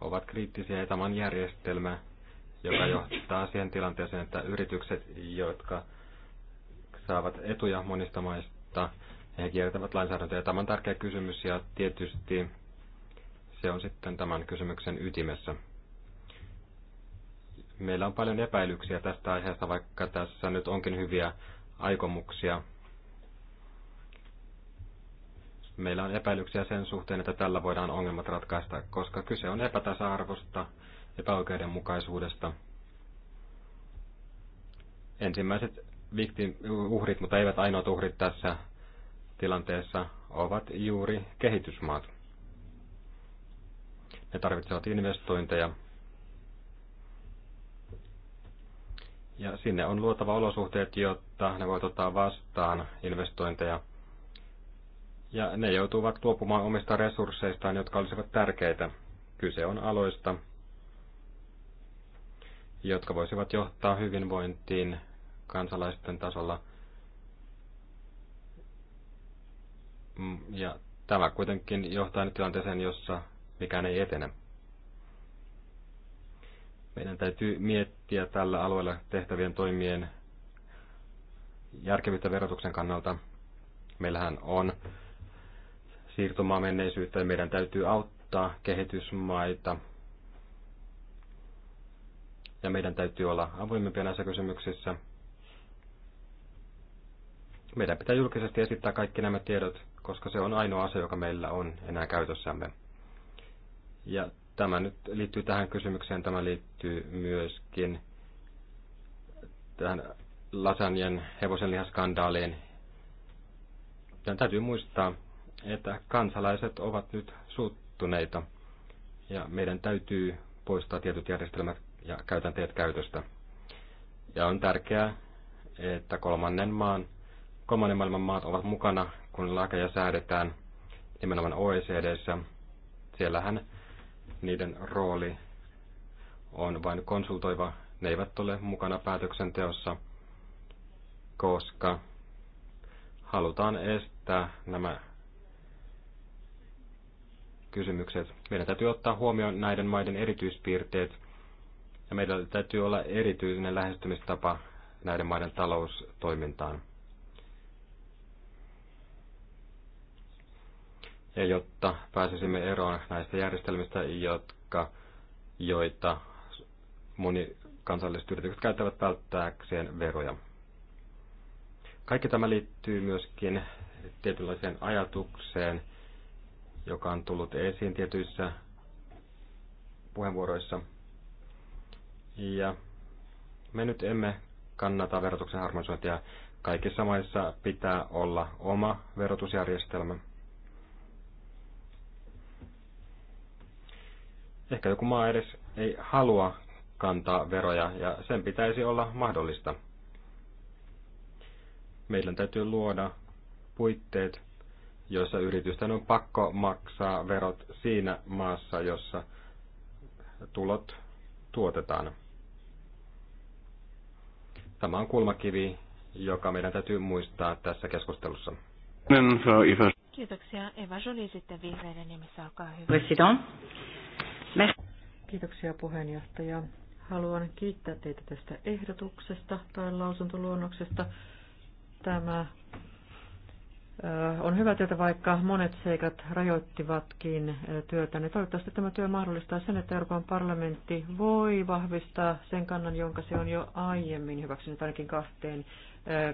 ovat kriittisiä ja tämä on järjestelmä, joka johtaa siihen tilanteeseen, että yritykset, jotka saavat etuja monista maista, he kiertävät lainsäädäntöä. Tämä on tärkeä kysymys ja tietysti se on sitten tämän kysymyksen ytimessä. Meillä on paljon epäilyksiä tästä aiheesta, vaikka tässä nyt onkin hyviä aikomuksia meillä on epäilyksiä sen suhteen, että tällä voidaan ongelmat ratkaista, koska kyse on epätasa-arvosta, epäoikeudenmukaisuudesta. Ensimmäiset viktim, uhrit, mutta eivät ainoat uhrit tässä tilanteessa, ovat juuri kehitysmaat. Ne tarvitsevat investointeja. Ja sinne on luotava olosuhteet, jotta ne voivat ottaa vastaan investointeja – ja ne joutuvat luopumaan omista resursseistaan, jotka olisivat tärkeitä. Kyse on aloista, jotka voisivat johtaa hyvinvointiin kansalaisten tasolla. Mm, ja tämä kuitenkin johtaa nyt tilanteeseen, jossa mikään ei etene. Meidän täytyy miettiä tällä alueella tehtävien toimien järkevyyttä verotuksen kannalta. Meillähän on siirtomaa menneisyyttä ja meidän täytyy auttaa kehitysmaita. Ja meidän täytyy olla avoimempia näissä kysymyksissä. Meidän pitää julkisesti esittää kaikki nämä tiedot, koska se on ainoa asia, joka meillä on enää käytössämme. Ja tämä nyt liittyy tähän kysymykseen, tämä liittyy myöskin tähän lasanjen hevosenlihaskandaaliin. Ja täytyy muistaa, että kansalaiset ovat nyt suuttuneita ja meidän täytyy poistaa tietyt järjestelmät ja käytänteet käytöstä. Ja on tärkeää, että kolmannen maan, kolmannen maailman maat ovat mukana, kun lakeja säädetään nimenomaan OECDssä. Siellähän niiden rooli on vain konsultoiva. Ne eivät ole mukana päätöksenteossa, koska halutaan estää nämä kysymykset. Meidän täytyy ottaa huomioon näiden maiden erityispiirteet ja meillä täytyy olla erityinen lähestymistapa näiden maiden taloustoimintaan. Ja jotta pääsisimme eroon näistä järjestelmistä, jotka, joita monikansalliset yritykset käyttävät välttääkseen veroja. Kaikki tämä liittyy myöskin tietynlaiseen ajatukseen, joka on tullut esiin tietyissä puheenvuoroissa. Ja me nyt emme kannata verotuksen harmonisointia. Kaikissa maissa pitää olla oma verotusjärjestelmä. Ehkä joku maa edes ei halua kantaa veroja, ja sen pitäisi olla mahdollista. Meidän täytyy luoda puitteet joissa yritysten on pakko maksaa verot siinä maassa, jossa tulot tuotetaan. Tämä on kulmakivi, joka meidän täytyy muistaa tässä keskustelussa. Kiitoksia. Eva Jolie sitten vihreiden nimissä, olkaa hyvä. Kiitoksia puheenjohtaja. Haluan kiittää teitä tästä ehdotuksesta tai lausuntoluonnoksesta. Tämä on hyvä tietää, vaikka monet seikat rajoittivatkin työtä. Niin toivottavasti tämä työ mahdollistaa sen, että Euroopan parlamentti voi vahvistaa sen kannan, jonka se on jo aiemmin hyväksynyt ainakin kahteen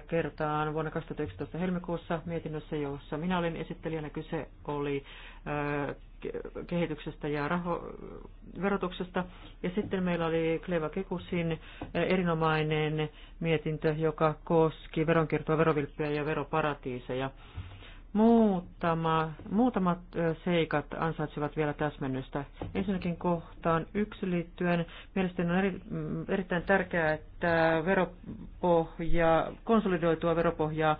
kertaan vuonna 2011 helmikuussa mietinnössä, jossa minä olin esittelijänä. Kyse oli kehityksestä ja raho- verotuksesta. Ja sitten meillä oli Kleva Kekusin erinomainen mietintö, joka koski veronkiertoa, verovilppiä ja veroparatiiseja. Muutama, muutamat seikat ansaitsevat vielä täsmennystä. Ensinnäkin kohtaan yksi liittyen. Mielestäni on eri, mm, erittäin tärkeää, että veropohja, konsolidoitua veropohjaa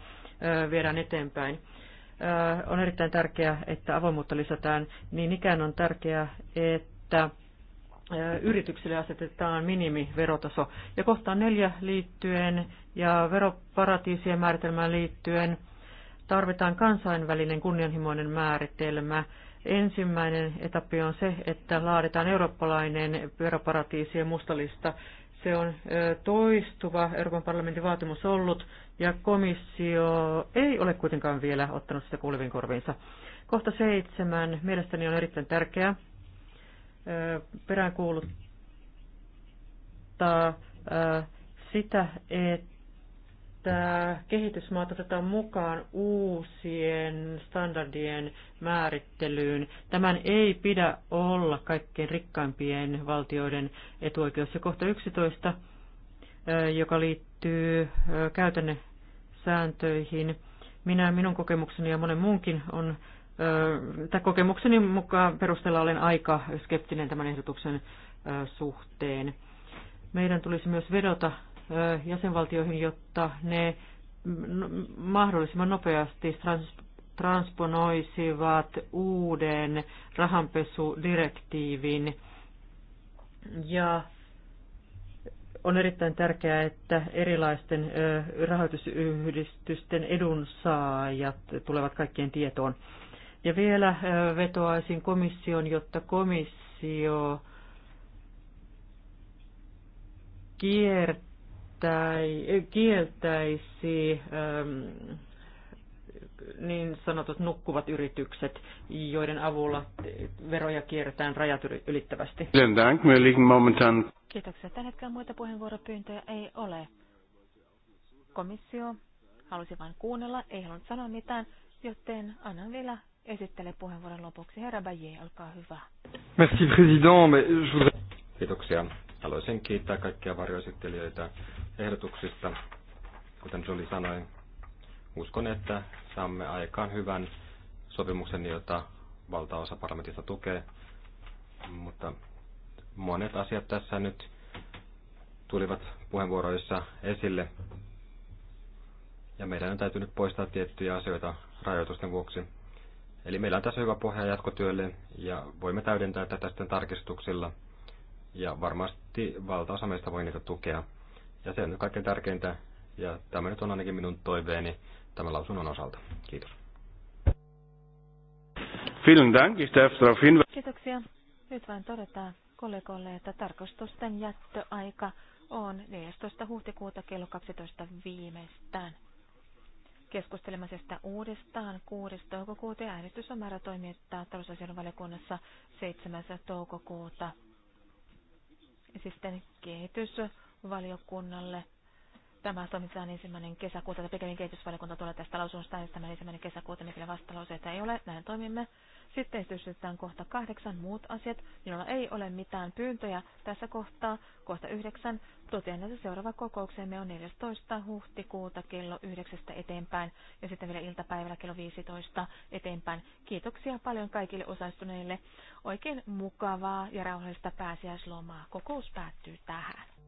viedään eteenpäin. On erittäin tärkeää, että avoimuutta lisätään. Niin ikään on tärkeää, että yrityksille asetetaan minimiverotaso. Ja kohtaan neljä liittyen ja veroparatiisien määritelmään liittyen – tarvitaan kansainvälinen kunnianhimoinen määritelmä. Ensimmäinen etappi on se, että laaditaan eurooppalainen veroparatiisien mustalista. Se on toistuva Euroopan parlamentin vaatimus ollut, ja komissio ei ole kuitenkaan vielä ottanut sitä kuuleviin korviinsa. Kohta seitsemän mielestäni on erittäin tärkeää peräänkuuluttaa sitä, että että kehitysmaat otetaan mukaan uusien standardien määrittelyyn. Tämän ei pidä olla kaikkein rikkaimpien valtioiden etuoikeus. Ja kohta 11, joka liittyy sääntöihin. Minä minun kokemukseni ja monen muunkin on Tämä kokemukseni mukaan perusteella olen aika skeptinen tämän ehdotuksen suhteen. Meidän tulisi myös vedota jäsenvaltioihin, jotta ne mahdollisimman nopeasti trans, transponoisivat uuden rahanpesudirektiivin. Ja on erittäin tärkeää, että erilaisten rahoitusyhdistysten edunsaajat tulevat kaikkien tietoon. Ja vielä vetoaisin komission, jotta komissio kiertää kieltäisi ähm, niin sanotut nukkuvat yritykset, joiden avulla veroja kierretään rajat ylittävästi. Kiitoksia. Tän hetkellä muita puheenvuoropyyntöjä ei ole. Komissio halusi vain kuunnella, ei halunnut sanoa mitään, joten annan vielä esittele puheenvuoron lopuksi. Herra Bajé, olkaa hyvä. Merci, président. Kiitoksia. Haluaisin kiittää kaikkia varjoesittelijöitä ehdotuksista. Kuten Joli sanoi, uskon, että saamme aikaan hyvän sopimuksen, jota valtaosa parlamentista tukee, mutta monet asiat tässä nyt tulivat puheenvuoroissa esille. Ja meidän on täytynyt poistaa tiettyjä asioita rajoitusten vuoksi. Eli meillä on tässä hyvä pohja jatkotyölle ja voimme täydentää tätä sitten tarkistuksilla. Ja varmasti valtaosa meistä voi niitä tukea. Ja se on nyt kaikkein tärkeintä, ja tämä nyt on ainakin minun toiveeni tämän lausunnon osalta. Kiitos. Kiitoksia. Nyt vain todetaan kollegoille, että tarkastusten jättöaika on 14. huhtikuuta kello 12 viimeistään. Keskustelemisesta uudestaan 6. toukokuuta ja äänestys on määrä toimittaa talousasioiden valiokunnassa 7. toukokuuta. Ja sitten kehitys valiokunnalle. Tämä toimitetaan ensimmäinen kesäkuuta, tai pikemmin kehitysvaliokunta tulee tästä lausunnosta äänestämään ensimmäinen kesäkuuta, mikäli vastalauseita ei ole, näin toimimme. Sitten esitystään kohta kahdeksan muut asiat, joilla ei ole mitään pyyntöjä tässä kohtaa. Kohta yhdeksän totean, että seuraava kokouksemme on 14. huhtikuuta kello yhdeksästä eteenpäin ja sitten vielä iltapäivällä kello 15 eteenpäin. Kiitoksia paljon kaikille osallistuneille. Oikein mukavaa ja rauhallista pääsiäislomaa. Kokous päättyy tähän.